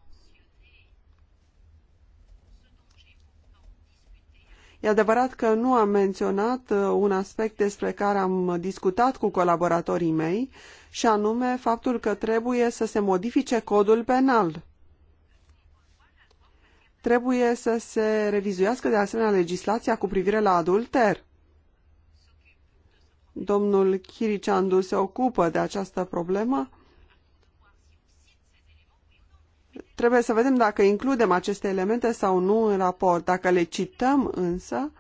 E adevărat că nu am menționat uh, un aspect despre care am discutat cu colaboratorii mei, și anume faptul că trebuie să se modifice codul penal. Trebuie să se revizuiască de asemenea legislația cu privire la adulter. Domnul Chiriciandu se ocupă de această problemă Trebuie să vedem dacă includem aceste elemente sau nu în raport. Dacă le cităm însă,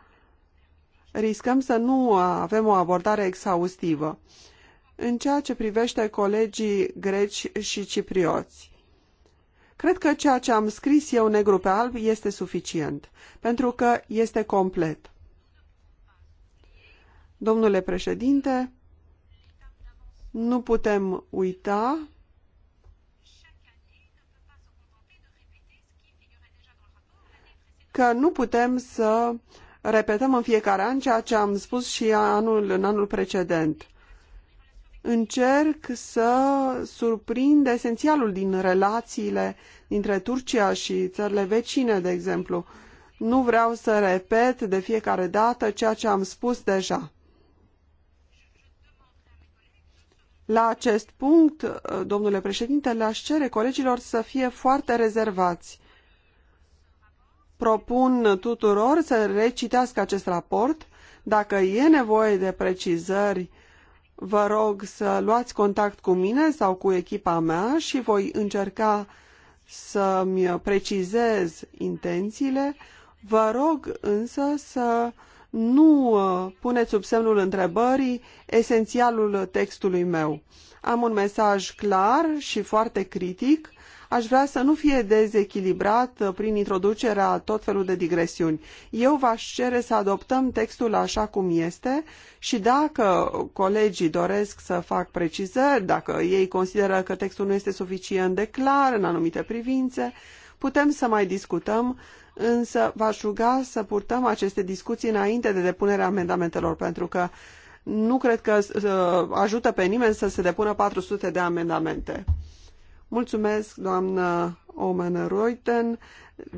riscăm să nu avem o abordare exhaustivă. În ceea ce privește colegii greci și ciprioți, cred că ceea ce am scris eu negru pe alb este suficient, pentru că este complet. Domnule președinte, nu putem uita că nu putem să repetăm în fiecare an ceea ce am spus și anul, în anul precedent. Încerc să surprind esențialul din relațiile dintre Turcia și țările vecine, de exemplu. Nu vreau să repet de fiecare dată ceea ce am spus deja. La acest punct, domnule președinte, le-aș cere colegilor să fie foarte rezervați propun tuturor să recitească acest raport. Dacă e nevoie de precizări, vă rog să luați contact cu mine sau cu echipa mea și voi încerca să-mi precizez intențiile. Vă rog însă să nu uh, puneți sub semnul întrebării esențialul textului meu. Am un mesaj clar și foarte critic aș vrea să nu fie dezechilibrat uh, prin introducerea tot felul de digresiuni. Eu v-aș cere să adoptăm textul așa cum este și dacă colegii doresc să fac precizări, dacă ei consideră că textul nu este suficient de clar în anumite privințe, putem să mai discutăm, însă v-aș ruga să purtăm aceste discuții înainte de depunerea amendamentelor, pentru că nu cred că uh, ajută pe nimeni să se depună 400 de amendamente. Mulțumesc, doamnă Omen Reuten.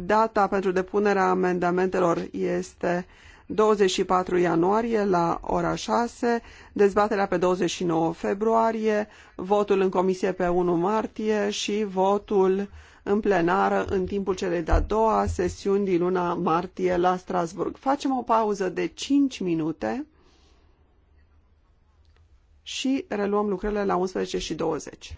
Data pentru depunerea amendamentelor este 24 ianuarie la ora 6, dezbaterea pe 29 februarie, votul în comisie pe 1 martie și votul în plenară în timpul celei de-a doua sesiuni din luna martie la Strasburg. Facem o pauză de 5 minute și reluăm lucrările la 11 și 20.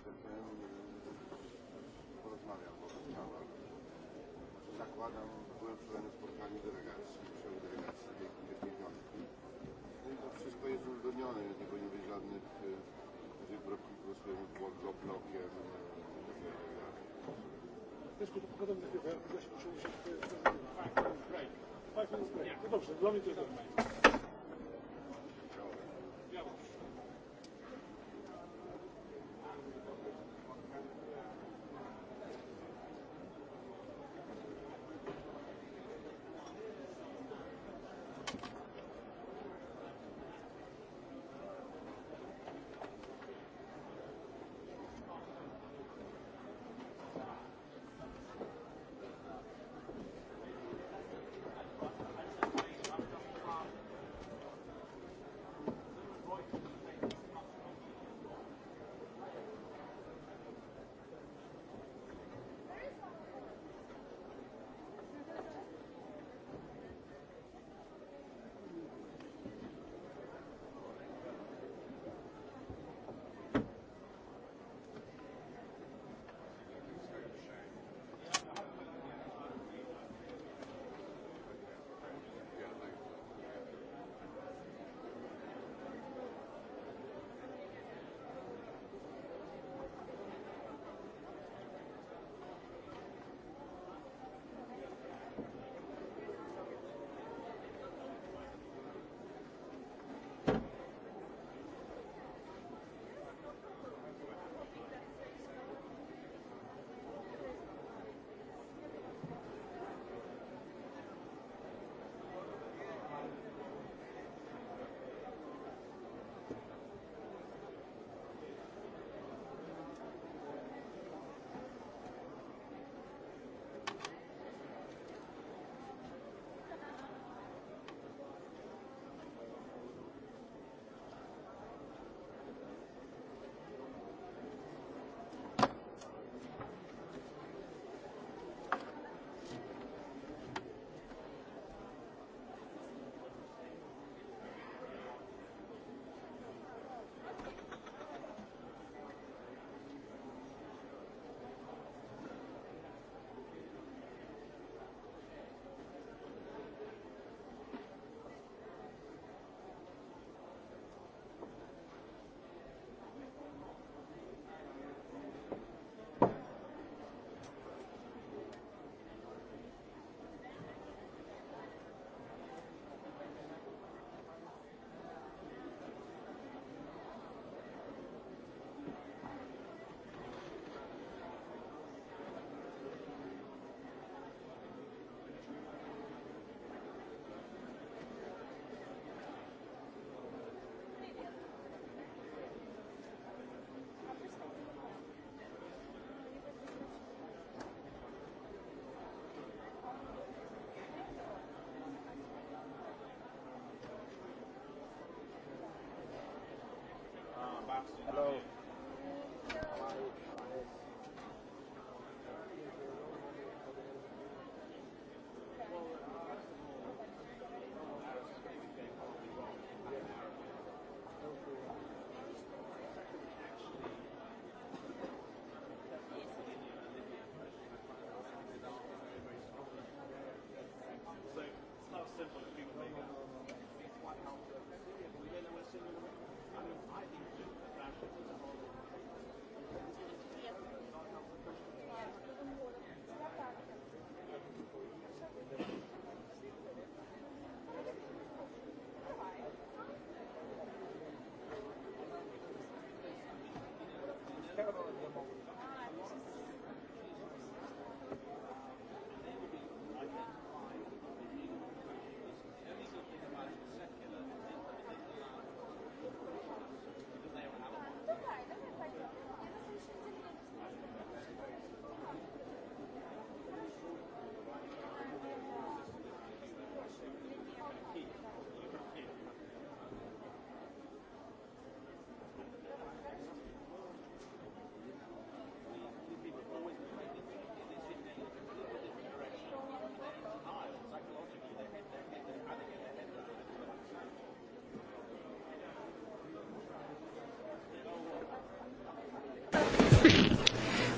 Hello.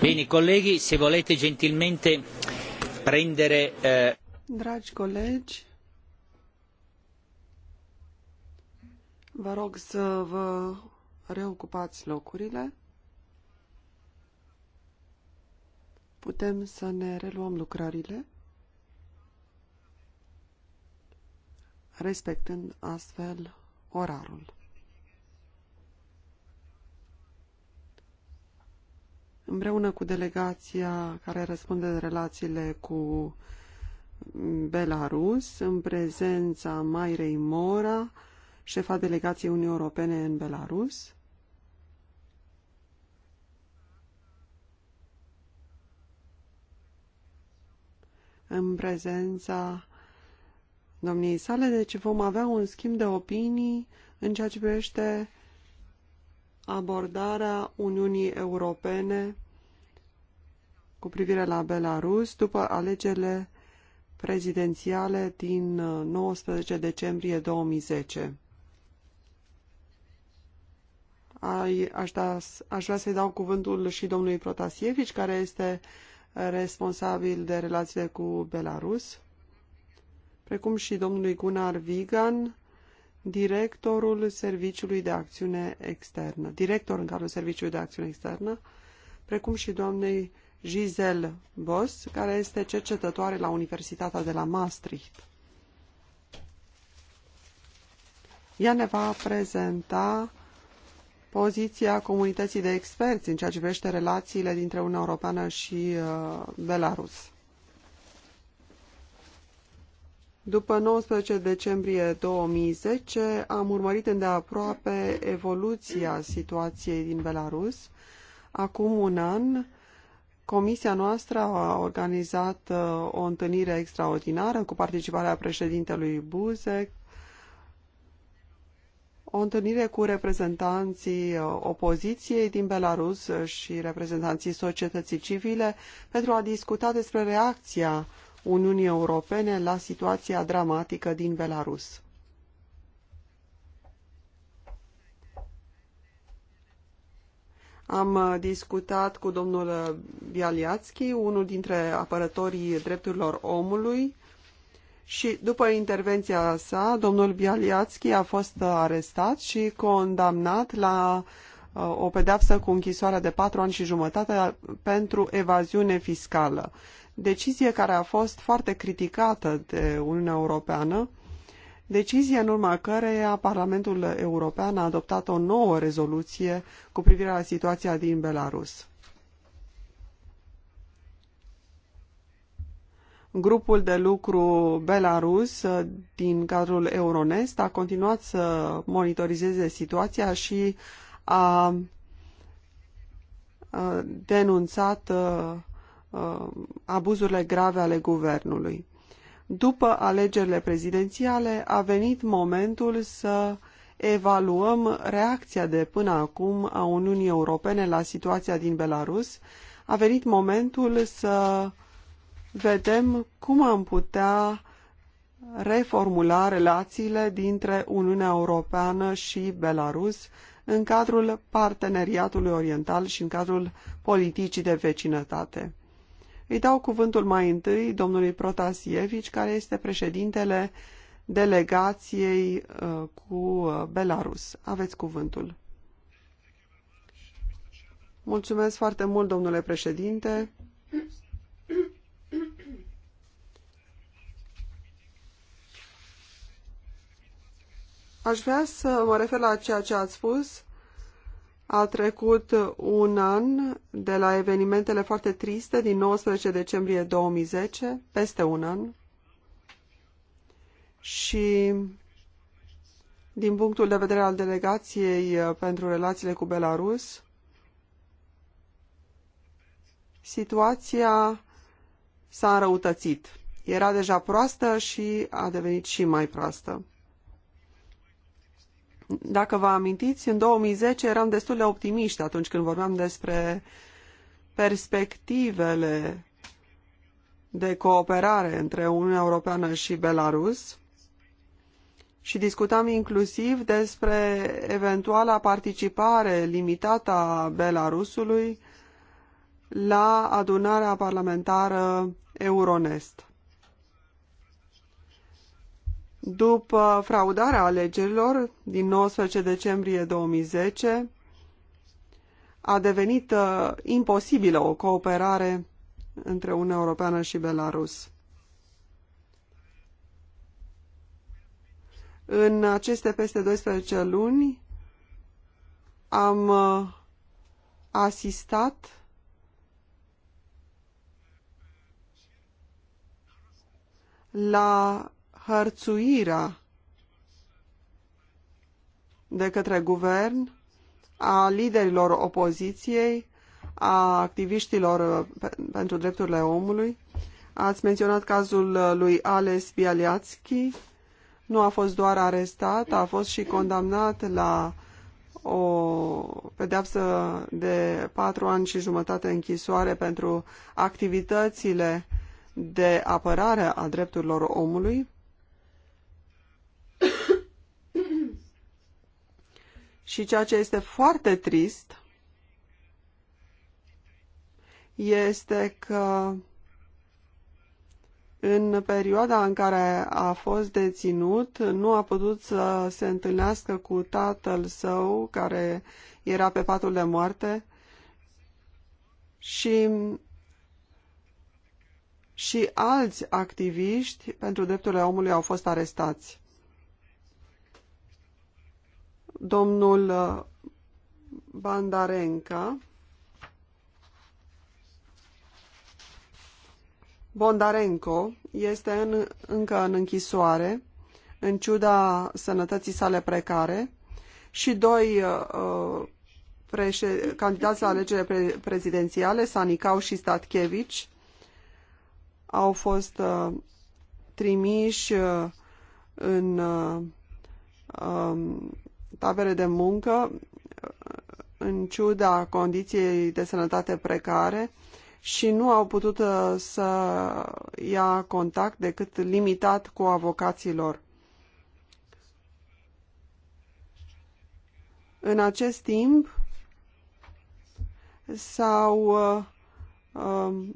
Bine, colegi, se volete gentilmente prendere... Eh... Dragi colegi, vă rog să vă reocupați locurile. Putem să ne reluăm lucrările, respectând astfel orarul. împreună cu delegația care răspunde de relațiile cu Belarus, în prezența Mairei Mora, șefa delegației Uniunii Europene în Belarus. În prezența domniei sale, deci vom avea un schimb de opinii în ceea ce privește abordarea Uniunii Europene cu privire la Belarus după alegerile prezidențiale din 19 uh, decembrie 2010. Aș, da, aș vrea să-i dau cuvântul și domnului Protasievici, care este responsabil de relațiile cu Belarus, precum și domnului Gunnar Vigan, directorul Serviciului de Acțiune Externă, director în cadrul Serviciului de Acțiune Externă, precum și doamnei Giselle Boss, care este cercetătoare la Universitatea de la Maastricht. Ea ne va prezenta poziția comunității de experți în ceea ce privește relațiile dintre Uniunea Europeană și uh, Belarus. După 19 decembrie 2010 am urmărit îndeaproape evoluția situației din Belarus. Acum un an, comisia noastră a organizat uh, o întâlnire extraordinară cu participarea președintelui Buzek, o întâlnire cu reprezentanții uh, opoziției din Belarus și reprezentanții societății civile pentru a discuta despre reacția Uniunii Europene la situația dramatică din Belarus. Am uh, discutat cu domnul uh, Bialiatski, unul dintre apărătorii drepturilor omului, și după intervenția sa, domnul Bialiatski a fost uh, arestat și condamnat la o pedeapsă cu închisoarea de patru ani și jumătate pentru evaziune fiscală decizie care a fost foarte criticată de Uniunea Europeană, decizie în urma căreia Parlamentul European a adoptat o nouă rezoluție cu privire la situația din Belarus. Grupul de lucru Belarus uh, din cadrul Euronest a continuat să monitorizeze situația și a uh, denunțat uh, uh, abuzurile grave ale guvernului. După alegerile prezidențiale a venit momentul să evaluăm reacția de până acum a Uniunii Europene la situația din Belarus. A venit momentul să vedem cum am putea reformula relațiile dintre Uniunea Europeană și Belarus în cadrul parteneriatului oriental și în cadrul politicii de vecinătate. Îi dau cuvântul mai întâi domnului Protasievici, care este președintele delegației uh, cu uh, Belarus. Aveți cuvântul. Mulțumesc foarte mult, domnule președinte. Aș vrea să mă refer la ceea ce ați spus a trecut un an de la evenimentele foarte triste din 19 decembrie 2010, peste un an, și din punctul de vedere al delegației pentru relațiile cu Belarus, situația s-a înrăutățit. Era deja proastă și a devenit și mai proastă. Dacă vă amintiți, în 2010 eram destul de optimiști atunci când vorbeam despre perspectivele de cooperare între Uniunea Europeană și Belarus și discutam inclusiv despre eventuala participare limitată a Belarusului la adunarea parlamentară Euronest. După fraudarea alegerilor din 19 decembrie 2010, a devenit uh, imposibilă o cooperare între Uniunea Europeană și Belarus. În aceste peste 12 luni am uh, asistat la hărțuirea de către guvern a liderilor opoziției, a activiștilor uh, pentru drepturile omului. Ați menționat cazul uh, lui Ales Bialiatski. Nu a fost doar arestat, a fost și condamnat la o pedeapsă de patru ani și jumătate închisoare pentru activitățile de apărare a drepturilor omului. Și ceea ce este foarte trist este că în perioada în care a fost deținut, nu a putut să se întâlnească cu tatăl său, care era pe patul de moarte, și, și alți activiști pentru drepturile omului au fost arestați domnul uh, Bandarenca. Bondarenko este în, încă în închisoare, în ciuda sănătății sale precare, și doi uh, preșe, candidați la alegere pre, prezidențiale, Sanicau și Statkevici, au fost uh, trimiși uh, în uh, um, tabere de muncă în ciuda condiției de sănătate precare și nu au putut uh, să ia contact decât limitat cu avocații lor. În acest timp s-au uh, um,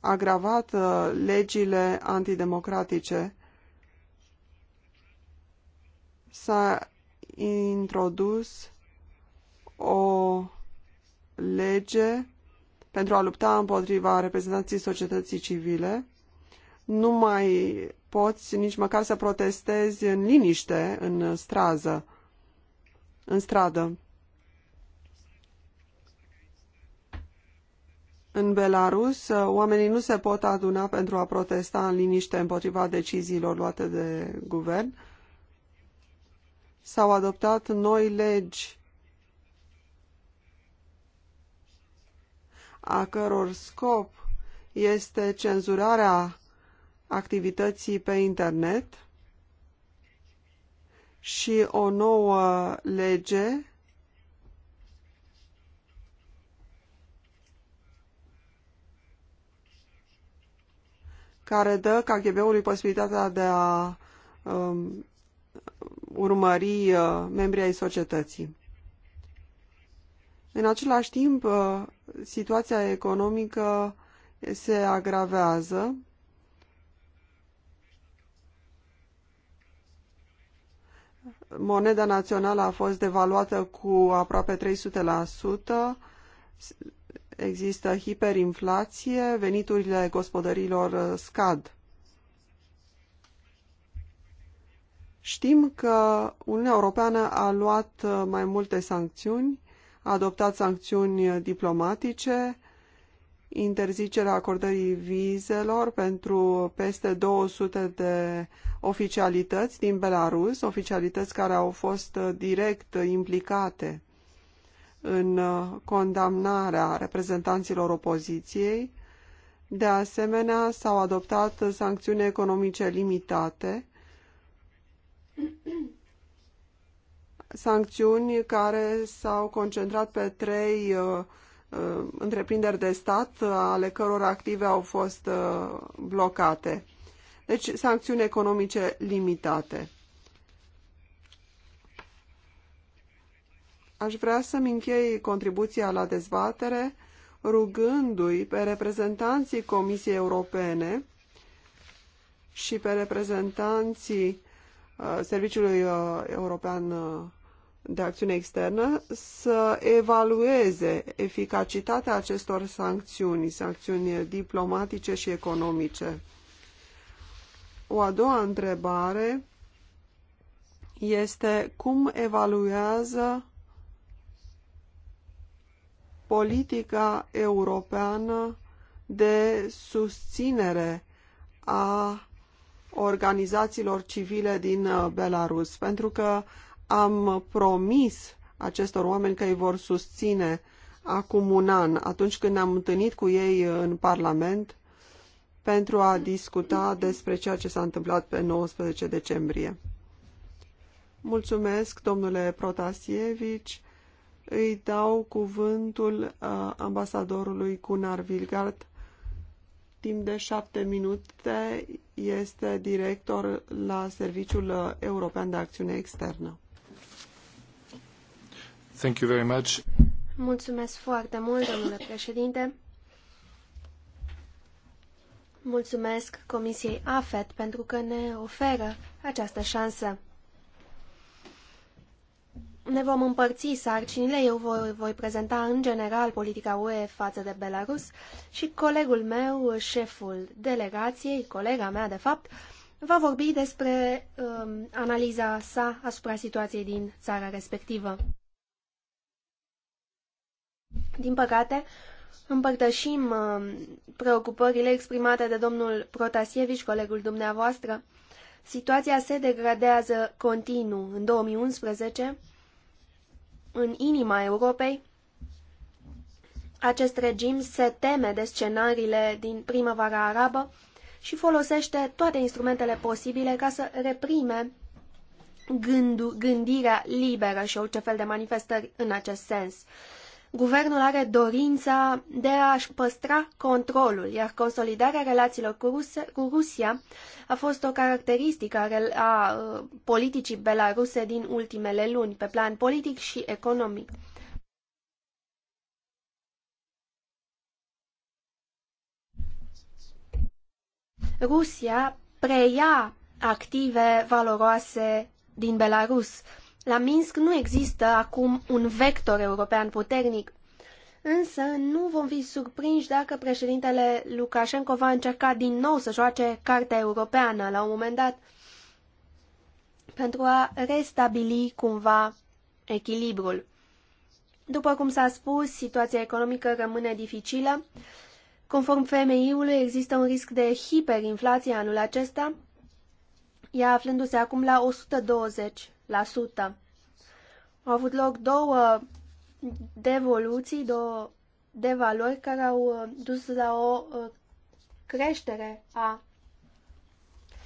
agravat uh, legile antidemocratice s-a introdus o lege pentru a lupta împotriva reprezentanții societății civile. Nu mai poți nici măcar să protestezi în liniște în strază, în stradă. În Belarus, oamenii nu se pot aduna pentru a protesta în liniște împotriva deciziilor luate de guvern s-au adoptat noi legi a căror scop este cenzurarea activității pe internet și o nouă lege care dă KGB-ului posibilitatea de a um, urmări uh, membrii ai societății. În același timp, uh, situația economică se agravează. Moneda națională a fost devaluată cu aproape 300%, există hiperinflație, veniturile gospodărilor uh, scad. Știm că Uniunea Europeană a luat uh, mai multe sancțiuni, a adoptat sancțiuni uh, diplomatice, interzicerea acordării vizelor pentru peste 200 de oficialități din Belarus, oficialități care au fost uh, direct implicate în condamnarea reprezentanților opoziției. De asemenea, s-au adoptat sancțiuni economice limitate, [CLEARS THROAT] sancțiuni care s-au concentrat pe trei uh, uh întreprinderi de stat, uh, ale căror active au fost uh, blocate. Deci, sancțiuni economice limitate. Aș vrea să-mi închei contribuția la dezbatere rugându-i pe reprezentanții Comisiei Europene și pe reprezentanții Uh, Serviciului uh, European uh, de Acțiune Externă să evalueze eficacitatea acestor sancțiuni, sancțiuni diplomatice și economice. O a doua întrebare este cum evaluează politica europeană de susținere a organizațiilor civile din uh, Belarus, pentru că am promis acestor oameni că îi vor susține acum un an, atunci când ne-am întâlnit cu ei în Parlament, pentru a discuta despre ceea ce s-a întâmplat pe 19 decembrie. Mulțumesc, domnule Protasievici. Îi dau cuvântul uh, ambasadorului Cunar Vilgard timp de șapte minute este director la Serviciul European de Acțiune Externă. Thank you very much. Mulțumesc foarte mult, domnule președinte. Mulțumesc Comisiei AFET pentru că ne oferă această șansă ne vom împărți sarcinile, eu voi, voi prezenta în general politica UE față de Belarus și colegul meu, șeful delegației, colega mea de fapt, va vorbi despre um, analiza sa asupra situației din țara respectivă. Din păcate, împărtășim um, preocupările exprimate de domnul Protasievici, colegul dumneavoastră. Situația se degradează continuu. În 2011, în inima Europei, acest regim se teme de scenariile din primăvara arabă și folosește toate instrumentele posibile ca să reprime gândul, gândirea liberă și orice fel de manifestări în acest sens. Guvernul are dorința de a-și păstra controlul, iar consolidarea relațiilor cu, cu Rusia a fost o caracteristică a, a uh, politicii belaruse din ultimele luni, pe plan politic și economic. Rusia preia active valoroase din Belarus la Minsk nu există acum un vector european puternic, însă nu vom fi surprinși dacă președintele Lukashenko va încerca din nou să joace Cartea Europeană la un moment dat pentru a restabili cumva echilibrul. După cum s-a spus, situația economică rămâne dificilă. Conform FMI-ului, există un risc de hiperinflație anul acesta, ea aflându-se acum la 120 au avut loc două devoluții, două devaluări care au uh, dus la o uh, creștere a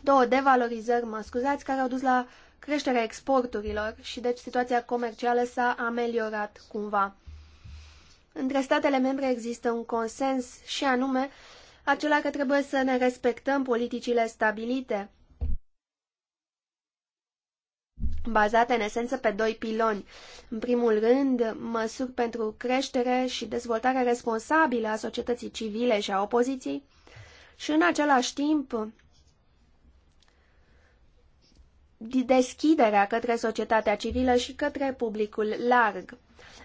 două devalorizări, mă scuzați, care au dus la creșterea exporturilor și deci situația comercială s-a ameliorat cumva. Între statele membre există un consens și anume acela că trebuie să ne respectăm politicile stabilite. bazate în esență pe doi piloni. În primul rând, măsuri pentru creștere și dezvoltare responsabilă a societății civile și a opoziției și în același timp deschiderea către societatea civilă și către publicul larg.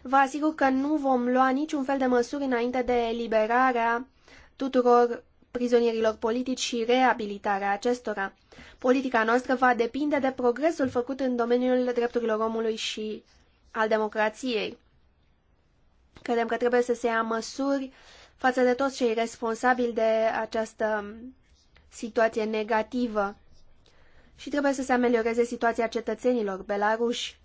Vă asigur că nu vom lua niciun fel de măsuri înainte de eliberarea tuturor prizonierilor politici și reabilitarea acestora. Politica noastră va depinde de progresul făcut în domeniul drepturilor omului și al democrației. Credem că trebuie să se ia măsuri față de toți cei responsabili de această situație negativă și trebuie să se amelioreze situația cetățenilor belaruși.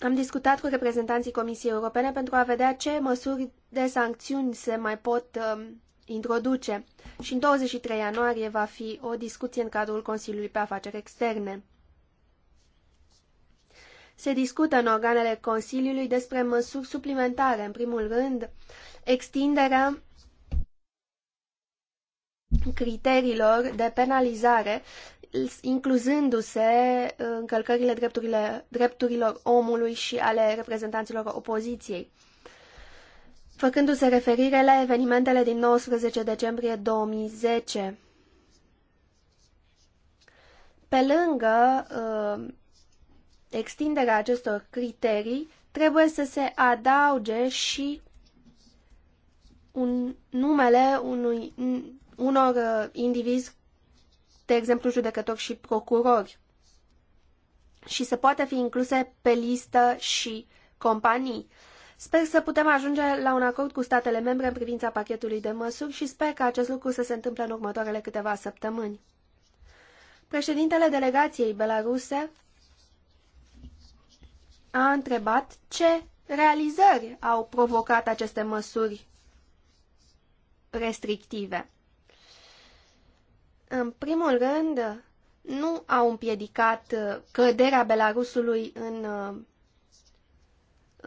Am discutat cu reprezentanții Comisiei Europene pentru a vedea ce măsuri de sancțiuni se mai pot uh, introduce. Și în 23 ianuarie va fi o discuție în cadrul Consiliului pe Afaceri Externe. Se discută în organele Consiliului despre măsuri suplimentare, în primul rând, extinderea criteriilor de penalizare, incluzându-se uh, încălcările drepturilor omului și ale reprezentanților opoziției făcându-se referire la evenimentele din 19 decembrie 2010. Pe lângă uh, extinderea acestor criterii, trebuie să se adauge și un, numele unui, unor uh, indivizi, de exemplu judecători și procurori. Și se poate fi incluse pe listă și companii. Uh, Sper să putem ajunge la un acord cu statele membre în privința pachetului de măsuri și sper că acest lucru să se întâmple în următoarele câteva săptămâni. Președintele delegației belaruse a întrebat ce realizări au provocat aceste măsuri restrictive. În primul rând, nu au împiedicat uh, căderea Belarusului în uh,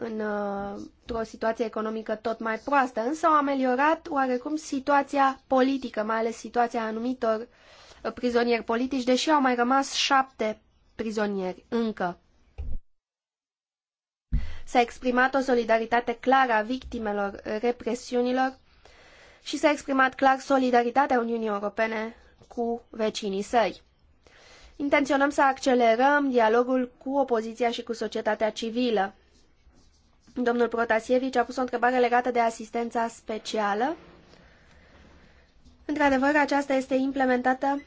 într-o uh, situație economică tot mai proastă, însă au ameliorat oarecum situația politică, mai ales situația anumitor uh, prizonieri politici, deși au mai rămas șapte prizonieri încă. S-a exprimat o solidaritate clară a victimelor represiunilor și s-a exprimat clar solidaritatea Uniunii Europene cu vecinii săi. Intenționăm să accelerăm dialogul cu opoziția și cu societatea civilă. Domnul Protasievici a pus o întrebare legată de asistența specială. Într-adevăr, aceasta este implementată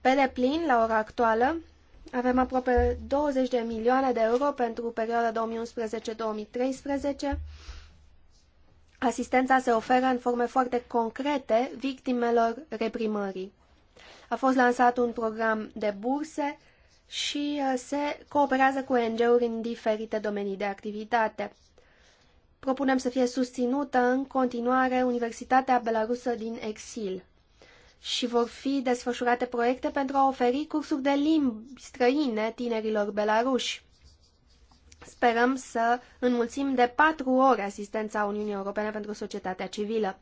pe deplin la ora actuală. Avem aproape 20 de milioane de euro pentru perioada 2011-2013. Asistența se oferă în forme foarte concrete victimelor reprimării. A fost lansat un program de burse și uh, se cooperează cu ONG-uri în diferite domenii de activitate. Propunem să fie susținută în continuare Universitatea Belarusă din exil și vor fi desfășurate proiecte pentru a oferi cursuri de limbi străine tinerilor belaruși. Sperăm să înmulțim de patru ori asistența Uniunii Europene pentru societatea civilă.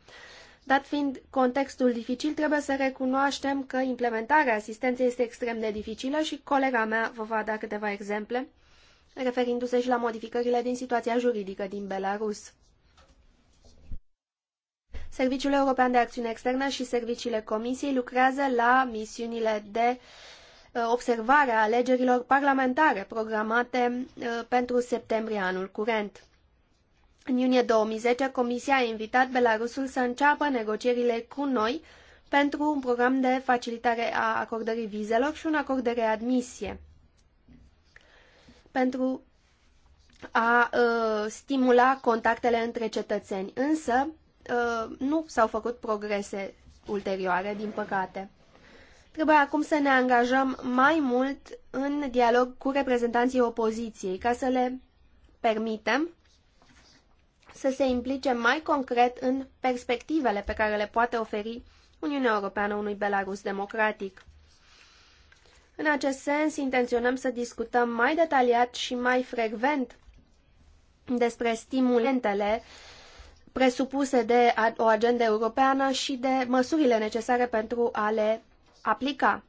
Dat fiind contextul dificil, trebuie să recunoaștem că implementarea asistenței este extrem de dificilă și colega mea vă va da câteva exemple referindu-se și la modificările din situația juridică din Belarus. Serviciul European de Acțiune Externă și serviciile Comisiei lucrează la misiunile de uh, observare a alegerilor parlamentare programate uh, pentru septembrie anul curent. În iunie 2010, Comisia a invitat Belarusul să înceapă negocierile cu noi pentru un program de facilitare a acordării vizelor și un acord de readmisie pentru a uh, stimula contactele între cetățeni. Însă, uh, nu s-au făcut progrese ulterioare, din păcate. Trebuie acum să ne angajăm mai mult în dialog cu reprezentanții opoziției, ca să le permitem să se implice mai concret în perspectivele pe care le poate oferi Uniunea Europeană unui Belarus democratic. În acest sens, intenționăm să discutăm mai detaliat și mai frecvent despre stimulentele presupuse de o agendă europeană și de măsurile necesare pentru a le aplica.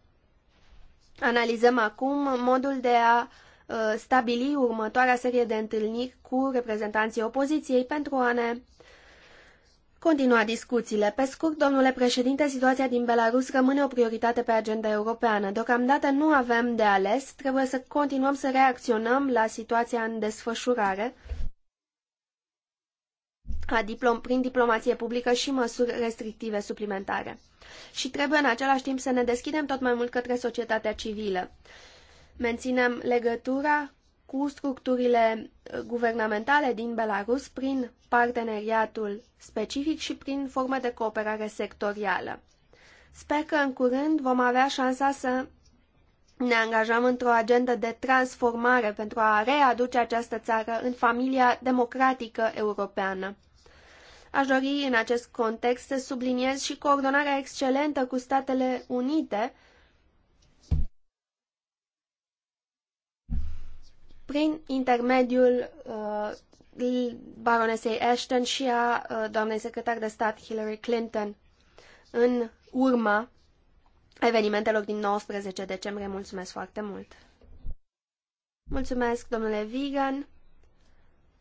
Analizăm acum modul de a uh, stabili următoarea serie de întâlniri cu reprezentanții opoziției pentru a ne continua discuțiile. Pe scurt, domnule președinte, situația din Belarus rămâne o prioritate pe agenda europeană. Deocamdată nu avem de ales, trebuie să continuăm să reacționăm la situația în desfășurare a diplom, prin diplomație publică și măsuri restrictive suplimentare. Și trebuie în același timp să ne deschidem tot mai mult către societatea civilă. Menținem legătura cu structurile uh, guvernamentale din Belarus prin parteneriatul specific și prin forme de cooperare sectorială. Sper că în curând vom avea șansa să ne angajăm într-o agendă de transformare pentru a readuce această țară în familia democratică europeană. Aș dori în acest context să subliniez și coordonarea excelentă cu Statele Unite, prin intermediul uh, baronesei Ashton și a uh, doamnei secretar de stat Hillary Clinton în urma evenimentelor din 19 decembrie. Mulțumesc foarte mult! Mulțumesc, domnule Vigan!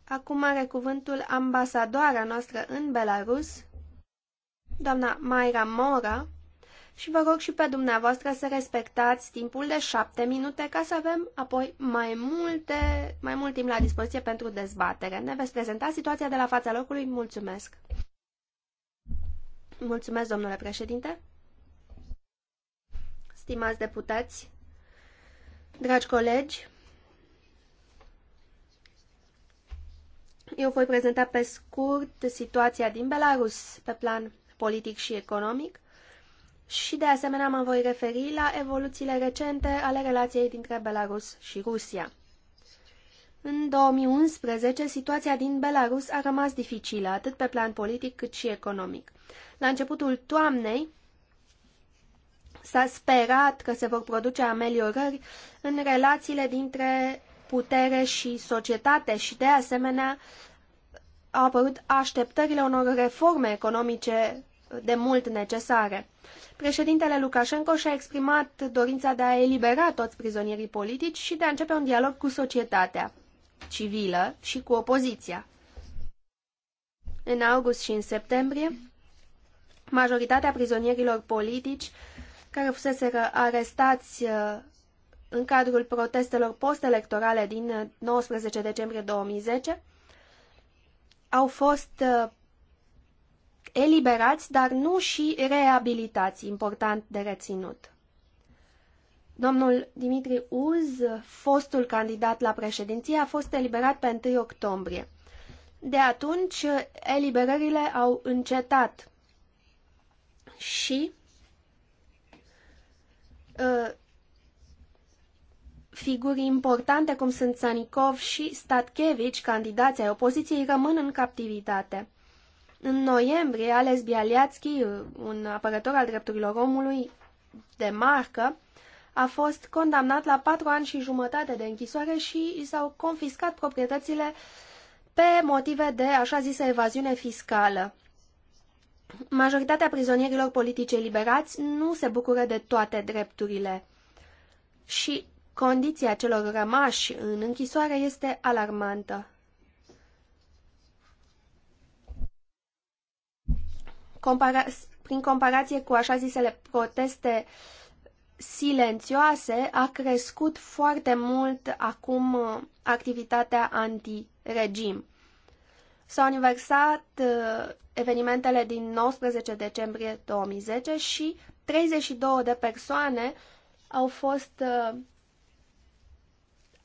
Acum are cuvântul ambasadoarea noastră în Belarus, doamna Mayra Mora, și vă rog și pe dumneavoastră să respectați timpul de șapte minute ca să avem apoi mai, multe, mai mult timp la dispoziție pentru dezbatere. Ne veți prezenta situația de la fața locului. Mulțumesc! Mulțumesc, domnule președinte! Stimați deputați, dragi colegi, eu voi prezenta pe scurt situația din Belarus pe plan politic și economic și de asemenea mă voi referi la evoluțiile recente ale relației dintre Belarus și Rusia. În 2011, situația din Belarus a rămas dificilă, atât pe plan politic cât și economic. La începutul toamnei s-a sperat că se vor produce ameliorări în relațiile dintre putere și societate și, de asemenea, au apărut așteptările unor reforme economice de mult necesare. Președintele Lukashenko și-a exprimat dorința de a elibera toți prizonierii politici și de a începe un dialog cu societatea civilă și cu opoziția. În august și în septembrie, majoritatea prizonierilor politici care fusese arestați uh, în cadrul protestelor postelectorale din 19 uh, decembrie 2010 au fost uh, eliberați, dar nu și reabilitați, important de reținut. Domnul Dimitri Uz, fostul candidat la președinție, a fost eliberat pe 1 octombrie. De atunci, eliberările au încetat și uh, figuri importante cum sunt Sanikov și Statkevici, candidații ai opoziției, rămân în captivitate. În noiembrie, Ales Bialiatski, un apărător al drepturilor omului de marcă, a fost condamnat la patru ani și jumătate de închisoare și i s-au confiscat proprietățile pe motive de așa zisă evaziune fiscală. Majoritatea prizonierilor politici liberați nu se bucură de toate drepturile și condiția celor rămași în închisoare este alarmantă. compara prin comparație cu așa zisele proteste silențioase, a crescut foarte mult acum uh, activitatea anti-regim. S-au aniversat uh, evenimentele din 19 decembrie 2010 și 32 de persoane au fost uh,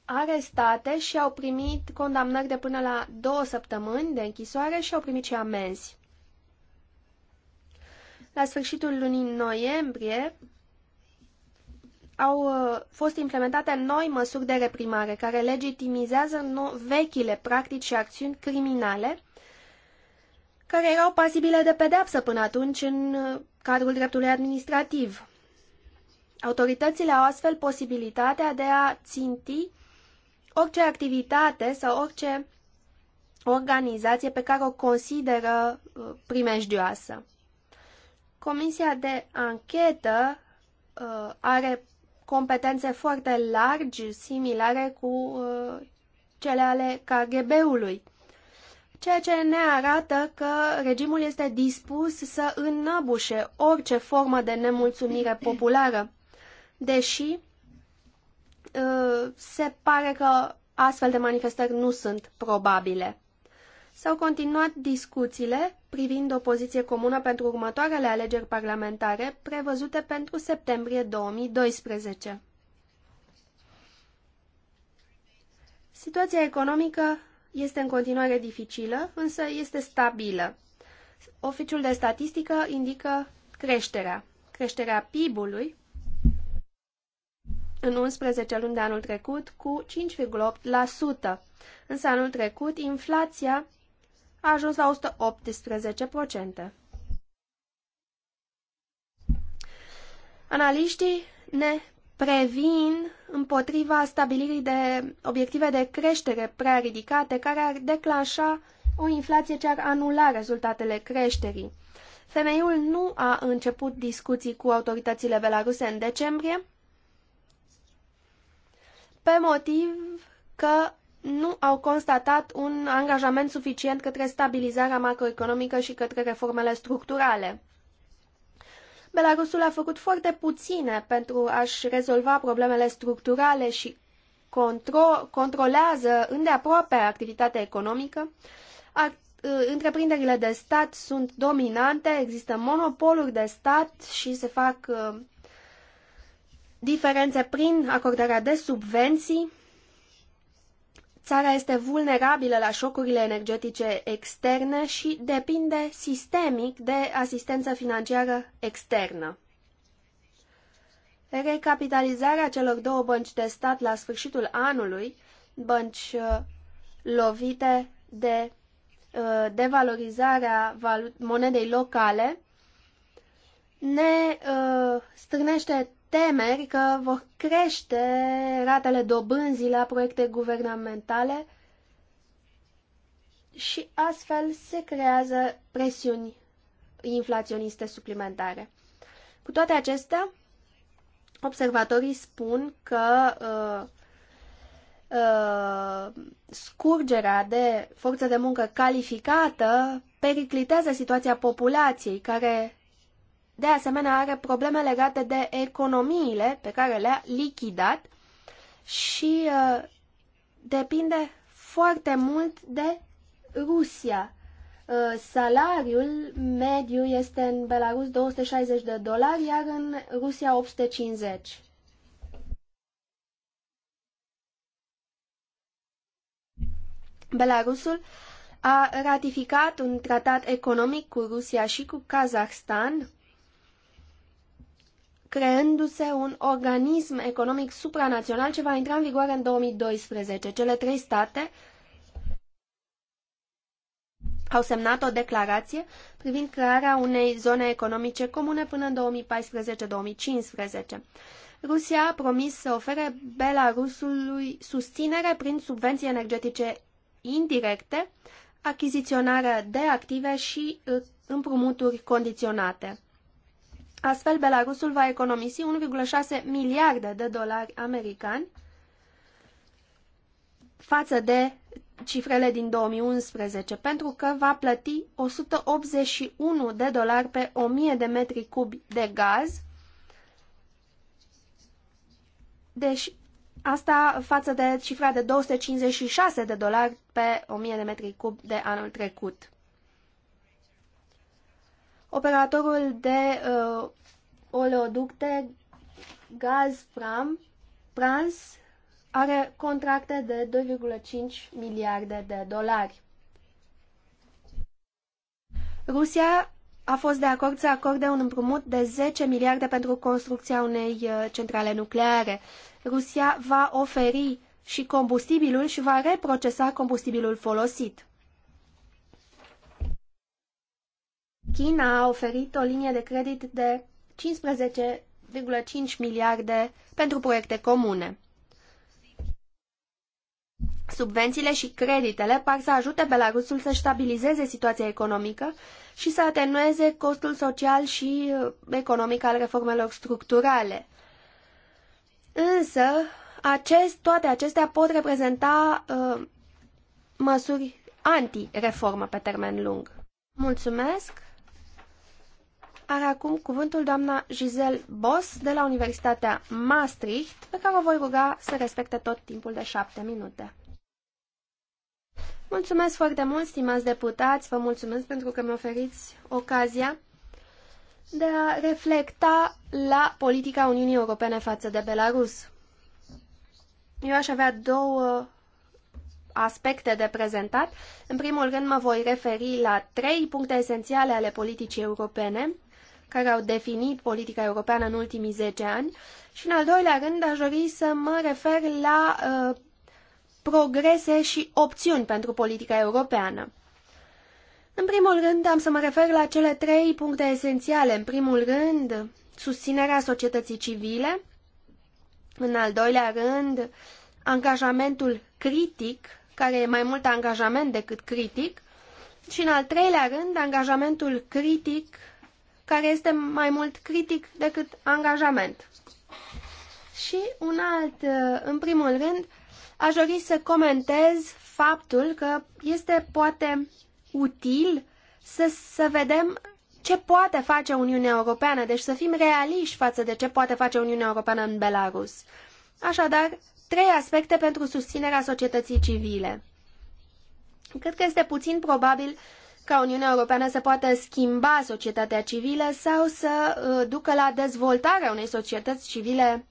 arestate și au primit condamnări de până la două săptămâni de închisoare și au primit și amenzi la sfârșitul lunii noiembrie, au uh, fost implementate noi măsuri de reprimare care legitimizează vechile practici și acțiuni criminale care erau pasibile de pedeapsă până atunci în uh, cadrul dreptului administrativ. Autoritățile au astfel posibilitatea de a ținti orice activitate sau orice organizație pe care o consideră uh, primejdioasă. Comisia de anchetă uh, are competențe foarte largi, similare cu uh, cele ale KGB-ului, ceea ce ne arată că regimul este dispus să înnăbușe orice formă de nemulțumire populară, deși uh, se pare că astfel de manifestări nu sunt probabile. S-au continuat discuțiile privind o poziție comună pentru următoarele alegeri parlamentare prevăzute pentru septembrie 2012. Situația economică este în continuare dificilă, însă este stabilă. Oficiul de statistică indică creșterea, creșterea PIB-ului în 11 luni de anul trecut cu 5,8%. Însă anul trecut inflația a ajuns la 118%. Analiștii ne previn împotriva stabilirii de obiective de creștere prea ridicate care ar declanșa o inflație ce ar anula rezultatele creșterii. Femeiul nu a început discuții cu autoritățile belaruse în decembrie pe motiv că nu au constatat un angajament suficient către stabilizarea macroeconomică și către reformele structurale. Belarusul a făcut foarte puține pentru a-și rezolva problemele structurale și contro controlează îndeaproape activitatea economică. Uh, întreprinderile de stat sunt dominante, există monopoluri de stat și se fac uh, diferențe prin acordarea de subvenții. Țara este vulnerabilă la șocurile energetice externe și depinde sistemic de asistență financiară externă. Recapitalizarea celor două bănci de stat la sfârșitul anului, bănci uh, lovite de uh, devalorizarea monedei locale, ne uh, strânește temeri că vor crește ratele dobânzii la proiecte guvernamentale și astfel se creează presiuni inflaționiste suplimentare. Cu toate acestea, observatorii spun că uh, uh, scurgerea de forță de muncă calificată periclitează situația populației, care de asemenea, are probleme legate de economiile pe care le-a lichidat și uh, depinde foarte mult de Rusia. Uh, salariul mediu este în Belarus 260 de dolari, iar în Rusia 850. Belarusul a ratificat un tratat economic cu Rusia și cu Kazahstan creându-se un organism economic supranațional ce va intra în vigoare în 2012. Cele trei state au semnat o declarație privind crearea unei zone economice comune până în 2014-2015. Rusia a promis să ofere Belarusului susținere prin subvenții energetice indirecte, achiziționarea de active și uh, împrumuturi condiționate. Astfel, Belarusul va economisi 1,6 miliarde de dolari americani față de cifrele din 2011, pentru că va plăti 181 de dolari pe 1000 de metri cubi de gaz. Deci, asta față de cifra de 256 de dolari pe 1000 de metri cubi de anul trecut. Operatorul de uh, oleoducte Gazprom Prans are contracte de 2,5 miliarde de dolari. Rusia a fost de acord să acorde un împrumut de 10 miliarde pentru construcția unei uh, centrale nucleare. Rusia va oferi și combustibilul și va reprocesa combustibilul folosit. China a oferit o linie de credit de 15,5 miliarde pentru proiecte comune. Subvențiile și creditele par să ajute Belarusul să stabilizeze situația economică și să atenueze costul social și uh, economic al reformelor structurale. Însă, acest, toate acestea pot reprezenta uh, măsuri anti-reformă pe termen lung. Mulțumesc! Are acum cuvântul doamna Giselle Boss de la Universitatea Maastricht, pe care o voi ruga să respecte tot timpul de șapte minute. Mulțumesc foarte mult, stimați deputați, vă mulțumesc pentru că mi oferiți ocazia de a reflecta la politica Uniunii Europene față de Belarus. Eu aș avea două aspecte de prezentat. În primul rând mă voi referi la trei puncte esențiale ale politicii europene care au definit politica europeană în ultimii 10 ani și, în al doilea rând, aș dori să mă refer la uh, progrese și opțiuni pentru politica europeană. În primul rând, am să mă refer la cele trei puncte esențiale. În primul rând, susținerea societății civile. În al doilea rând, angajamentul critic, care e mai mult angajament decât critic. Și în al treilea rând, angajamentul critic care este mai mult critic decât angajament. Și un alt, în primul rând, aș dori să comentez faptul că este poate util să, să vedem ce poate face Uniunea Europeană, deci să fim realiști față de ce poate face Uniunea Europeană în Belarus. Așadar, trei aspecte pentru susținerea societății civile. Cred că este puțin probabil ca Uniunea Europeană să poată schimba societatea civilă sau să uh, ducă la dezvoltarea unei societăți civile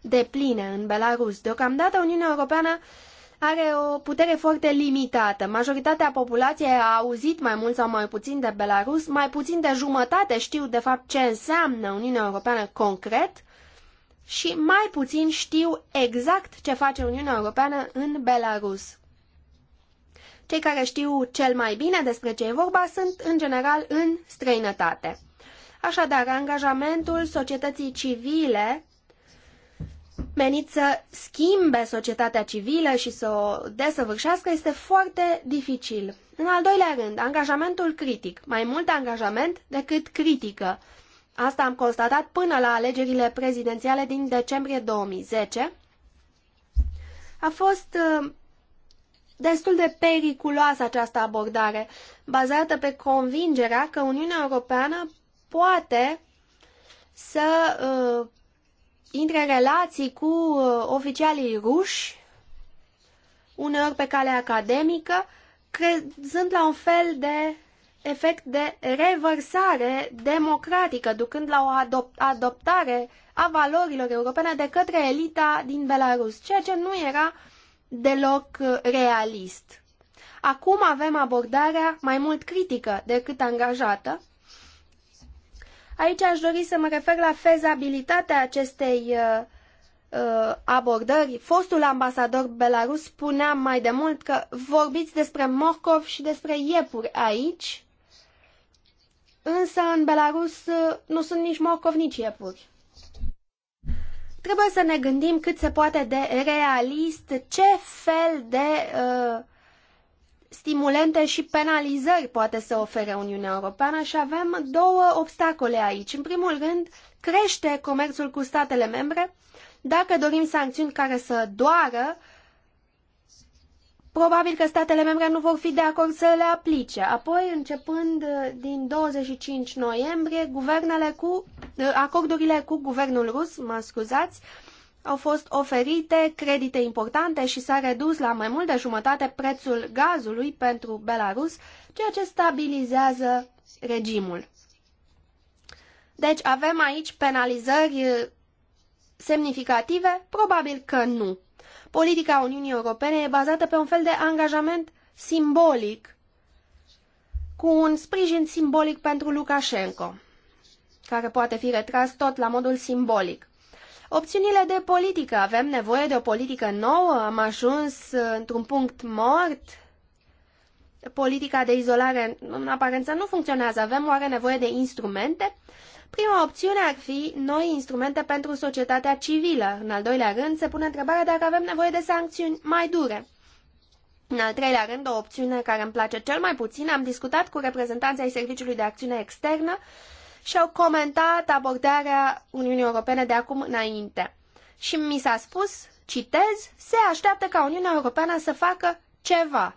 de pline în Belarus. Deocamdată Uniunea Europeană are o putere foarte limitată. Majoritatea populației a auzit mai mult sau mai puțin de Belarus, mai puțin de jumătate știu de fapt ce înseamnă Uniunea Europeană concret și mai puțin știu exact ce face Uniunea Europeană în Belarus. Cei care știu cel mai bine despre ce e vorba sunt, în general, în străinătate. Așadar, angajamentul societății civile menit să schimbe societatea civilă și să o desăvârșească este foarte dificil. În al doilea rând, angajamentul critic. Mai mult angajament decât critică. Asta am constatat până la alegerile prezidențiale din decembrie 2010. A fost uh, destul de periculoasă această abordare, bazată pe convingerea că Uniunea Europeană poate să uh, intre în relații cu uh, oficialii ruși, uneori pe cale academică, crezând la un fel de efect de revărsare democratică, ducând la o adoptare a valorilor europene de către elita din Belarus, ceea ce nu era uh, deloc uh, realist. Acum avem abordarea mai mult critică decât angajată. Aici aș dori să mă refer la fezabilitatea acestei uh, uh, abordări. Fostul ambasador belarus spunea mai de mult că vorbiți despre morcov și despre iepuri aici, însă în Belarus nu sunt nici morcov, nici iepuri. Trebuie să ne gândim cât se poate de realist ce fel de uh, stimulente și penalizări poate să ofere Uniunea Europeană și avem două obstacole aici. În primul rând, crește comerțul cu statele membre. Dacă dorim sancțiuni care să doară, uh, Probabil că statele membre nu vor fi de acord să le aplice. Apoi, începând uh, din 25 noiembrie, guvernele cu, uh, acordurile cu guvernul rus, mă scuzați, au fost oferite credite importante și s-a redus la mai mult de jumătate prețul gazului pentru Belarus, ceea ce stabilizează regimul. Deci avem aici penalizări uh, semnificative? Probabil că nu politica Uniunii Europene e bazată pe un fel de angajament simbolic, cu un sprijin simbolic pentru Lukashenko, care poate fi retras tot la modul simbolic. Opțiunile de politică. Avem nevoie de o politică nouă? Am ajuns într-un punct mort? Politica de izolare în aparență nu funcționează. Avem oare nevoie de instrumente? Prima opțiune ar fi noi instrumente pentru societatea civilă. În al doilea rând, se pune întrebarea dacă avem nevoie de sancțiuni mai dure. În al treilea rând, o opțiune care îmi place cel mai puțin, am discutat cu reprezentanții ai Serviciului de Acțiune Externă și au comentat abordarea Uniunii Europene de acum înainte. Și mi s-a spus, citez, se așteaptă ca Uniunea Europeană să facă ceva.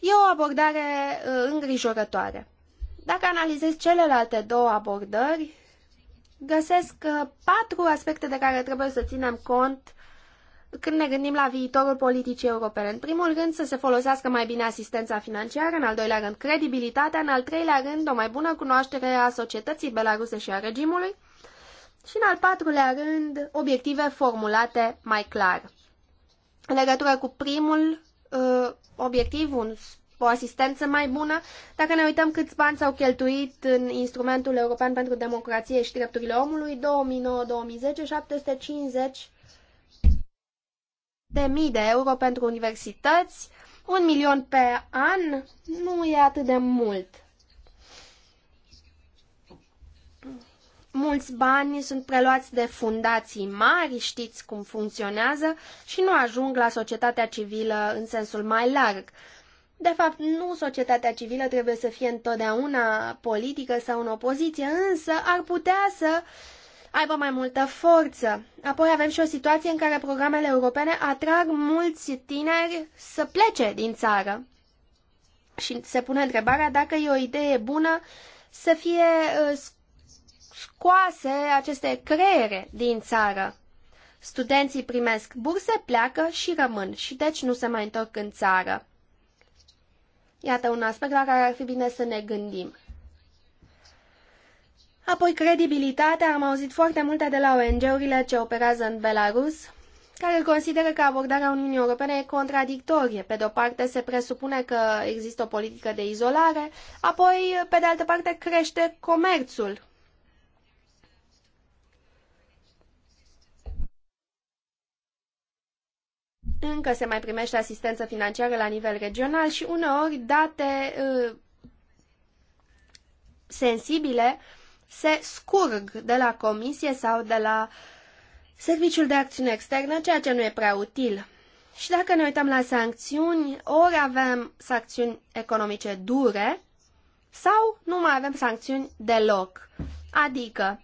E o abordare uh, îngrijorătoare. Dacă analizez celelalte două abordări, găsesc uh, patru aspecte de care trebuie să ținem cont când ne gândim la viitorul politicii europene. În primul rând, să se folosească mai bine asistența financiară, în al doilea rând, credibilitatea, în al treilea rând, o mai bună cunoaștere a societății belaruse și a regimului și, în al patrulea rând, obiective formulate mai clar. În legătură cu primul uh, obiectiv, un o asistență mai bună. Dacă ne uităm câți bani s-au cheltuit în instrumentul european pentru democrație și drepturile omului, 2009-2010, 750 de mii de euro pentru universități, un milion pe an, nu e atât de mult. Mulți bani sunt preluați de fundații mari, știți cum funcționează, și nu ajung la societatea civilă în sensul mai larg. De fapt, nu societatea civilă trebuie să fie întotdeauna politică sau în opoziție, însă ar putea să aibă mai multă forță. Apoi avem și o situație în care programele europene atrag mulți tineri să plece din țară. Și se pune întrebarea dacă e o idee bună să fie uh, scoase aceste creiere din țară. Studenții primesc burse, pleacă și rămân și deci nu se mai întorc în țară. Iată un aspect la care ar fi bine să ne gândim. Apoi, credibilitatea. Am auzit foarte multe de la ONG-urile ce operează în Belarus, care consideră că abordarea Uniunii Europene e contradictorie. Pe de o parte se presupune că există o politică de izolare, apoi, pe de altă parte, crește comerțul încă se mai primește asistență financiară la nivel regional și uneori date uh, sensibile se scurg de la comisie sau de la Serviciul de Acțiune Externă, ceea ce nu e prea util. Și dacă ne uităm la sancțiuni, ori avem sancțiuni economice dure sau nu mai avem sancțiuni deloc. Adică,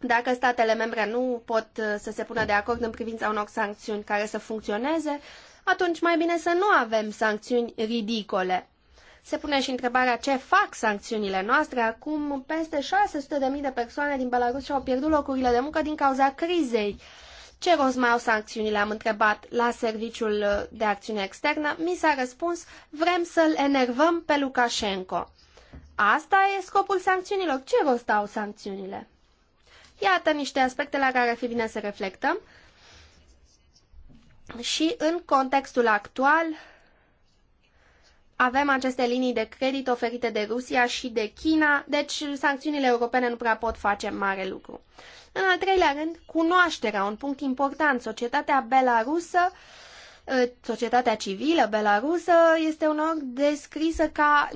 dacă statele membre nu pot uh, să se pună de acord în privința unor sancțiuni care să funcționeze, atunci mai bine să nu avem sancțiuni ridicole. Se pune și întrebarea ce fac sancțiunile noastre. Acum peste 600.000 de persoane din Belarus și-au pierdut locurile de muncă din cauza crizei. Ce rost mai au sancțiunile? Am întrebat la Serviciul de Acțiune Externă. Mi s-a răspuns, vrem să-l enervăm pe Lukashenko. Asta e scopul sancțiunilor. Ce rost au sancțiunile? Iată niște aspecte la care ar fi bine să reflectăm. Și în contextul actual avem aceste linii de credit oferite de Rusia și de China, deci sancțiunile europene nu prea pot face mare lucru. În al treilea rând, cunoașterea, un punct important, societatea belarusă uh, Ă, societatea civilă belarusă este uneori descrisă ca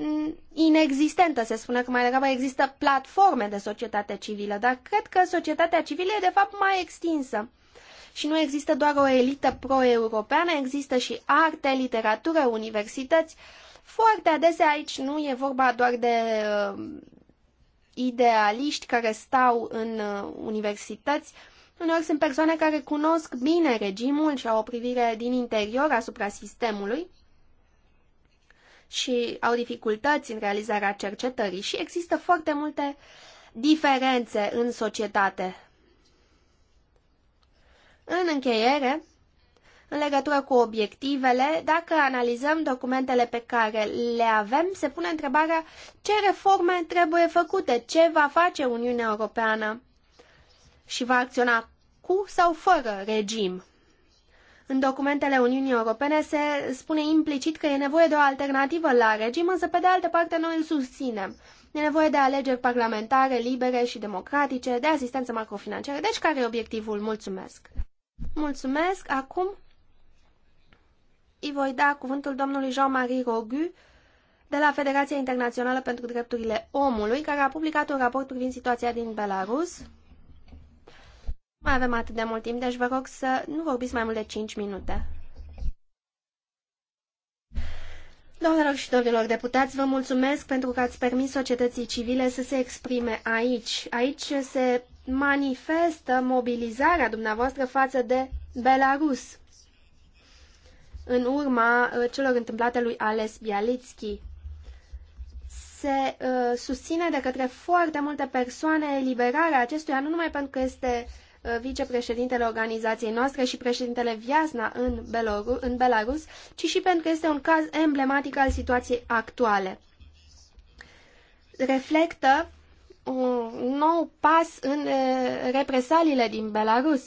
inexistentă. Se spune că mai degrabă există platforme de societate civilă, dar cred că societatea civilă e de fapt mai extinsă. Și nu există doar o elită pro-europeană, există și arte, literatură, universități. Foarte adesea aici nu e vorba doar de uh, idealiști care stau în uh, universități, uh, Uneori sunt persoane care cunosc bine regimul și au o privire din interior asupra sistemului și au dificultăți în realizarea cercetării și există foarte multe diferențe în societate. În încheiere, în legătură cu obiectivele, dacă analizăm documentele pe care le avem, se pune întrebarea ce reforme trebuie făcute, ce va face Uniunea Europeană și va acționa cu sau fără regim. În documentele Uniunii Europene se spune implicit că e nevoie de o alternativă la regim, însă pe de altă parte noi îl susținem. E nevoie de alegeri parlamentare, libere și democratice, de asistență macrofinanciară. Deci care e obiectivul? Mulțumesc! Mulțumesc! Acum îi voi da cuvântul domnului Jean-Marie Rogu de la Federația Internațională pentru Drepturile Omului, care a publicat un raport privind situația din Belarus mai avem atât de mult timp, deci vă rog să nu vorbiți mai mult de 5 minute. Doamnelor și domnilor deputați, vă mulțumesc pentru că ați permis societății civile să se exprime aici. Aici se manifestă mobilizarea dumneavoastră față de Belarus în urma uh, celor întâmplate lui Ales Bialitski. Se uh, susține de către foarte multe persoane eliberarea acestuia, nu numai pentru că este Uh, vicepreședintele organizației noastre și președintele Viasna în, Beloru, în Belarus, ci și pentru că este un caz emblematic al situației actuale. Reflectă un nou pas în uh, represaliile din Belarus.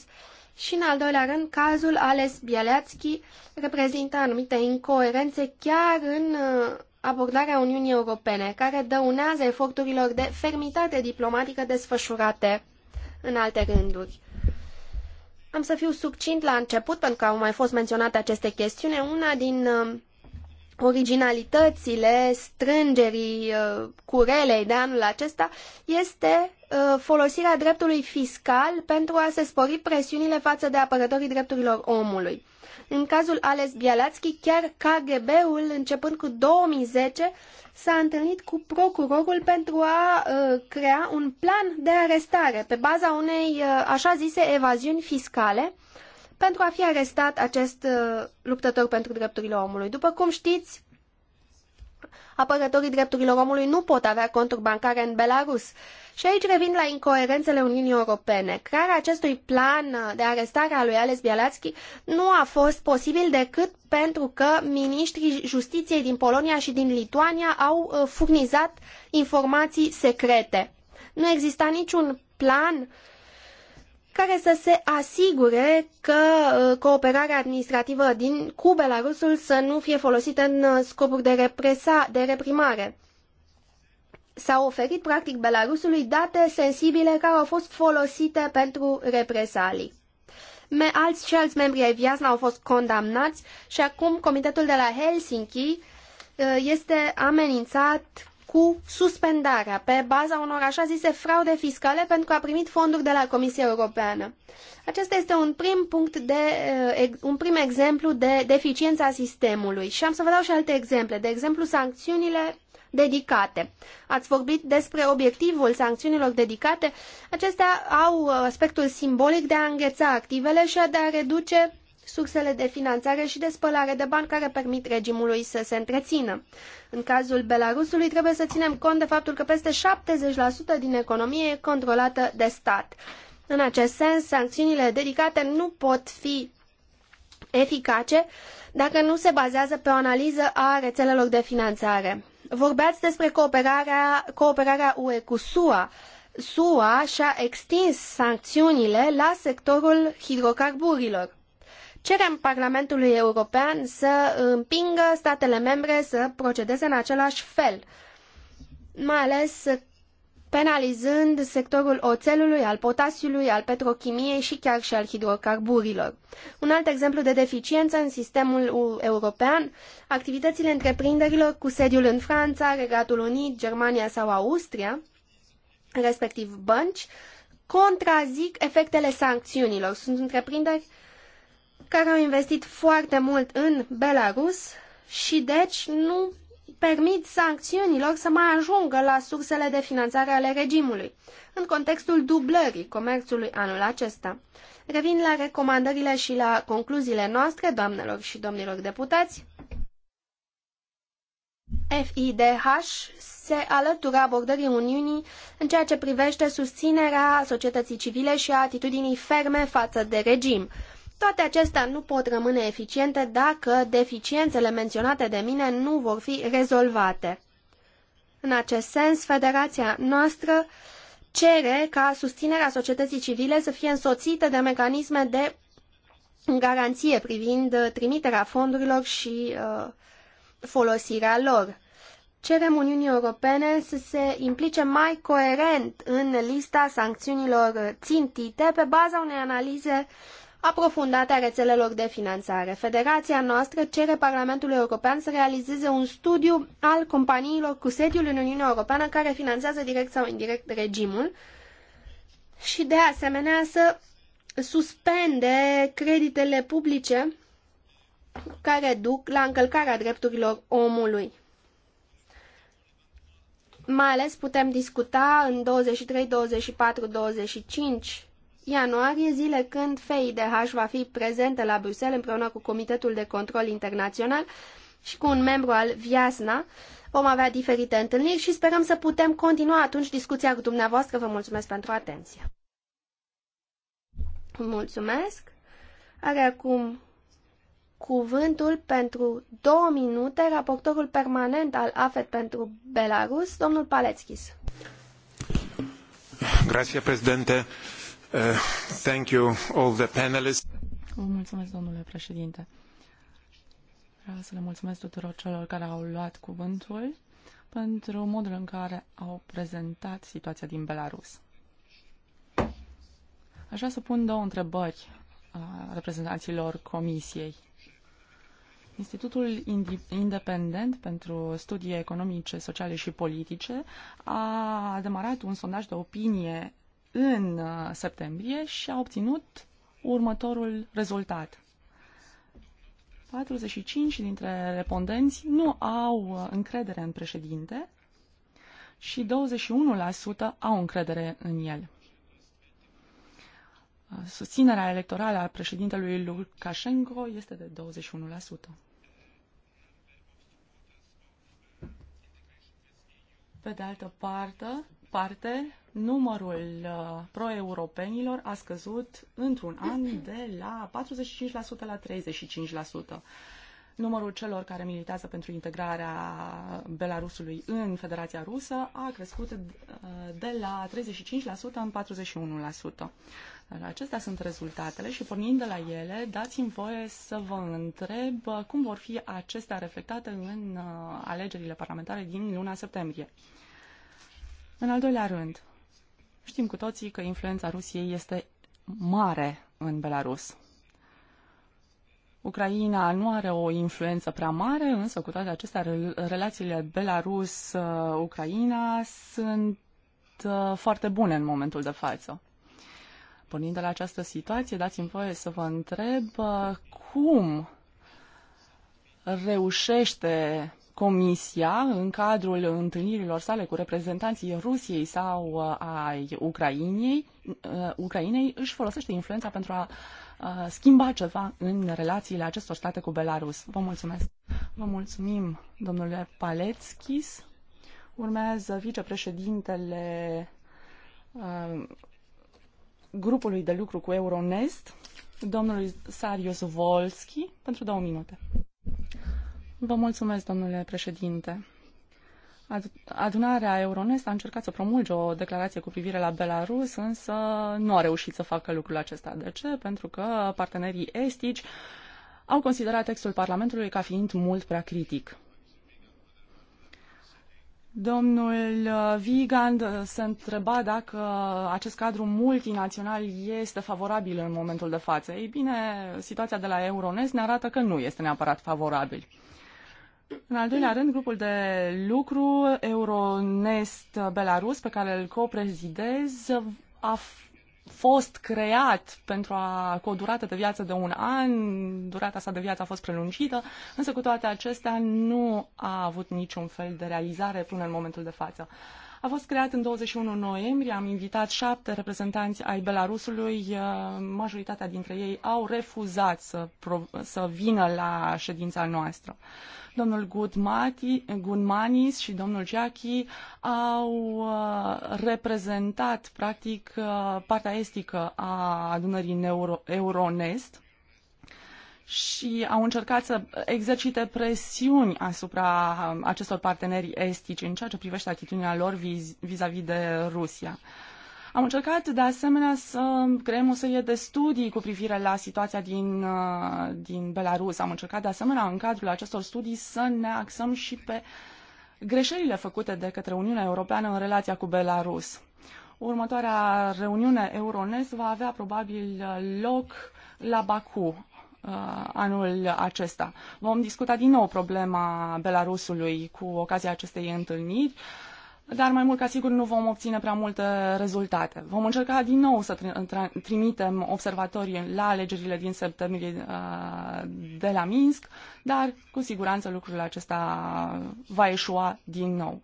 Și în al doilea rând, cazul ales Bialeațchi reprezintă anumite incoerențe chiar în uh, abordarea Uniunii Europene, care dăunează eforturilor de fermitate diplomatică desfășurate în alte rânduri. Am să fiu succint la început, pentru că au mai fost menționate aceste chestiuni. Una din uh, originalitățile strângerii uh, curelei de anul acesta este uh, folosirea dreptului fiscal pentru a se spori presiunile față de apărătorii drepturilor omului. În cazul Ales Bialatski, chiar KGB-ul, începând cu 2010, s-a întâlnit cu procurorul pentru a uh, crea un plan de arestare pe baza unei uh, așa zise evaziuni fiscale pentru a fi arestat acest uh, luptător pentru drepturile omului. După cum știți, Apărătorii drepturilor omului nu pot avea conturi bancare în Belarus. Și aici revin la incoerențele Uniunii Europene. Crearea acestui plan de arestare a lui Ales Bialatski nu a fost posibil decât pentru că ministrii justiției din Polonia și din Lituania au uh, furnizat informații secrete. Nu exista niciun plan uh, care să se asigure că uh, cooperarea administrativă din, cu Belarusul să nu fie folosită în uh, scopuri de, represa, de reprimare. S-au oferit practic Belarusului date sensibile care au fost folosite pentru represalii. Me, alți și alți membri ai Viasna au fost condamnați și acum Comitetul de la Helsinki uh, este amenințat cu suspendarea pe baza unor așa zise fraude fiscale pentru că a primit fonduri de la Comisia Europeană. Acesta este un prim, punct de, eh, un prim exemplu de deficiența sistemului și am să vă dau și alte exemple, de exemplu sancțiunile dedicate. Ați vorbit despre obiectivul sancțiunilor dedicate. Acestea au eh, aspectul simbolic de a îngheța activele și de a reduce sursele de finanțare și de spălare de bani care permit regimului să se întrețină. În cazul Belarusului trebuie să ținem cont de faptul că peste 70% din economie e controlată de stat. În acest sens, sancțiunile dedicate nu pot fi eficace dacă nu se bazează pe o analiză a rețelelor de finanțare. Vorbeați despre cooperarea, cooperarea UE cu SUA. SUA și-a extins sancțiunile la sectorul hidrocarburilor. Cerem Parlamentului European să împingă statele membre să procedeze în același fel, mai ales penalizând sectorul oțelului, al potasiului, al petrochimiei și chiar și al hidrocarburilor. Un alt exemplu de deficiență în sistemul european, activitățile întreprinderilor cu sediul în Franța, Regatul Unit, Germania sau Austria, respectiv bănci, contrazic efectele sancțiunilor. Sunt întreprinderi care au investit foarte mult în Belarus și deci nu permit sancțiunilor să mai ajungă la sursele de finanțare ale regimului, în contextul dublării comerțului anul acesta. Revin la recomandările și la concluziile noastre, doamnelor și domnilor deputați. FIDH se alătură abordării Uniunii în ceea ce privește susținerea societății civile și a atitudinii ferme față de regim toate acestea nu pot rămâne eficiente dacă deficiențele menționate de mine nu vor fi rezolvate. În acest sens, federația noastră cere ca susținerea societății civile să fie însoțită de mecanisme de garanție privind trimiterea fondurilor și uh, folosirea lor. Cerem Uniunii Europene să se implice mai coerent în lista sancțiunilor țintite pe baza unei analize uh, aprofundate a rețelelor de finanțare. Federația noastră cere Parlamentului European să realizeze un studiu al companiilor cu sediul în Uniunea Europeană care finanțează direct sau indirect regimul și de asemenea să suspende creditele publice care duc la încălcarea drepturilor omului. Mai ales putem discuta în 23, 24, 25 ianuarie, zile când FIDH va fi prezentă la Bruxelles împreună cu Comitetul de Control Internațional și cu un membru al Viasna. Vom avea diferite întâlniri și sperăm să putem continua atunci discuția cu dumneavoastră. Vă mulțumesc pentru atenție. Mulțumesc. Are acum cuvântul pentru două minute raportorul permanent al AFET pentru Belarus, domnul Palețchis. Grazie, președinte. Uh, mulțumesc, domnule președinte. Vreau să le mulțumesc tuturor celor care au luat cuvântul pentru modul în care au prezentat situația din Belarus. Aș vrea să pun două întrebări a uh, reprezentanților Comisiei. Institutul Independent pentru Studii Economice, Sociale și Politice a demarat un sondaj de opinie în uh, septembrie și a obținut următorul rezultat. 45 dintre respondenți nu au uh, încredere în președinte și 21% au încredere în el. Uh, susținerea electorală a președintelui Lukashenko este de 21%. Pe de altă parte, parte numărul uh, pro-europenilor a scăzut într-un an de la 45% la 35%. Numărul celor care militează pentru integrarea Belarusului în Federația Rusă a crescut uh, de la 35% în 41%. Acestea sunt rezultatele și pornind de la ele, dați-mi voie să vă întreb uh, cum vor fi acestea reflectate în alegerile parlamentare din luna septembrie. În al doilea rând, Știm cu toții că influența Rusiei este mare în Belarus. Ucraina nu are o influență prea mare, însă cu toate acestea relațiile Belarus-Ucraina sunt uh, foarte bune în momentul de față. Pornind de la această situație, dați-mi voie să vă întreb uh, cum reușește Comisia, în cadrul întâlnirilor sale cu reprezentanții Rusiei sau uh, ai Ucrainei, uh, Ucrainei își folosește influența pentru a uh, schimba ceva în relațiile acestor state cu Belarus. Vă mulțumesc. Vă mulțumim, domnule Paletskis. Urmează vicepreședintele grupului de lucru cu Euronest, domnul Sarius Volski, pentru două minute. Vă mulțumesc, domnule președinte. Adunarea Euronest a încercat să promulge o declarație cu privire la Belarus, însă nu a reușit să facă lucrul acesta. De ce? Pentru că partenerii estici au considerat textul Parlamentului ca fiind mult prea critic. Domnul Vigand se întreba dacă acest cadru multinațional este favorabil în momentul de față. Ei bine, situația de la Euronest ne arată că nu este neapărat favorabil. În al doilea rând, grupul de lucru Euronest Belarus, pe care îl coprezidez, a fost creat pentru a, cu o durată de viață de un an, durata sa de viață a fost prelungită, însă cu toate acestea nu a avut niciun fel de realizare până în momentul de față. Uh, a fost creat în 21 noiembrie, am invitat șapte reprezentanți ai Belarusului, uh, majoritatea dintre ei au refuzat să, să vină la ședința noastră. Domnul Gudmati, Gudmanis și domnul Giachi au uh, reprezentat, practic, uh, partea estică a adunării Euro, Euronest, și au încercat să exercite presiuni asupra um, acestor parteneri estici în ceea ce privește atitudinea lor vis-a-vis -vis de Rusia. Am încercat de asemenea să creăm o serie de studii cu privire la situația din, uh, din Belarus. Am încercat de asemenea în cadrul acestor studii să ne axăm și pe greșelile făcute de către Uniunea Europeană în relația cu Belarus. Următoarea reuniune Euronest va avea probabil loc la Baku Uh, anul acesta. Vom discuta din nou problema Belarusului cu ocazia acestei întâlniri dar mai mult ca sigur nu vom obține prea multe rezultate. Vom încerca din nou să trimitem observatorii la alegerile din septembrie uh, de la Minsk, dar cu siguranță lucrul acesta va eșua din nou.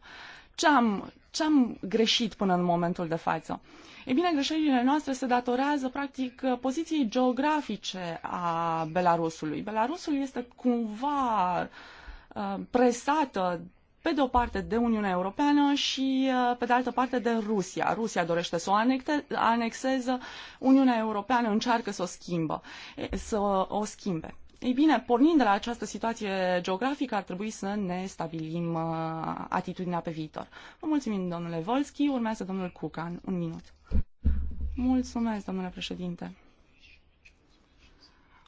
Ce am, ce am greșit până în momentul de față? Uh, ei bine, greșelile noastre se datorează, practic, poziției geografice a Belarusului. Belarusul este cumva uh, presată pe de o parte de Uniunea Europeană și uh, pe de altă parte de Rusia. Rusia dorește să o anexeze, Uniunea Europeană încearcă să o schimbă, să o schimbe. Ei bine, pornind de la această situație geografică, ar trebui să ne stabilim uh, atitudinea pe viitor. Vă mulțumim, domnule Volski. Urmează domnul Cucan. Un minut. Mulțumesc, domnule președinte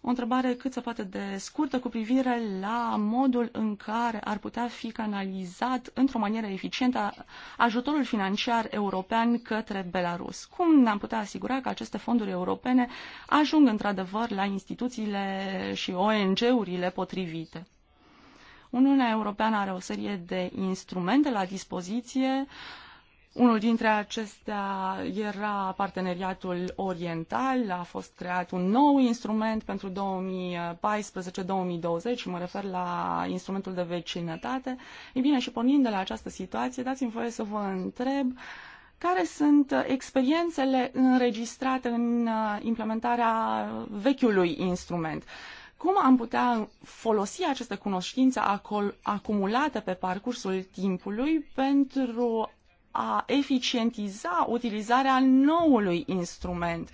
o întrebare cât se poate de scurtă cu privire la modul în care ar putea fi canalizat într-o manieră eficientă ajutorul financiar european către Belarus. Cum ne-am putea asigura că aceste fonduri europene ajung într-adevăr la instituțiile și ONG-urile potrivite? Uniunea Europeană are o serie de instrumente la dispoziție uh, unul dintre acestea era parteneriatul oriental, a fost creat un nou instrument pentru 2014-2020 și mă refer la instrumentul de vecinătate. Ei bine, și pornind de la această situație, dați-mi voie să vă întreb care sunt experiențele înregistrate în uh, implementarea vechiului instrument. Cum am putea folosi aceste cunoștințe acumulate pe parcursul timpului pentru a eficientiza utilizarea noului instrument.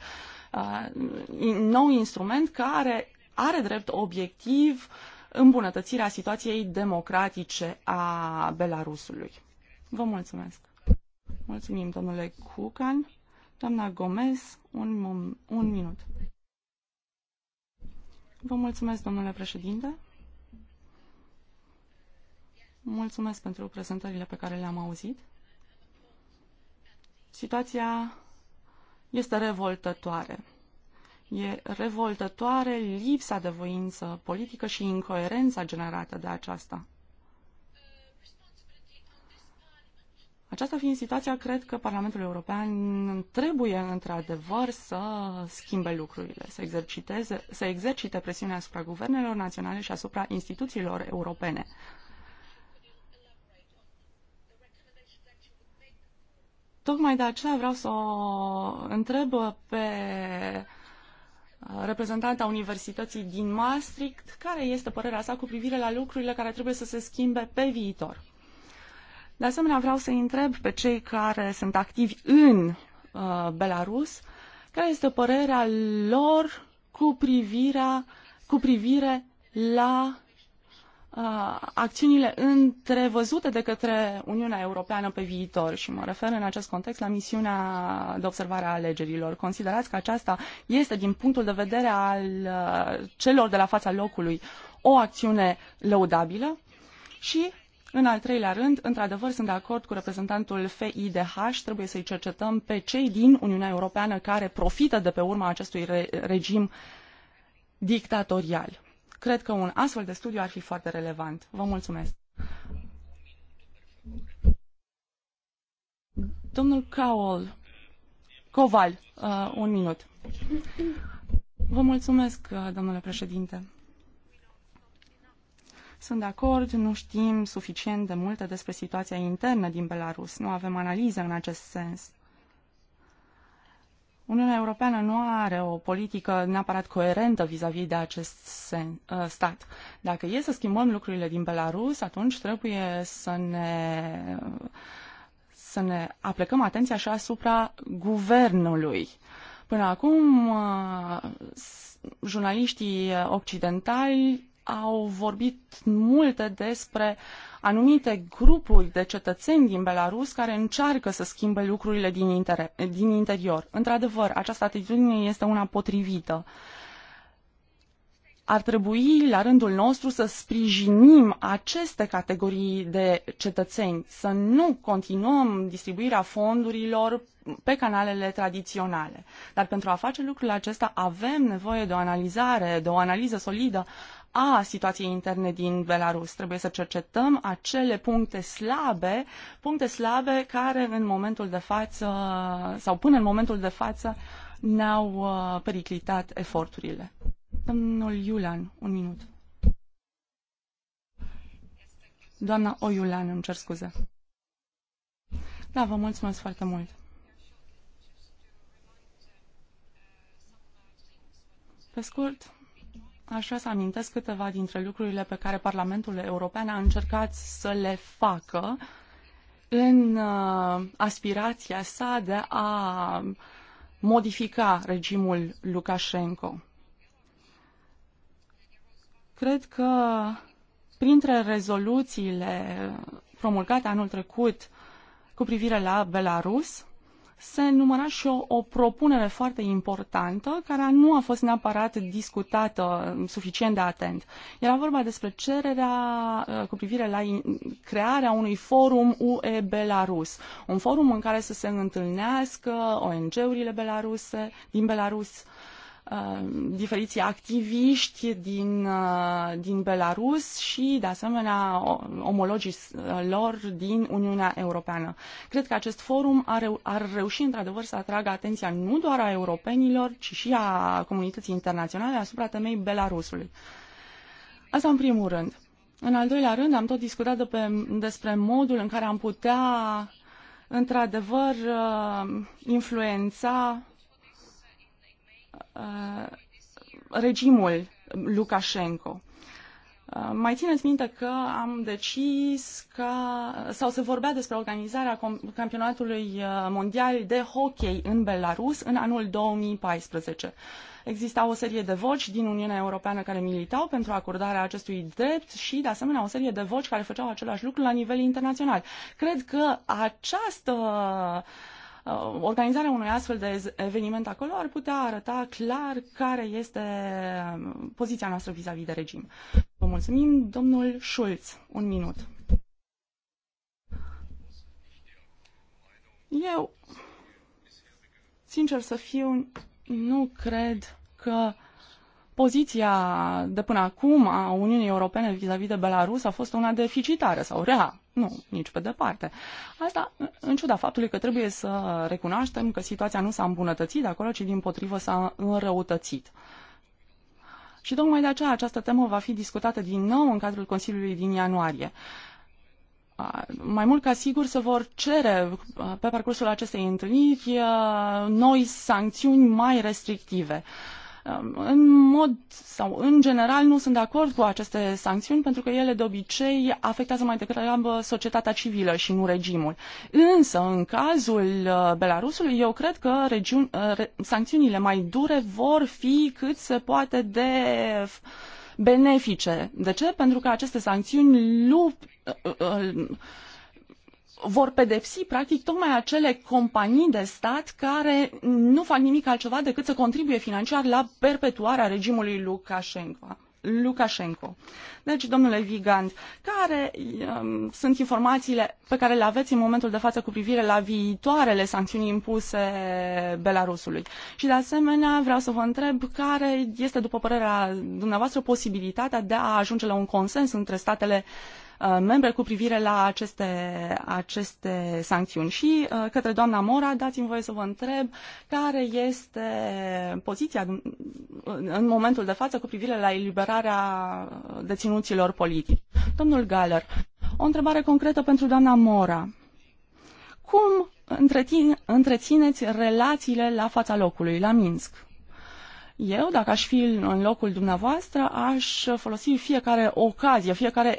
Uh, nou instrument care are drept obiectiv îmbunătățirea situației democratice a Belarusului. Vă mulțumesc! Mulțumim, domnule Cucan. Doamna Gomez, un, un minut. Vă mulțumesc, domnule președinte. Mulțumesc pentru prezentările pe care le-am auzit. Situația este revoltătoare. E revoltătoare lipsa de voință politică și incoerența generată de aceasta. Aceasta fiind situația, cred că Parlamentul European trebuie, într-adevăr, să schimbe lucrurile, să, exerciteze, să exercite presiunea asupra guvernelor naționale și asupra instituțiilor europene. Tocmai de aceea vreau să o întreb pe reprezentanta Universității din Maastricht care este părerea sa cu privire la lucrurile care trebuie să se schimbe pe viitor. De asemenea, vreau să întreb pe cei care sunt activi în uh, Belarus care este părerea lor cu, privirea, cu privire la Uh, acțiunile întrevăzute de către Uniunea Europeană pe viitor și mă refer în acest context la misiunea de observare a alegerilor. Considerați că aceasta este, din punctul de vedere al uh, celor de la fața locului, o acțiune lăudabilă și în al treilea rând, într-adevăr, sunt de acord cu reprezentantul FIDH, trebuie să-i cercetăm pe cei din Uniunea Europeană care profită de pe urma acestui re regim dictatorial. Cred că un astfel de studiu ar fi foarte relevant. Vă mulțumesc. Domnul Cowell, Coval, uh, un minut. Vă mulțumesc, uh, domnule președinte. Sunt de acord, nu știm suficient de multe despre situația internă din Belarus, nu avem analize în acest sens. Uniunea Europeană nu are o politică neapărat coerentă vis-a-vis de acest sen, uh, stat. Dacă e să schimbăm lucrurile din Belarus, atunci trebuie să ne, să ne aplecăm atenția și asupra guvernului. Până acum, uh, jurnaliștii occidentali au vorbit multe despre uh, anumite grupuri de cetățeni din Belarus care încearcă să schimbe lucrurile din, inter- din interior. Într-adevăr, această atitudine este una potrivită ar trebui, la rândul nostru, să sprijinim aceste categorii de cetățeni, să nu continuăm distribuirea fondurilor pe canalele tradiționale. Dar pentru a face lucrurile acesta avem nevoie de o analizare, de o analiză solidă a situației interne din Belarus. Trebuie să cercetăm acele puncte slabe, puncte slabe care în momentul de față sau până în momentul de față ne-au uh, periclitat eforturile. Domnul Iulan, un minut. Doamna Oiulan, îmi cer scuze. Da, vă mulțumesc foarte mult. Pe scurt, aș vrea să amintesc câteva dintre lucrurile pe care Parlamentul European a încercat să le facă în uh, aspirația sa de a modifica regimul Lukashenko. Cred că printre rezoluțiile promulgate anul trecut cu privire la Belarus, se număra și o, o propunere foarte importantă care nu a fost neapărat discutată suficient de atent. Era vorba despre cererea uh, cu privire la crearea unui forum UE Belarus, un forum în care să se întâlnească ONG-urile belaruse din Belarus, uh, Uh, diferiți activiști din, uh, din Belarus și, de asemenea, omologii uh, lor din Uniunea Europeană. Cred că acest forum ar, ar reuși, într-adevăr, să atragă atenția nu doar a europenilor, ci și a comunității internaționale asupra temei Belarusului. Asta în primul rând. În al doilea rând, am tot discutat de pe, despre modul în care am putea, într-adevăr, influența Uh, regimul Lukashenko. Uh, mai țineți minte că am decis ca, sau se vorbea despre organizarea campionatului uh, mondial de hockey în Belarus în anul 2014. Exista o serie de voci din Uniunea Europeană care militau pentru acordarea acestui drept și, de asemenea, o serie de voci care făceau același lucru la nivel internațional. Cred că această uh, Uh, organizarea unui astfel de eveniment acolo ar putea arăta clar care este um, poziția noastră vis-a-vis de regim. Vă mulțumim, domnul Schulz. Un minut. Eu, sincer să fiu, nu cred că poziția de până acum a Uniunii Europene vis-a-vis -vis de Belarus a fost una deficitară sau rea. Nu, nici pe departe. Asta în ciuda faptului că trebuie să recunoaștem că situația nu s-a îmbunătățit acolo, ci din potrivă s-a înrăutățit. Și tocmai de aceea această temă va fi discutată din nou în cadrul Consiliului din ianuarie. Mai mult ca sigur se vor cere uh, pe parcursul acestei întâlniri uh, noi sancțiuni mai restrictive. Uh, Um, în mod sau în general nu sunt de acord cu aceste sancțiuni pentru că ele de obicei afectează mai degrabă societatea civilă și nu regimul. Însă, în cazul uh, Belarusului, eu cred că regiun, uh, sancțiunile mai dure vor fi cât se poate de benefice. De ce? Pentru că aceste sancțiuni lupt uh, vor pedepsi, practic, tocmai acele companii de stat care nu fac nimic altceva decât să contribuie financiar la perpetuarea regimului Lukashenko. Lukashenko. Deci, domnule Vigand, care um, sunt informațiile pe care le aveți în momentul de față cu privire la viitoarele sancțiuni impuse Belarusului? Și, de asemenea, vreau să vă întreb care este, după părerea dumneavoastră, posibilitatea de a ajunge la un consens între statele uh, Uh, membre cu privire la aceste, aceste sancțiuni. Și uh, către doamna Mora, dați-mi voie să vă întreb care este poziția uh, în momentul de față cu privire la eliberarea deținuților politici. Domnul Galler, o întrebare concretă pentru doamna Mora. Cum întrețineți relațiile la fața locului, la Minsk? Eu, dacă aș fi în locul dumneavoastră, aș folosi fiecare ocazie, fiecare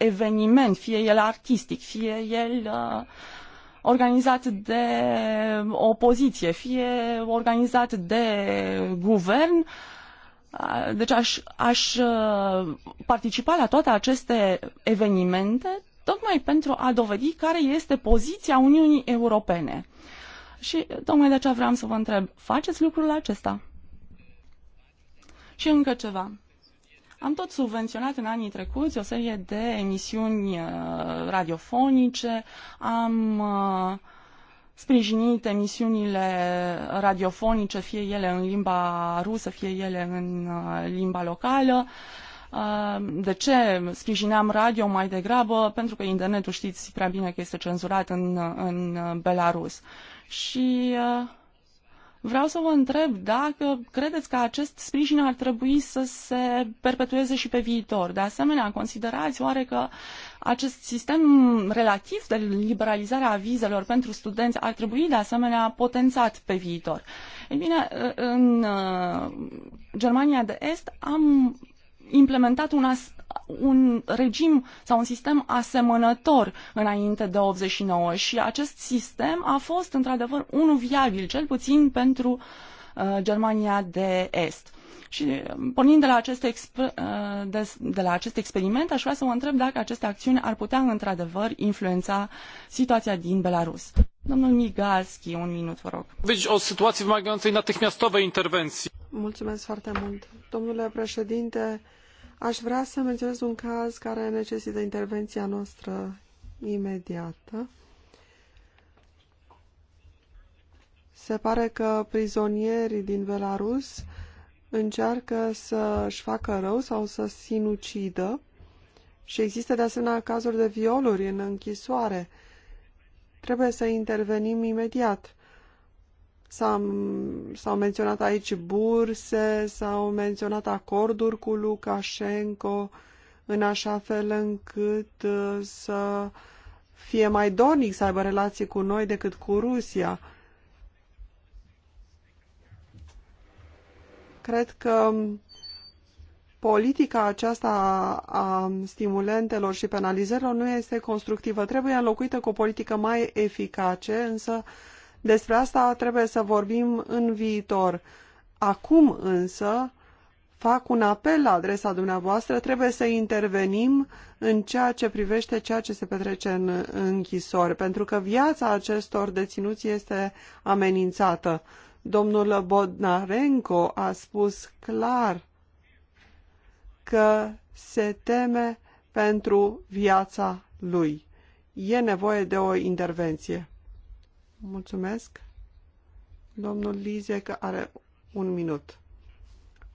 eveniment, fie el artistic, fie el uh, organizat de opoziție, fie organizat de guvern. Uh, deci aș, aș uh, participa la toate aceste evenimente tocmai pentru a dovedi care este poziția Uniunii Europene. Și tocmai de aceea vreau să vă întreb, faceți lucrul acesta? Și încă ceva. Am tot subvenționat în anii trecuți o serie de emisiuni uh, radiofonice, am uh, sprijinit emisiunile radiofonice, fie ele în limba rusă, fie ele în uh, limba locală. De ce sprijineam radio mai degrabă? Pentru că internetul știți prea bine că este cenzurat în, în Belarus. Și uh, Vreau să vă întreb dacă credeți că acest sprijin ar trebui să se perpetueze și pe viitor. De asemenea, considerați oare că acest sistem relativ de liberalizare a vizelor pentru studenți ar trebui de asemenea potențat pe viitor? Ei bine, în uh, Germania de Est am implementat un as- un regim sau un sistem asemănător înainte de 89 și acest sistem a fost într-adevăr unul viabil, cel puțin pentru uh, Germania de Est. Și uh, pornind de la, acest uh, de, de la acest experiment, aș vrea să mă întreb dacă aceste acțiuni ar putea într-adevăr influența situația din Belarus. Domnul Migalski, un minut, vă rog. Deci o situație wymagającej natychmiastowej interwencji. Mulțumesc foarte mult. Domnule președinte, Aș vrea să menționez un caz care necesită intervenția noastră imediată. Se pare că prizonierii din Belarus încearcă să-și facă rău sau să sinucidă și există de asemenea cazuri de violuri în închisoare. Trebuie să intervenim imediat. S-au menționat aici burse, s-au menționat acorduri cu Lukashenko, în așa fel încât uh, să fie mai dornic să aibă relații cu noi decât cu Rusia. Cred că um, politica aceasta a stimulentelor și penalizărilor nu este constructivă. Trebuie înlocuită cu o politică mai eficace, însă despre asta trebuie să vorbim în viitor. Acum însă fac un apel la adresa dumneavoastră, trebuie să intervenim în ceea ce privește ceea ce se petrece în închisori, pentru că viața acestor deținuți este amenințată. Domnul Bodnarenko a spus clar că se teme pentru viața lui. E nevoie de o intervenție. Mulțumesc. Domnul că are un minut.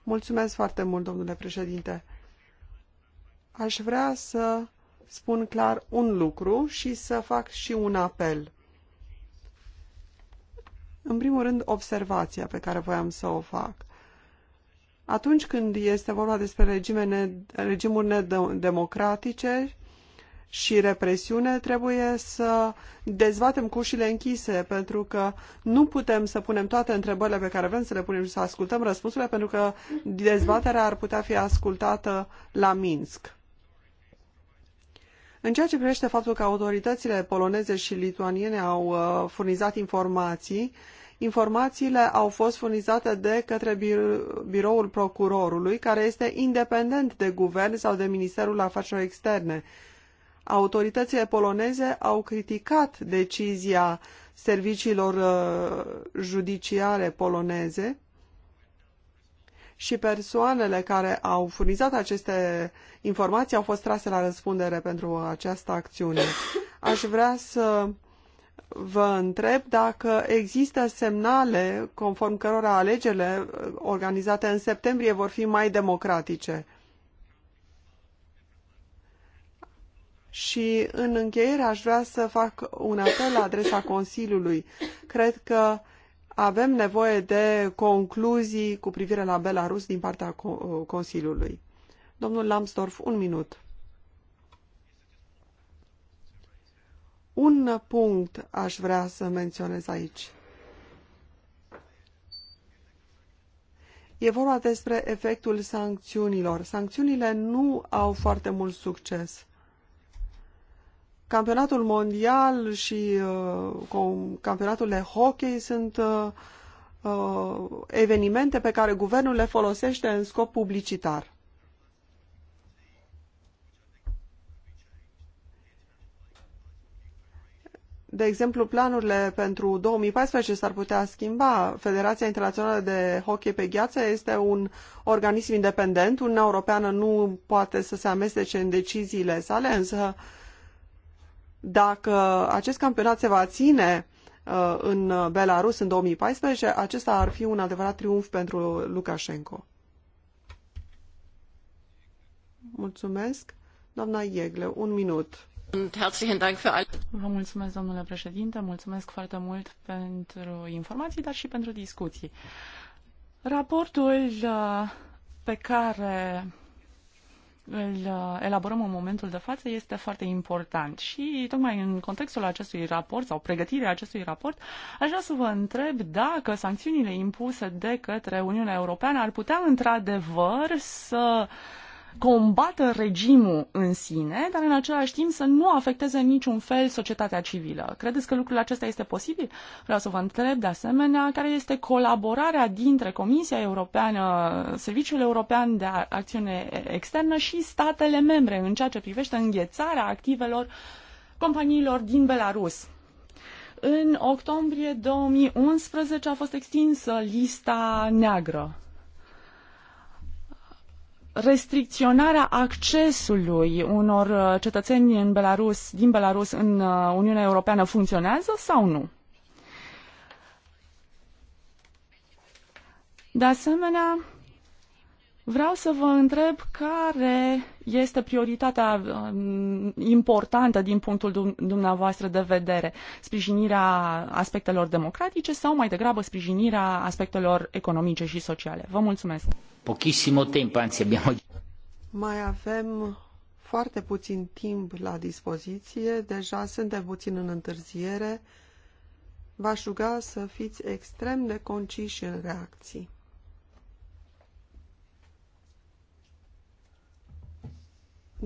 Mulțumesc foarte mult, domnule președinte. Aș vrea să spun clar un lucru și să fac și un apel. În primul rând, observația pe care voiam să o fac. Atunci când este vorba despre regimuri nedemocratice, și represiune, trebuie să dezbatem cu ușile închise, pentru că nu putem să punem toate întrebările pe care vrem să le punem și să ascultăm răspunsurile, pentru că dezbaterea ar putea fi ascultată la Minsk. În ceea ce privește faptul că autoritățile poloneze și lituaniene au uh, furnizat informații, informațiile au fost furnizate de către biroul procurorului, care este independent de guvern sau de Ministerul Afacerilor Externe autoritățile poloneze au criticat decizia serviciilor uh, judiciare poloneze și persoanele care au furnizat aceste informații au fost trase la răspundere pentru această acțiune. Aș vrea să vă întreb dacă există semnale conform cărora alegerile uh, organizate în septembrie vor fi mai democratice. Și în încheiere aș vrea să fac un apel la adresa Consiliului. Cred că avem nevoie de concluzii cu privire la Belarus din partea Consiliului. Domnul Lambsdorff, un minut. Un punct aș vrea să menționez aici. E vorba despre efectul sancțiunilor. Sancțiunile nu au foarte mult succes. Campionatul mondial și uh, campionatul de hockey sunt uh, uh, evenimente pe care guvernul le folosește în scop publicitar. De exemplu, planurile pentru 2014 s-ar putea schimba. Federația Internațională de Hockey pe Gheață este un organism independent. Uniunea Europeană nu poate să se amestece în deciziile sale, însă uh, dacă acest campionat se va ține uh, în Belarus în 2014, acesta ar fi un adevărat triumf pentru Lukashenko. Mulțumesc. Doamna Iegle, un minut. Vă mulțumesc, domnule președinte, mulțumesc foarte mult pentru informații, dar și pentru discuții. Raportul uh, pe care îl uh, elaborăm în momentul de față este foarte important. Și tocmai în contextul acestui raport sau pregătirea acestui raport, aș vrea să vă întreb dacă sancțiunile impuse de către Uniunea Europeană ar putea într-adevăr să uh, combată regimul în sine, dar în același timp să nu afecteze în niciun fel societatea civilă. Credeți că lucrul acesta este posibil? Vreau să vă întreb de asemenea care este colaborarea dintre Comisia Europeană, Serviciul European de Acțiune Externă și statele membre în ceea ce privește înghețarea activelor companiilor din Belarus în octombrie 2011 a fost extinsă lista neagră restricționarea accesului unor uh, cetățeni în Belarus, din Belarus în uh, Uniunea Europeană funcționează sau nu? De asemenea, Vreau să vă întreb care este prioritatea um, importantă din punctul dumneavoastră de vedere, sprijinirea aspectelor democratice sau mai degrabă sprijinirea aspectelor economice și sociale. Vă mulțumesc. Pochissimo timp, anzi abbiamo... Mai avem foarte puțin timp la dispoziție, deja suntem puțin în întârziere. V-aș ruga să fiți extrem de conciși în reacții.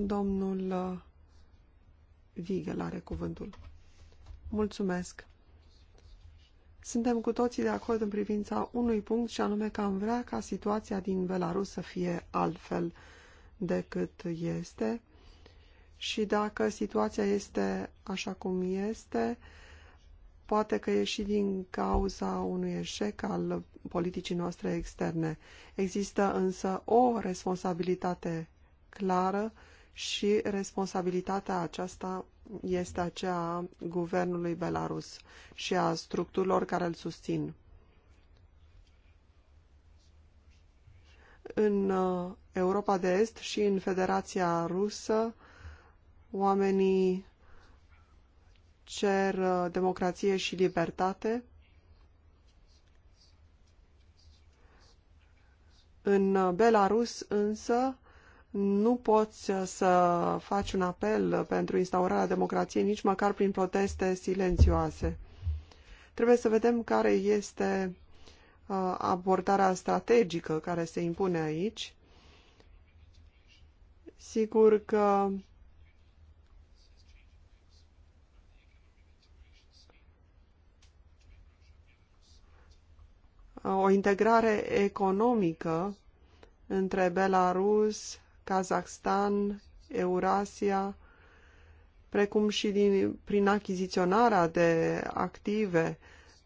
Domnul uh, Vigel are cuvântul. Mulțumesc. Suntem cu toții de acord în privința unui punct și anume că am vrea ca situația din Belarus să fie altfel decât este și dacă situația este așa cum este, poate că e și din cauza unui eșec al politicii noastre externe. Există însă o responsabilitate clară și responsabilitatea aceasta este aceea a guvernului Belarus și a structurilor care îl susțin. În uh, Europa de Est și în Federația Rusă, oamenii cer uh, democrație și libertate. În uh, Belarus însă nu poți uh, să faci un apel pentru instaurarea democrației nici măcar prin proteste silențioase. Trebuie să vedem care este uh, abordarea strategică care se impune aici. Sigur că o integrare economică între Belarus Kazakhstan, Eurasia, precum și din, prin achiziționarea de active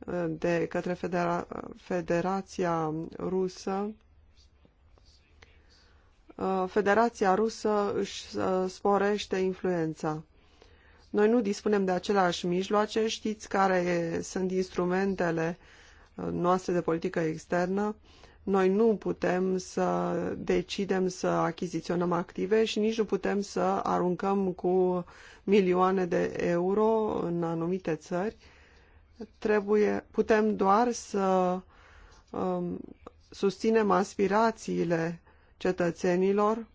uh, de către Federa Federația Rusă. Uh, Federația Rusă își uh, sporește influența. Noi nu dispunem de aceleași mijloace, știți care sunt instrumentele noastre de politică externă. Noi nu putem să decidem să achiziționăm active și nici nu putem să aruncăm cu milioane de euro în anumite țări. Trebuie, putem doar să um, susținem aspirațiile cetățenilor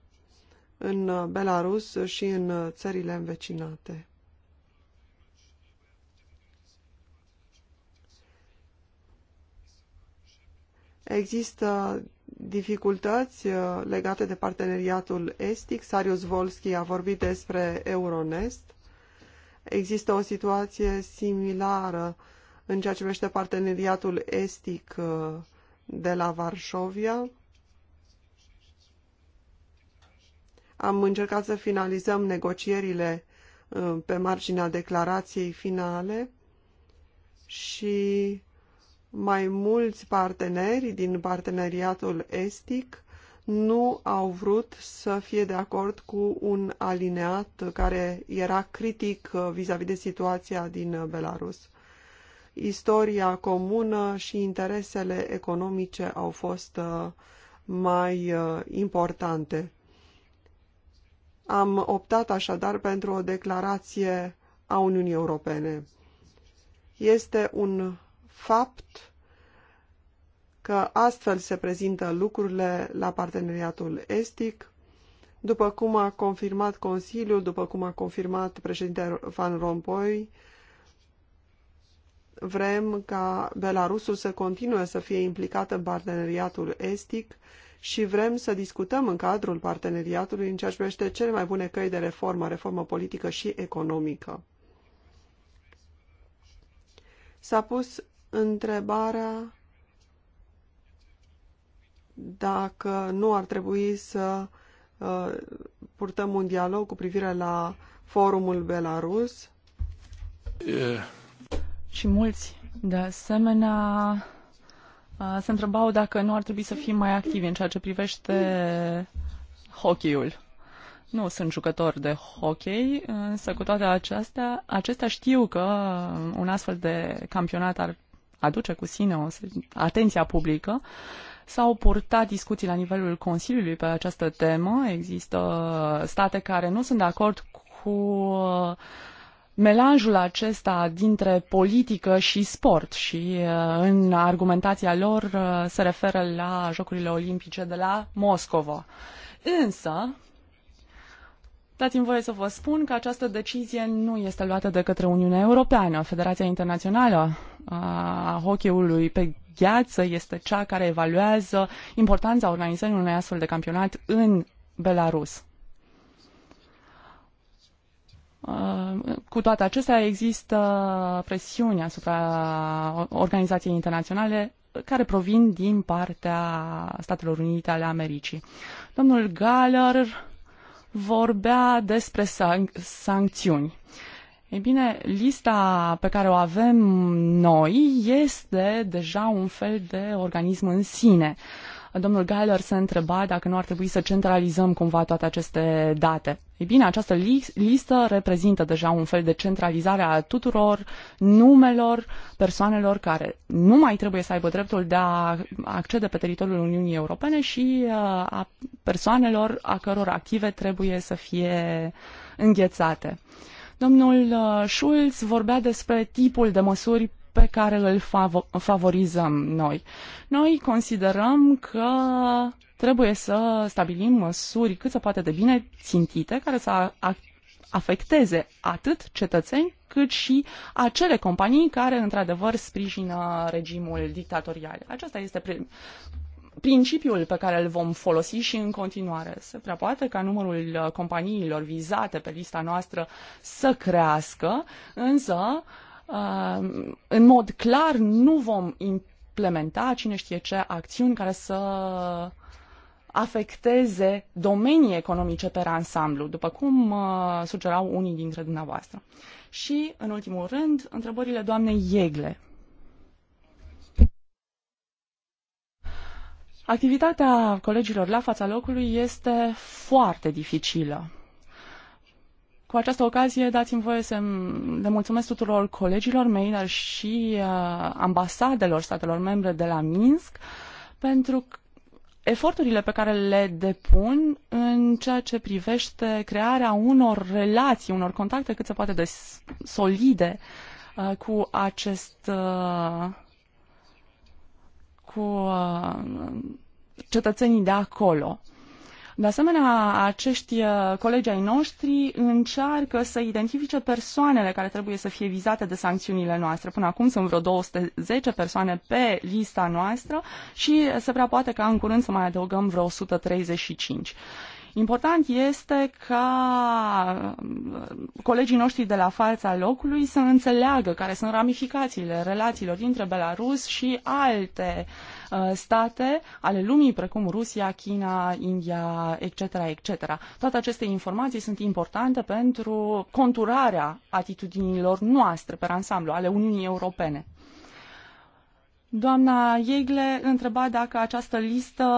în Belarus și în țările învecinate. Există dificultăți uh, legate de parteneriatul estic. Sarius Volski a vorbit despre Euronest. Există o situație similară în ceea ce privește parteneriatul estic uh, de la Varșovia. Am încercat să finalizăm negocierile uh, pe marginea declarației finale și mai mulți parteneri din parteneriatul estic nu au vrut să fie de acord cu un alineat care era critic vis-a-vis -vis de situația din Belarus. Istoria comună și interesele economice au fost uh, mai uh, importante. Am optat așadar pentru o declarație a Uniunii Europene. Este un fapt că astfel se prezintă lucrurile la parteneriatul estic, după cum a confirmat Consiliul, după cum a confirmat președintele Van Rompuy, vrem ca Belarusul să continue să fie implicat în parteneriatul estic și vrem să discutăm în cadrul parteneriatului în ceea ce privește cele mai bune căi de reformă, reformă politică și economică. S-a pus întrebarea dacă nu ar trebui să uh, purtăm un dialog cu privire la forumul Belarus. Și mulți, de asemenea, uh, se întrebau dacă nu ar trebui să fim mai activi în ceea ce privește hockey-ul. Nu sunt jucător de hockey, însă cu toate acestea, acestea știu că un astfel de campionat ar aduce cu sine o atenția publică. S-au purtat discuții la nivelul Consiliului pe această temă. Există state care nu sunt de acord cu uh, melanjul acesta dintre politică și sport și uh, în argumentația lor uh, se referă la Jocurile Olimpice de la Moscova. Însă, Dați-mi voie să vă spun că această decizie nu este luată de către Uniunea Europeană. Federația Internațională a hockeyului pe gheață este cea care evaluează importanța organizării unui astfel de campionat în Belarus. Cu toate acestea există presiuni asupra organizației internaționale care provin din partea Statelor Unite ale Americii. Domnul Galler vorbea despre san- sancțiuni. Uh, ei bine, lista pe care o avem noi este deja un fel de organism în sine. Domnul Geiler se întreba dacă nu ar trebui să centralizăm cumva toate aceste date. Ei bine, această listă reprezintă deja un fel de centralizare a tuturor numelor persoanelor care nu mai trebuie să aibă dreptul de a accede pe teritoriul Uniunii Europene și uh, a persoanelor a căror active trebuie să fie înghețate. Domnul uh, Schulz vorbea despre tipul de măsuri pe care îl favorizăm noi. Noi considerăm că trebuie să stabilim măsuri cât se poate de bine țintite care să afecteze atât cetățeni cât și acele companii care într-adevăr sprijină regimul dictatorial. Aceasta este principiul pe care îl vom folosi și în continuare. Se prea poate ca numărul uh, companiilor vizate pe lista noastră să crească, însă uh, în mod clar nu vom implementa cine știe ce acțiuni care să afecteze domenii economice pe ansamblu, după cum uh, sugerau unii dintre dumneavoastră. Și, în ultimul rând, întrebările doamnei Iegle. Activitatea colegilor la fața locului este foarte dificilă. Cu această ocazie dați-mi voie să le mulțumesc tuturor colegilor mei, dar și uh, ambasadelor statelor membre de la Minsk, pentru eforturile pe care le depun în ceea ce privește crearea unor relații, unor contacte cât se poate de solide uh, cu acest uh, cu uh, cetățenii de acolo. De asemenea, acești uh, colegi ai noștri încearcă să identifice persoanele care trebuie să fie vizate de sancțiunile noastre. Până acum sunt vreo 210 persoane pe lista noastră și se prea poate ca în curând să mai adăugăm vreo 135. Important este ca um, colegii noștri de la fața locului să înțeleagă care sunt ramificațiile relațiilor dintre Belarus și alte uh, state ale lumii, precum Rusia, China, India, etc., etc. Toate aceste informații sunt importante pentru conturarea atitudinilor noastre pe ansamblu, ale Uniunii Europene. Doamna Iegle întreba dacă această listă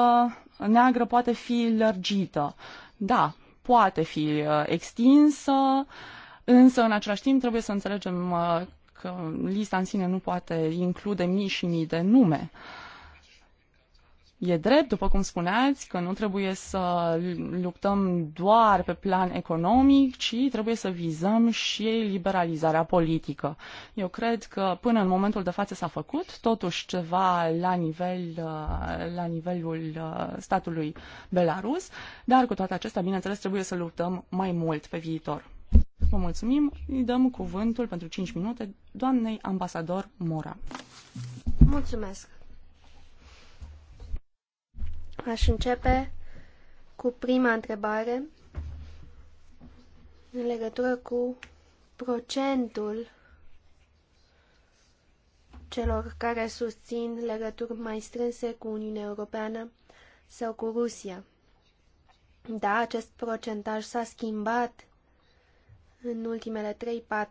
neagră poate fi lărgită. Da, poate fi uh, extinsă, însă în același timp trebuie să înțelegem uh, că lista în sine nu poate include mii și mii de nume. Uh, E drept, după cum spuneați, că nu trebuie să luptăm doar pe plan economic, ci trebuie să vizăm și liberalizarea politică. Eu cred că până în momentul de față s-a făcut totuși ceva la, nivel, uh, la nivelul uh, statului Belarus, dar cu toate acestea, bineînțeles, trebuie să luptăm mai mult pe viitor. Vă mulțumim, îi dăm cuvântul pentru 5 minute doamnei ambasador Mora. Mulțumesc. Aș începe cu prima întrebare în legătură cu procentul celor care susțin legături mai strânse cu Uniunea Europeană sau cu Rusia. Da, acest procentaj s-a schimbat în ultimele 3-4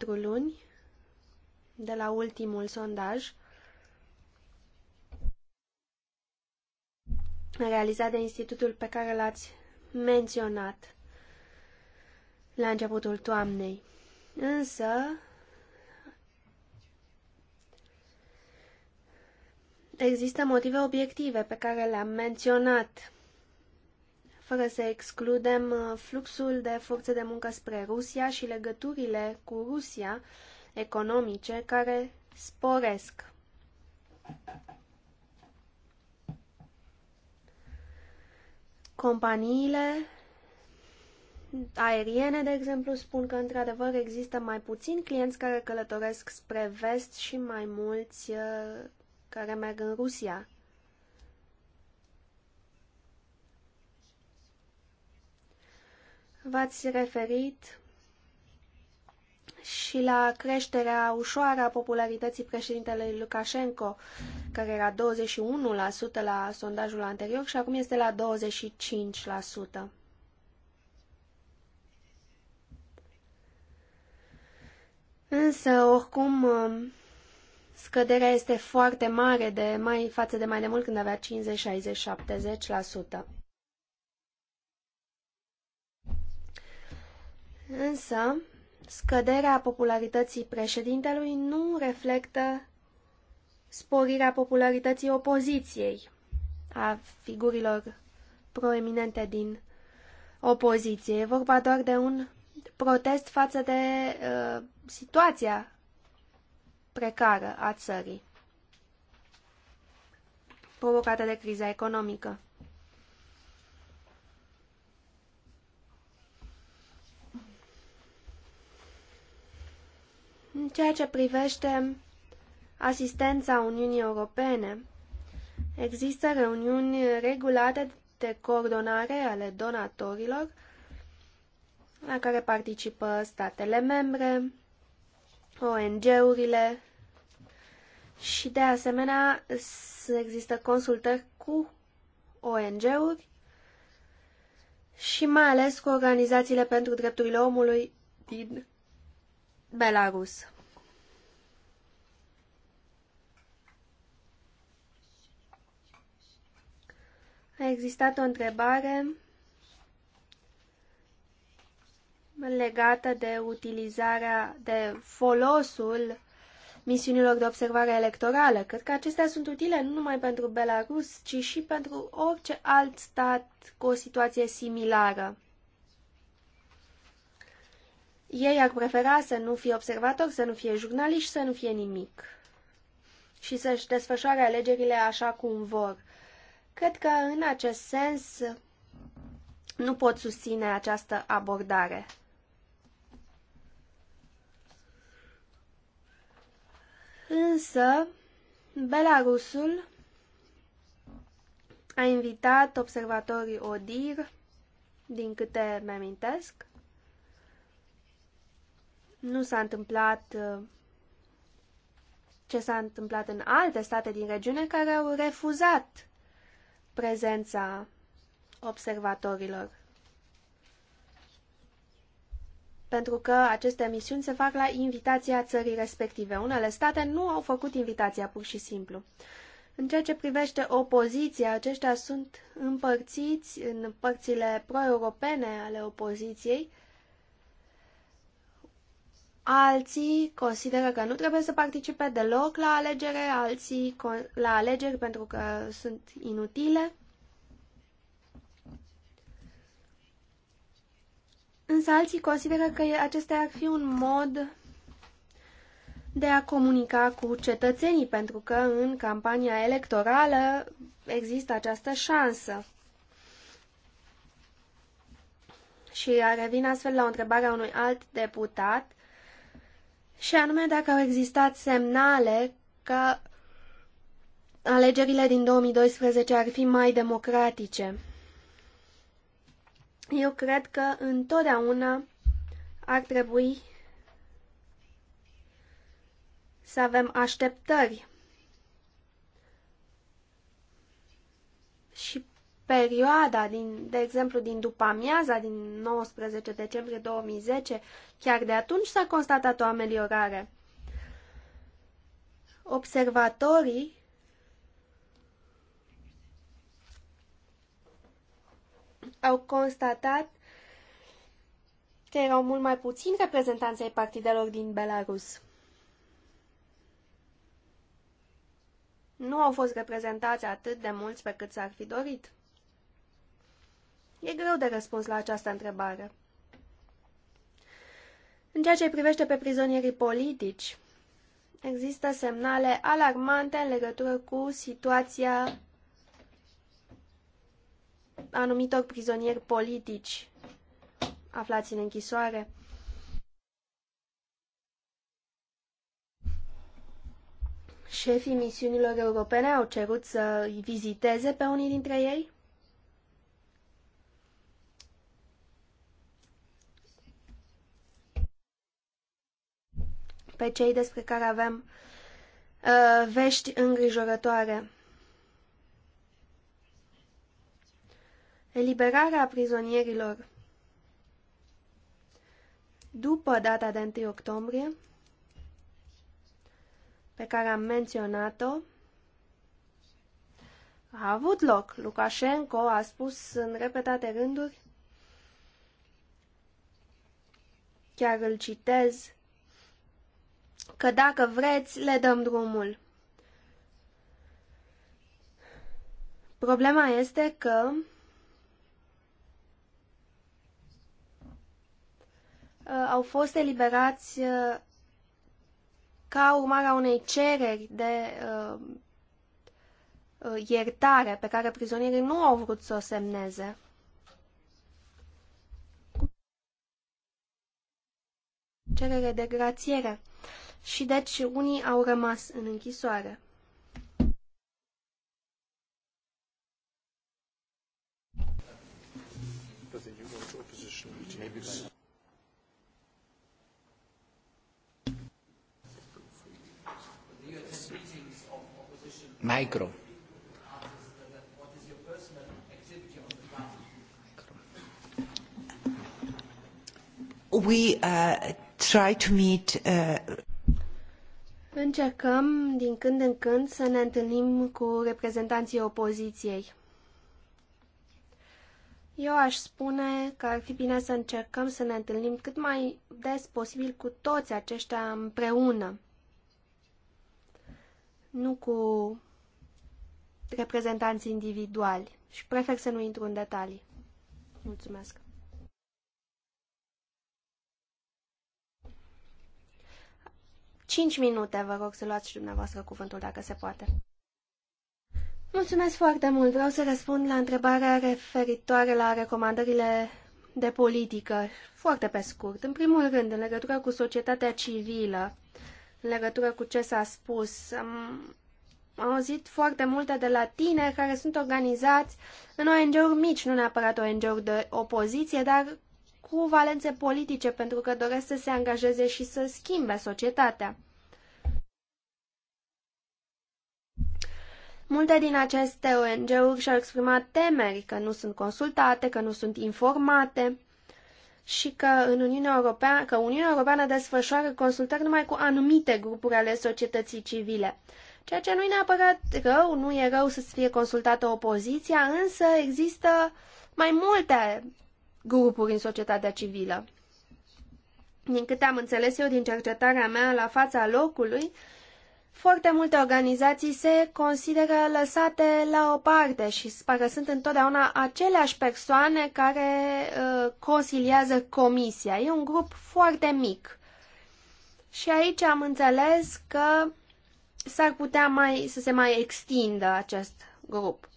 luni de la ultimul sondaj realizat de institutul pe care l-ați menționat la începutul toamnei. Însă, există motive obiective pe care le-am menționat, fără să excludem uh, fluxul de forțe de muncă spre Rusia și legăturile cu Rusia economice care sporesc. Companiile aeriene, de exemplu, spun că într-adevăr există mai puțini clienți care călătoresc spre vest și mai mulți uh, care merg în Rusia. V-ați referit și la creșterea ușoară a popularității președintelui Lukashenko, care era 21% la sondajul anterior și acum este la 25%. Însă, oricum, um, scăderea este foarte mare de mai, față de mai de mult când avea 50, 60, 70%. Însă, Scăderea popularității președintelui nu reflectă sporirea popularității opoziției, a figurilor proeminente din opoziție. E vorba doar de un protest față de uh, situația precară a țării provocată de criza economică. În ceea ce privește asistența Uniunii Europene, există reuniuni regulate de coordonare ale donatorilor la care participă statele membre, ONG-urile și de asemenea există consultări cu ONG-uri și mai ales cu organizațiile pentru drepturile omului din Belarus. A existat o întrebare legată de utilizarea, de folosul misiunilor de observare electorală. Cred că acestea sunt utile nu numai pentru Belarus, ci și pentru orice alt stat cu o situație similară. Ei ar prefera să nu fie observator, să nu fie jurnaliști, să nu fie nimic și să-și desfășoare alegerile așa cum vor. Cred că în acest sens nu pot susține această abordare. Însă, Belarusul a invitat observatorii ODIR, din câte mi-amintesc, nu s-a întâmplat uh, ce s-a întâmplat în alte state din regiune care au refuzat prezența observatorilor. Pentru că aceste misiuni se fac la invitația țării respective. Unele state nu au făcut invitația pur și simplu. În ceea ce privește opoziția, aceștia sunt împărțiți în părțile pro-europene ale opoziției, Alții consideră că nu trebuie să participe deloc la alegere, alții la alegeri pentru că sunt inutile. Însă alții consideră că acestea ar fi un mod de a comunica cu cetățenii, pentru că în campania electorală există această șansă. Și revin astfel la întrebarea unui alt deputat și anume dacă au existat semnale că alegerile din 2012 ar fi mai democratice. Eu cred că întotdeauna ar trebui să avem așteptări. Și perioada, din, de exemplu, din după amiaza, din 19 decembrie 2010, chiar de atunci s-a constatat o ameliorare. Observatorii au constatat că erau mult mai puțini reprezentanți ai partidelor din Belarus. Nu au fost reprezentați atât de mulți pe cât s-ar fi dorit. E greu de răspuns la această întrebare. În ceea ce privește pe prizonierii politici, există semnale alarmante în legătură cu situația anumitor prizonieri politici aflați în închisoare. Șefii misiunilor europene au cerut să îi viziteze pe unii dintre ei pe cei despre care avem uh, vești îngrijorătoare. Eliberarea prizonierilor după data de 1 octombrie, pe care am menționat-o, a avut loc. Lukashenko a spus în repetate rânduri, chiar îl citez, că dacă vreți, le dăm drumul. Problema este că uh, au fost eliberați uh, ca urmare a unei cereri de uh, iertare pe care prizonierii nu au vrut să o semneze. Cerere de grațiere și deci unii au rămas în închisoare. Micro. We uh, try to meet uh, Încercăm din când în când să ne întâlnim cu reprezentanții opoziției. Eu aș spune că ar fi bine să încercăm să ne întâlnim cât mai des posibil cu toți aceștia împreună. Nu cu reprezentanți individuali. Și prefer să nu intru în detalii. Mulțumesc. Cinci minute, vă rog să luați și dumneavoastră cuvântul, dacă se poate. Mulțumesc foarte mult. Vreau să răspund la întrebarea referitoare la recomandările de politică, foarte pe scurt. În primul rând, în legătură cu societatea civilă, în legătură cu ce s-a spus, am, am auzit foarte multe de la tineri care sunt organizați în ONG-uri mici, nu neapărat ONG-uri de opoziție, dar cu valențe politice, pentru că doresc să se angajeze și să schimbe societatea. Multe din aceste ONG-uri și-au exprimat temeri că nu sunt consultate, că nu sunt informate și că, în Uniunea Europeană, că Uniunea Europeană desfășoară consultări numai cu anumite grupuri ale societății civile. Ceea ce nu e neapărat rău, nu e rău să fie consultată opoziția, însă există mai multe grupuri în societatea civilă. Din câte am înțeles eu din cercetarea mea la fața locului, foarte multe organizații se consideră lăsate la o parte și parcă sunt întotdeauna aceleași persoane care uh, consiliază comisia. E un grup foarte mic. Și aici am înțeles că s-ar putea mai, să se mai extindă acest grup.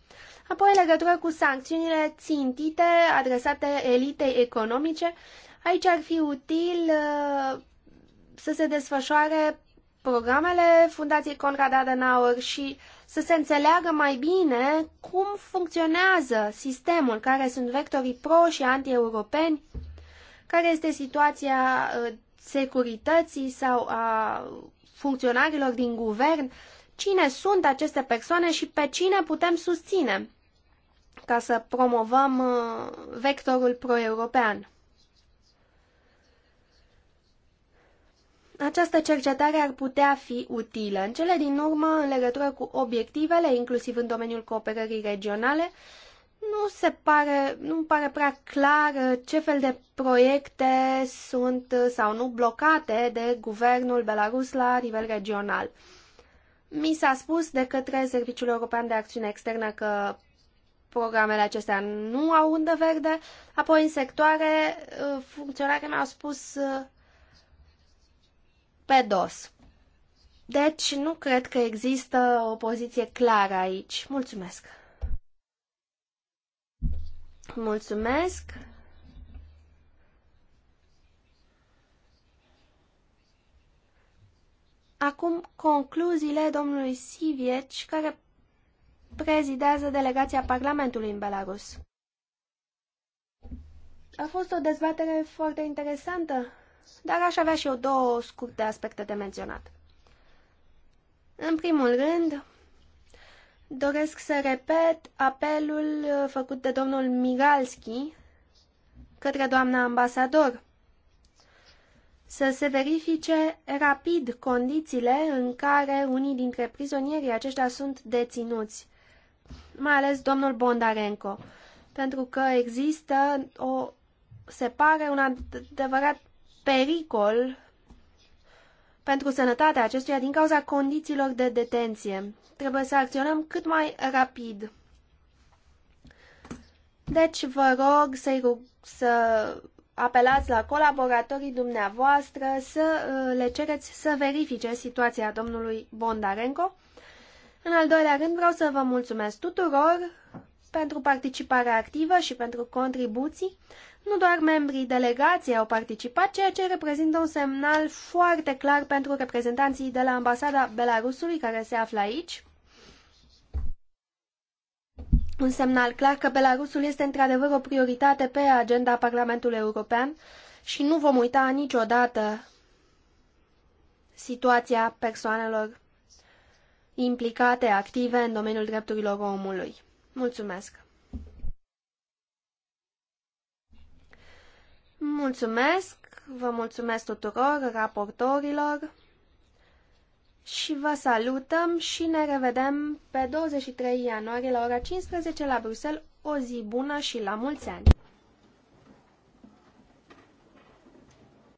Apoi, în legătură cu sancțiunile țintite adresate elitei economice, aici ar fi util uh, să se desfășoare programele Fundației Conrad Adenauer și să se înțeleagă mai bine cum funcționează sistemul, care sunt vectorii pro și anti-europeni, care este situația uh, securității sau a funcționarilor din guvern, cine sunt aceste persoane și pe cine putem susține ca să promovăm uh, vectorul pro-european. Această cercetare ar putea fi utilă în cele din urmă în legătură cu obiectivele, inclusiv în domeniul cooperării regionale. Nu se pare, nu pare prea clar uh, ce fel de proiecte sunt uh, sau nu blocate de guvernul Belarus la nivel regional. Mi s-a spus de către Serviciul European de Acțiune Externă că programele acestea nu au undă verde, apoi în sectoare uh, funcționarii mi-au spus uh, pe dos. Deci nu cred că există o poziție clară aici. Mulțumesc! Mulțumesc! Acum concluziile domnului Sivieci, care prezidează delegația Parlamentului în Belarus. A fost o dezbatere foarte interesantă, dar aș avea și eu două scurte aspecte de menționat. În primul rând, doresc să repet apelul făcut de domnul Migalski către doamna ambasador să se verifice rapid condițiile în care unii dintre prizonierii aceștia sunt deținuți mai ales domnul Bondarenko, pentru că există o se pare un adevărat pericol pentru sănătatea acestuia din cauza condițiilor de detenție. Trebuie să acționăm cât mai rapid. Deci vă rog să-i rug să apelați la colaboratorii dumneavoastră să uh, le cereți să verifice situația domnului Bondarenko în al doilea rând, vreau să vă mulțumesc tuturor pentru participarea activă și pentru contribuții. Nu doar membrii delegației au participat, ceea ce reprezintă un semnal foarte clar pentru reprezentanții de la ambasada Belarusului care se află aici. Un semnal clar că Belarusul este într-adevăr o prioritate pe agenda Parlamentului European și nu vom uita niciodată situația persoanelor implicate active în domeniul drepturilor omului. Mulțumesc! Mulțumesc, vă mulțumesc tuturor raportorilor și vă salutăm și ne revedem pe 23 ianuarie la ora 15 la Bruxelles. O zi bună și la mulți ani!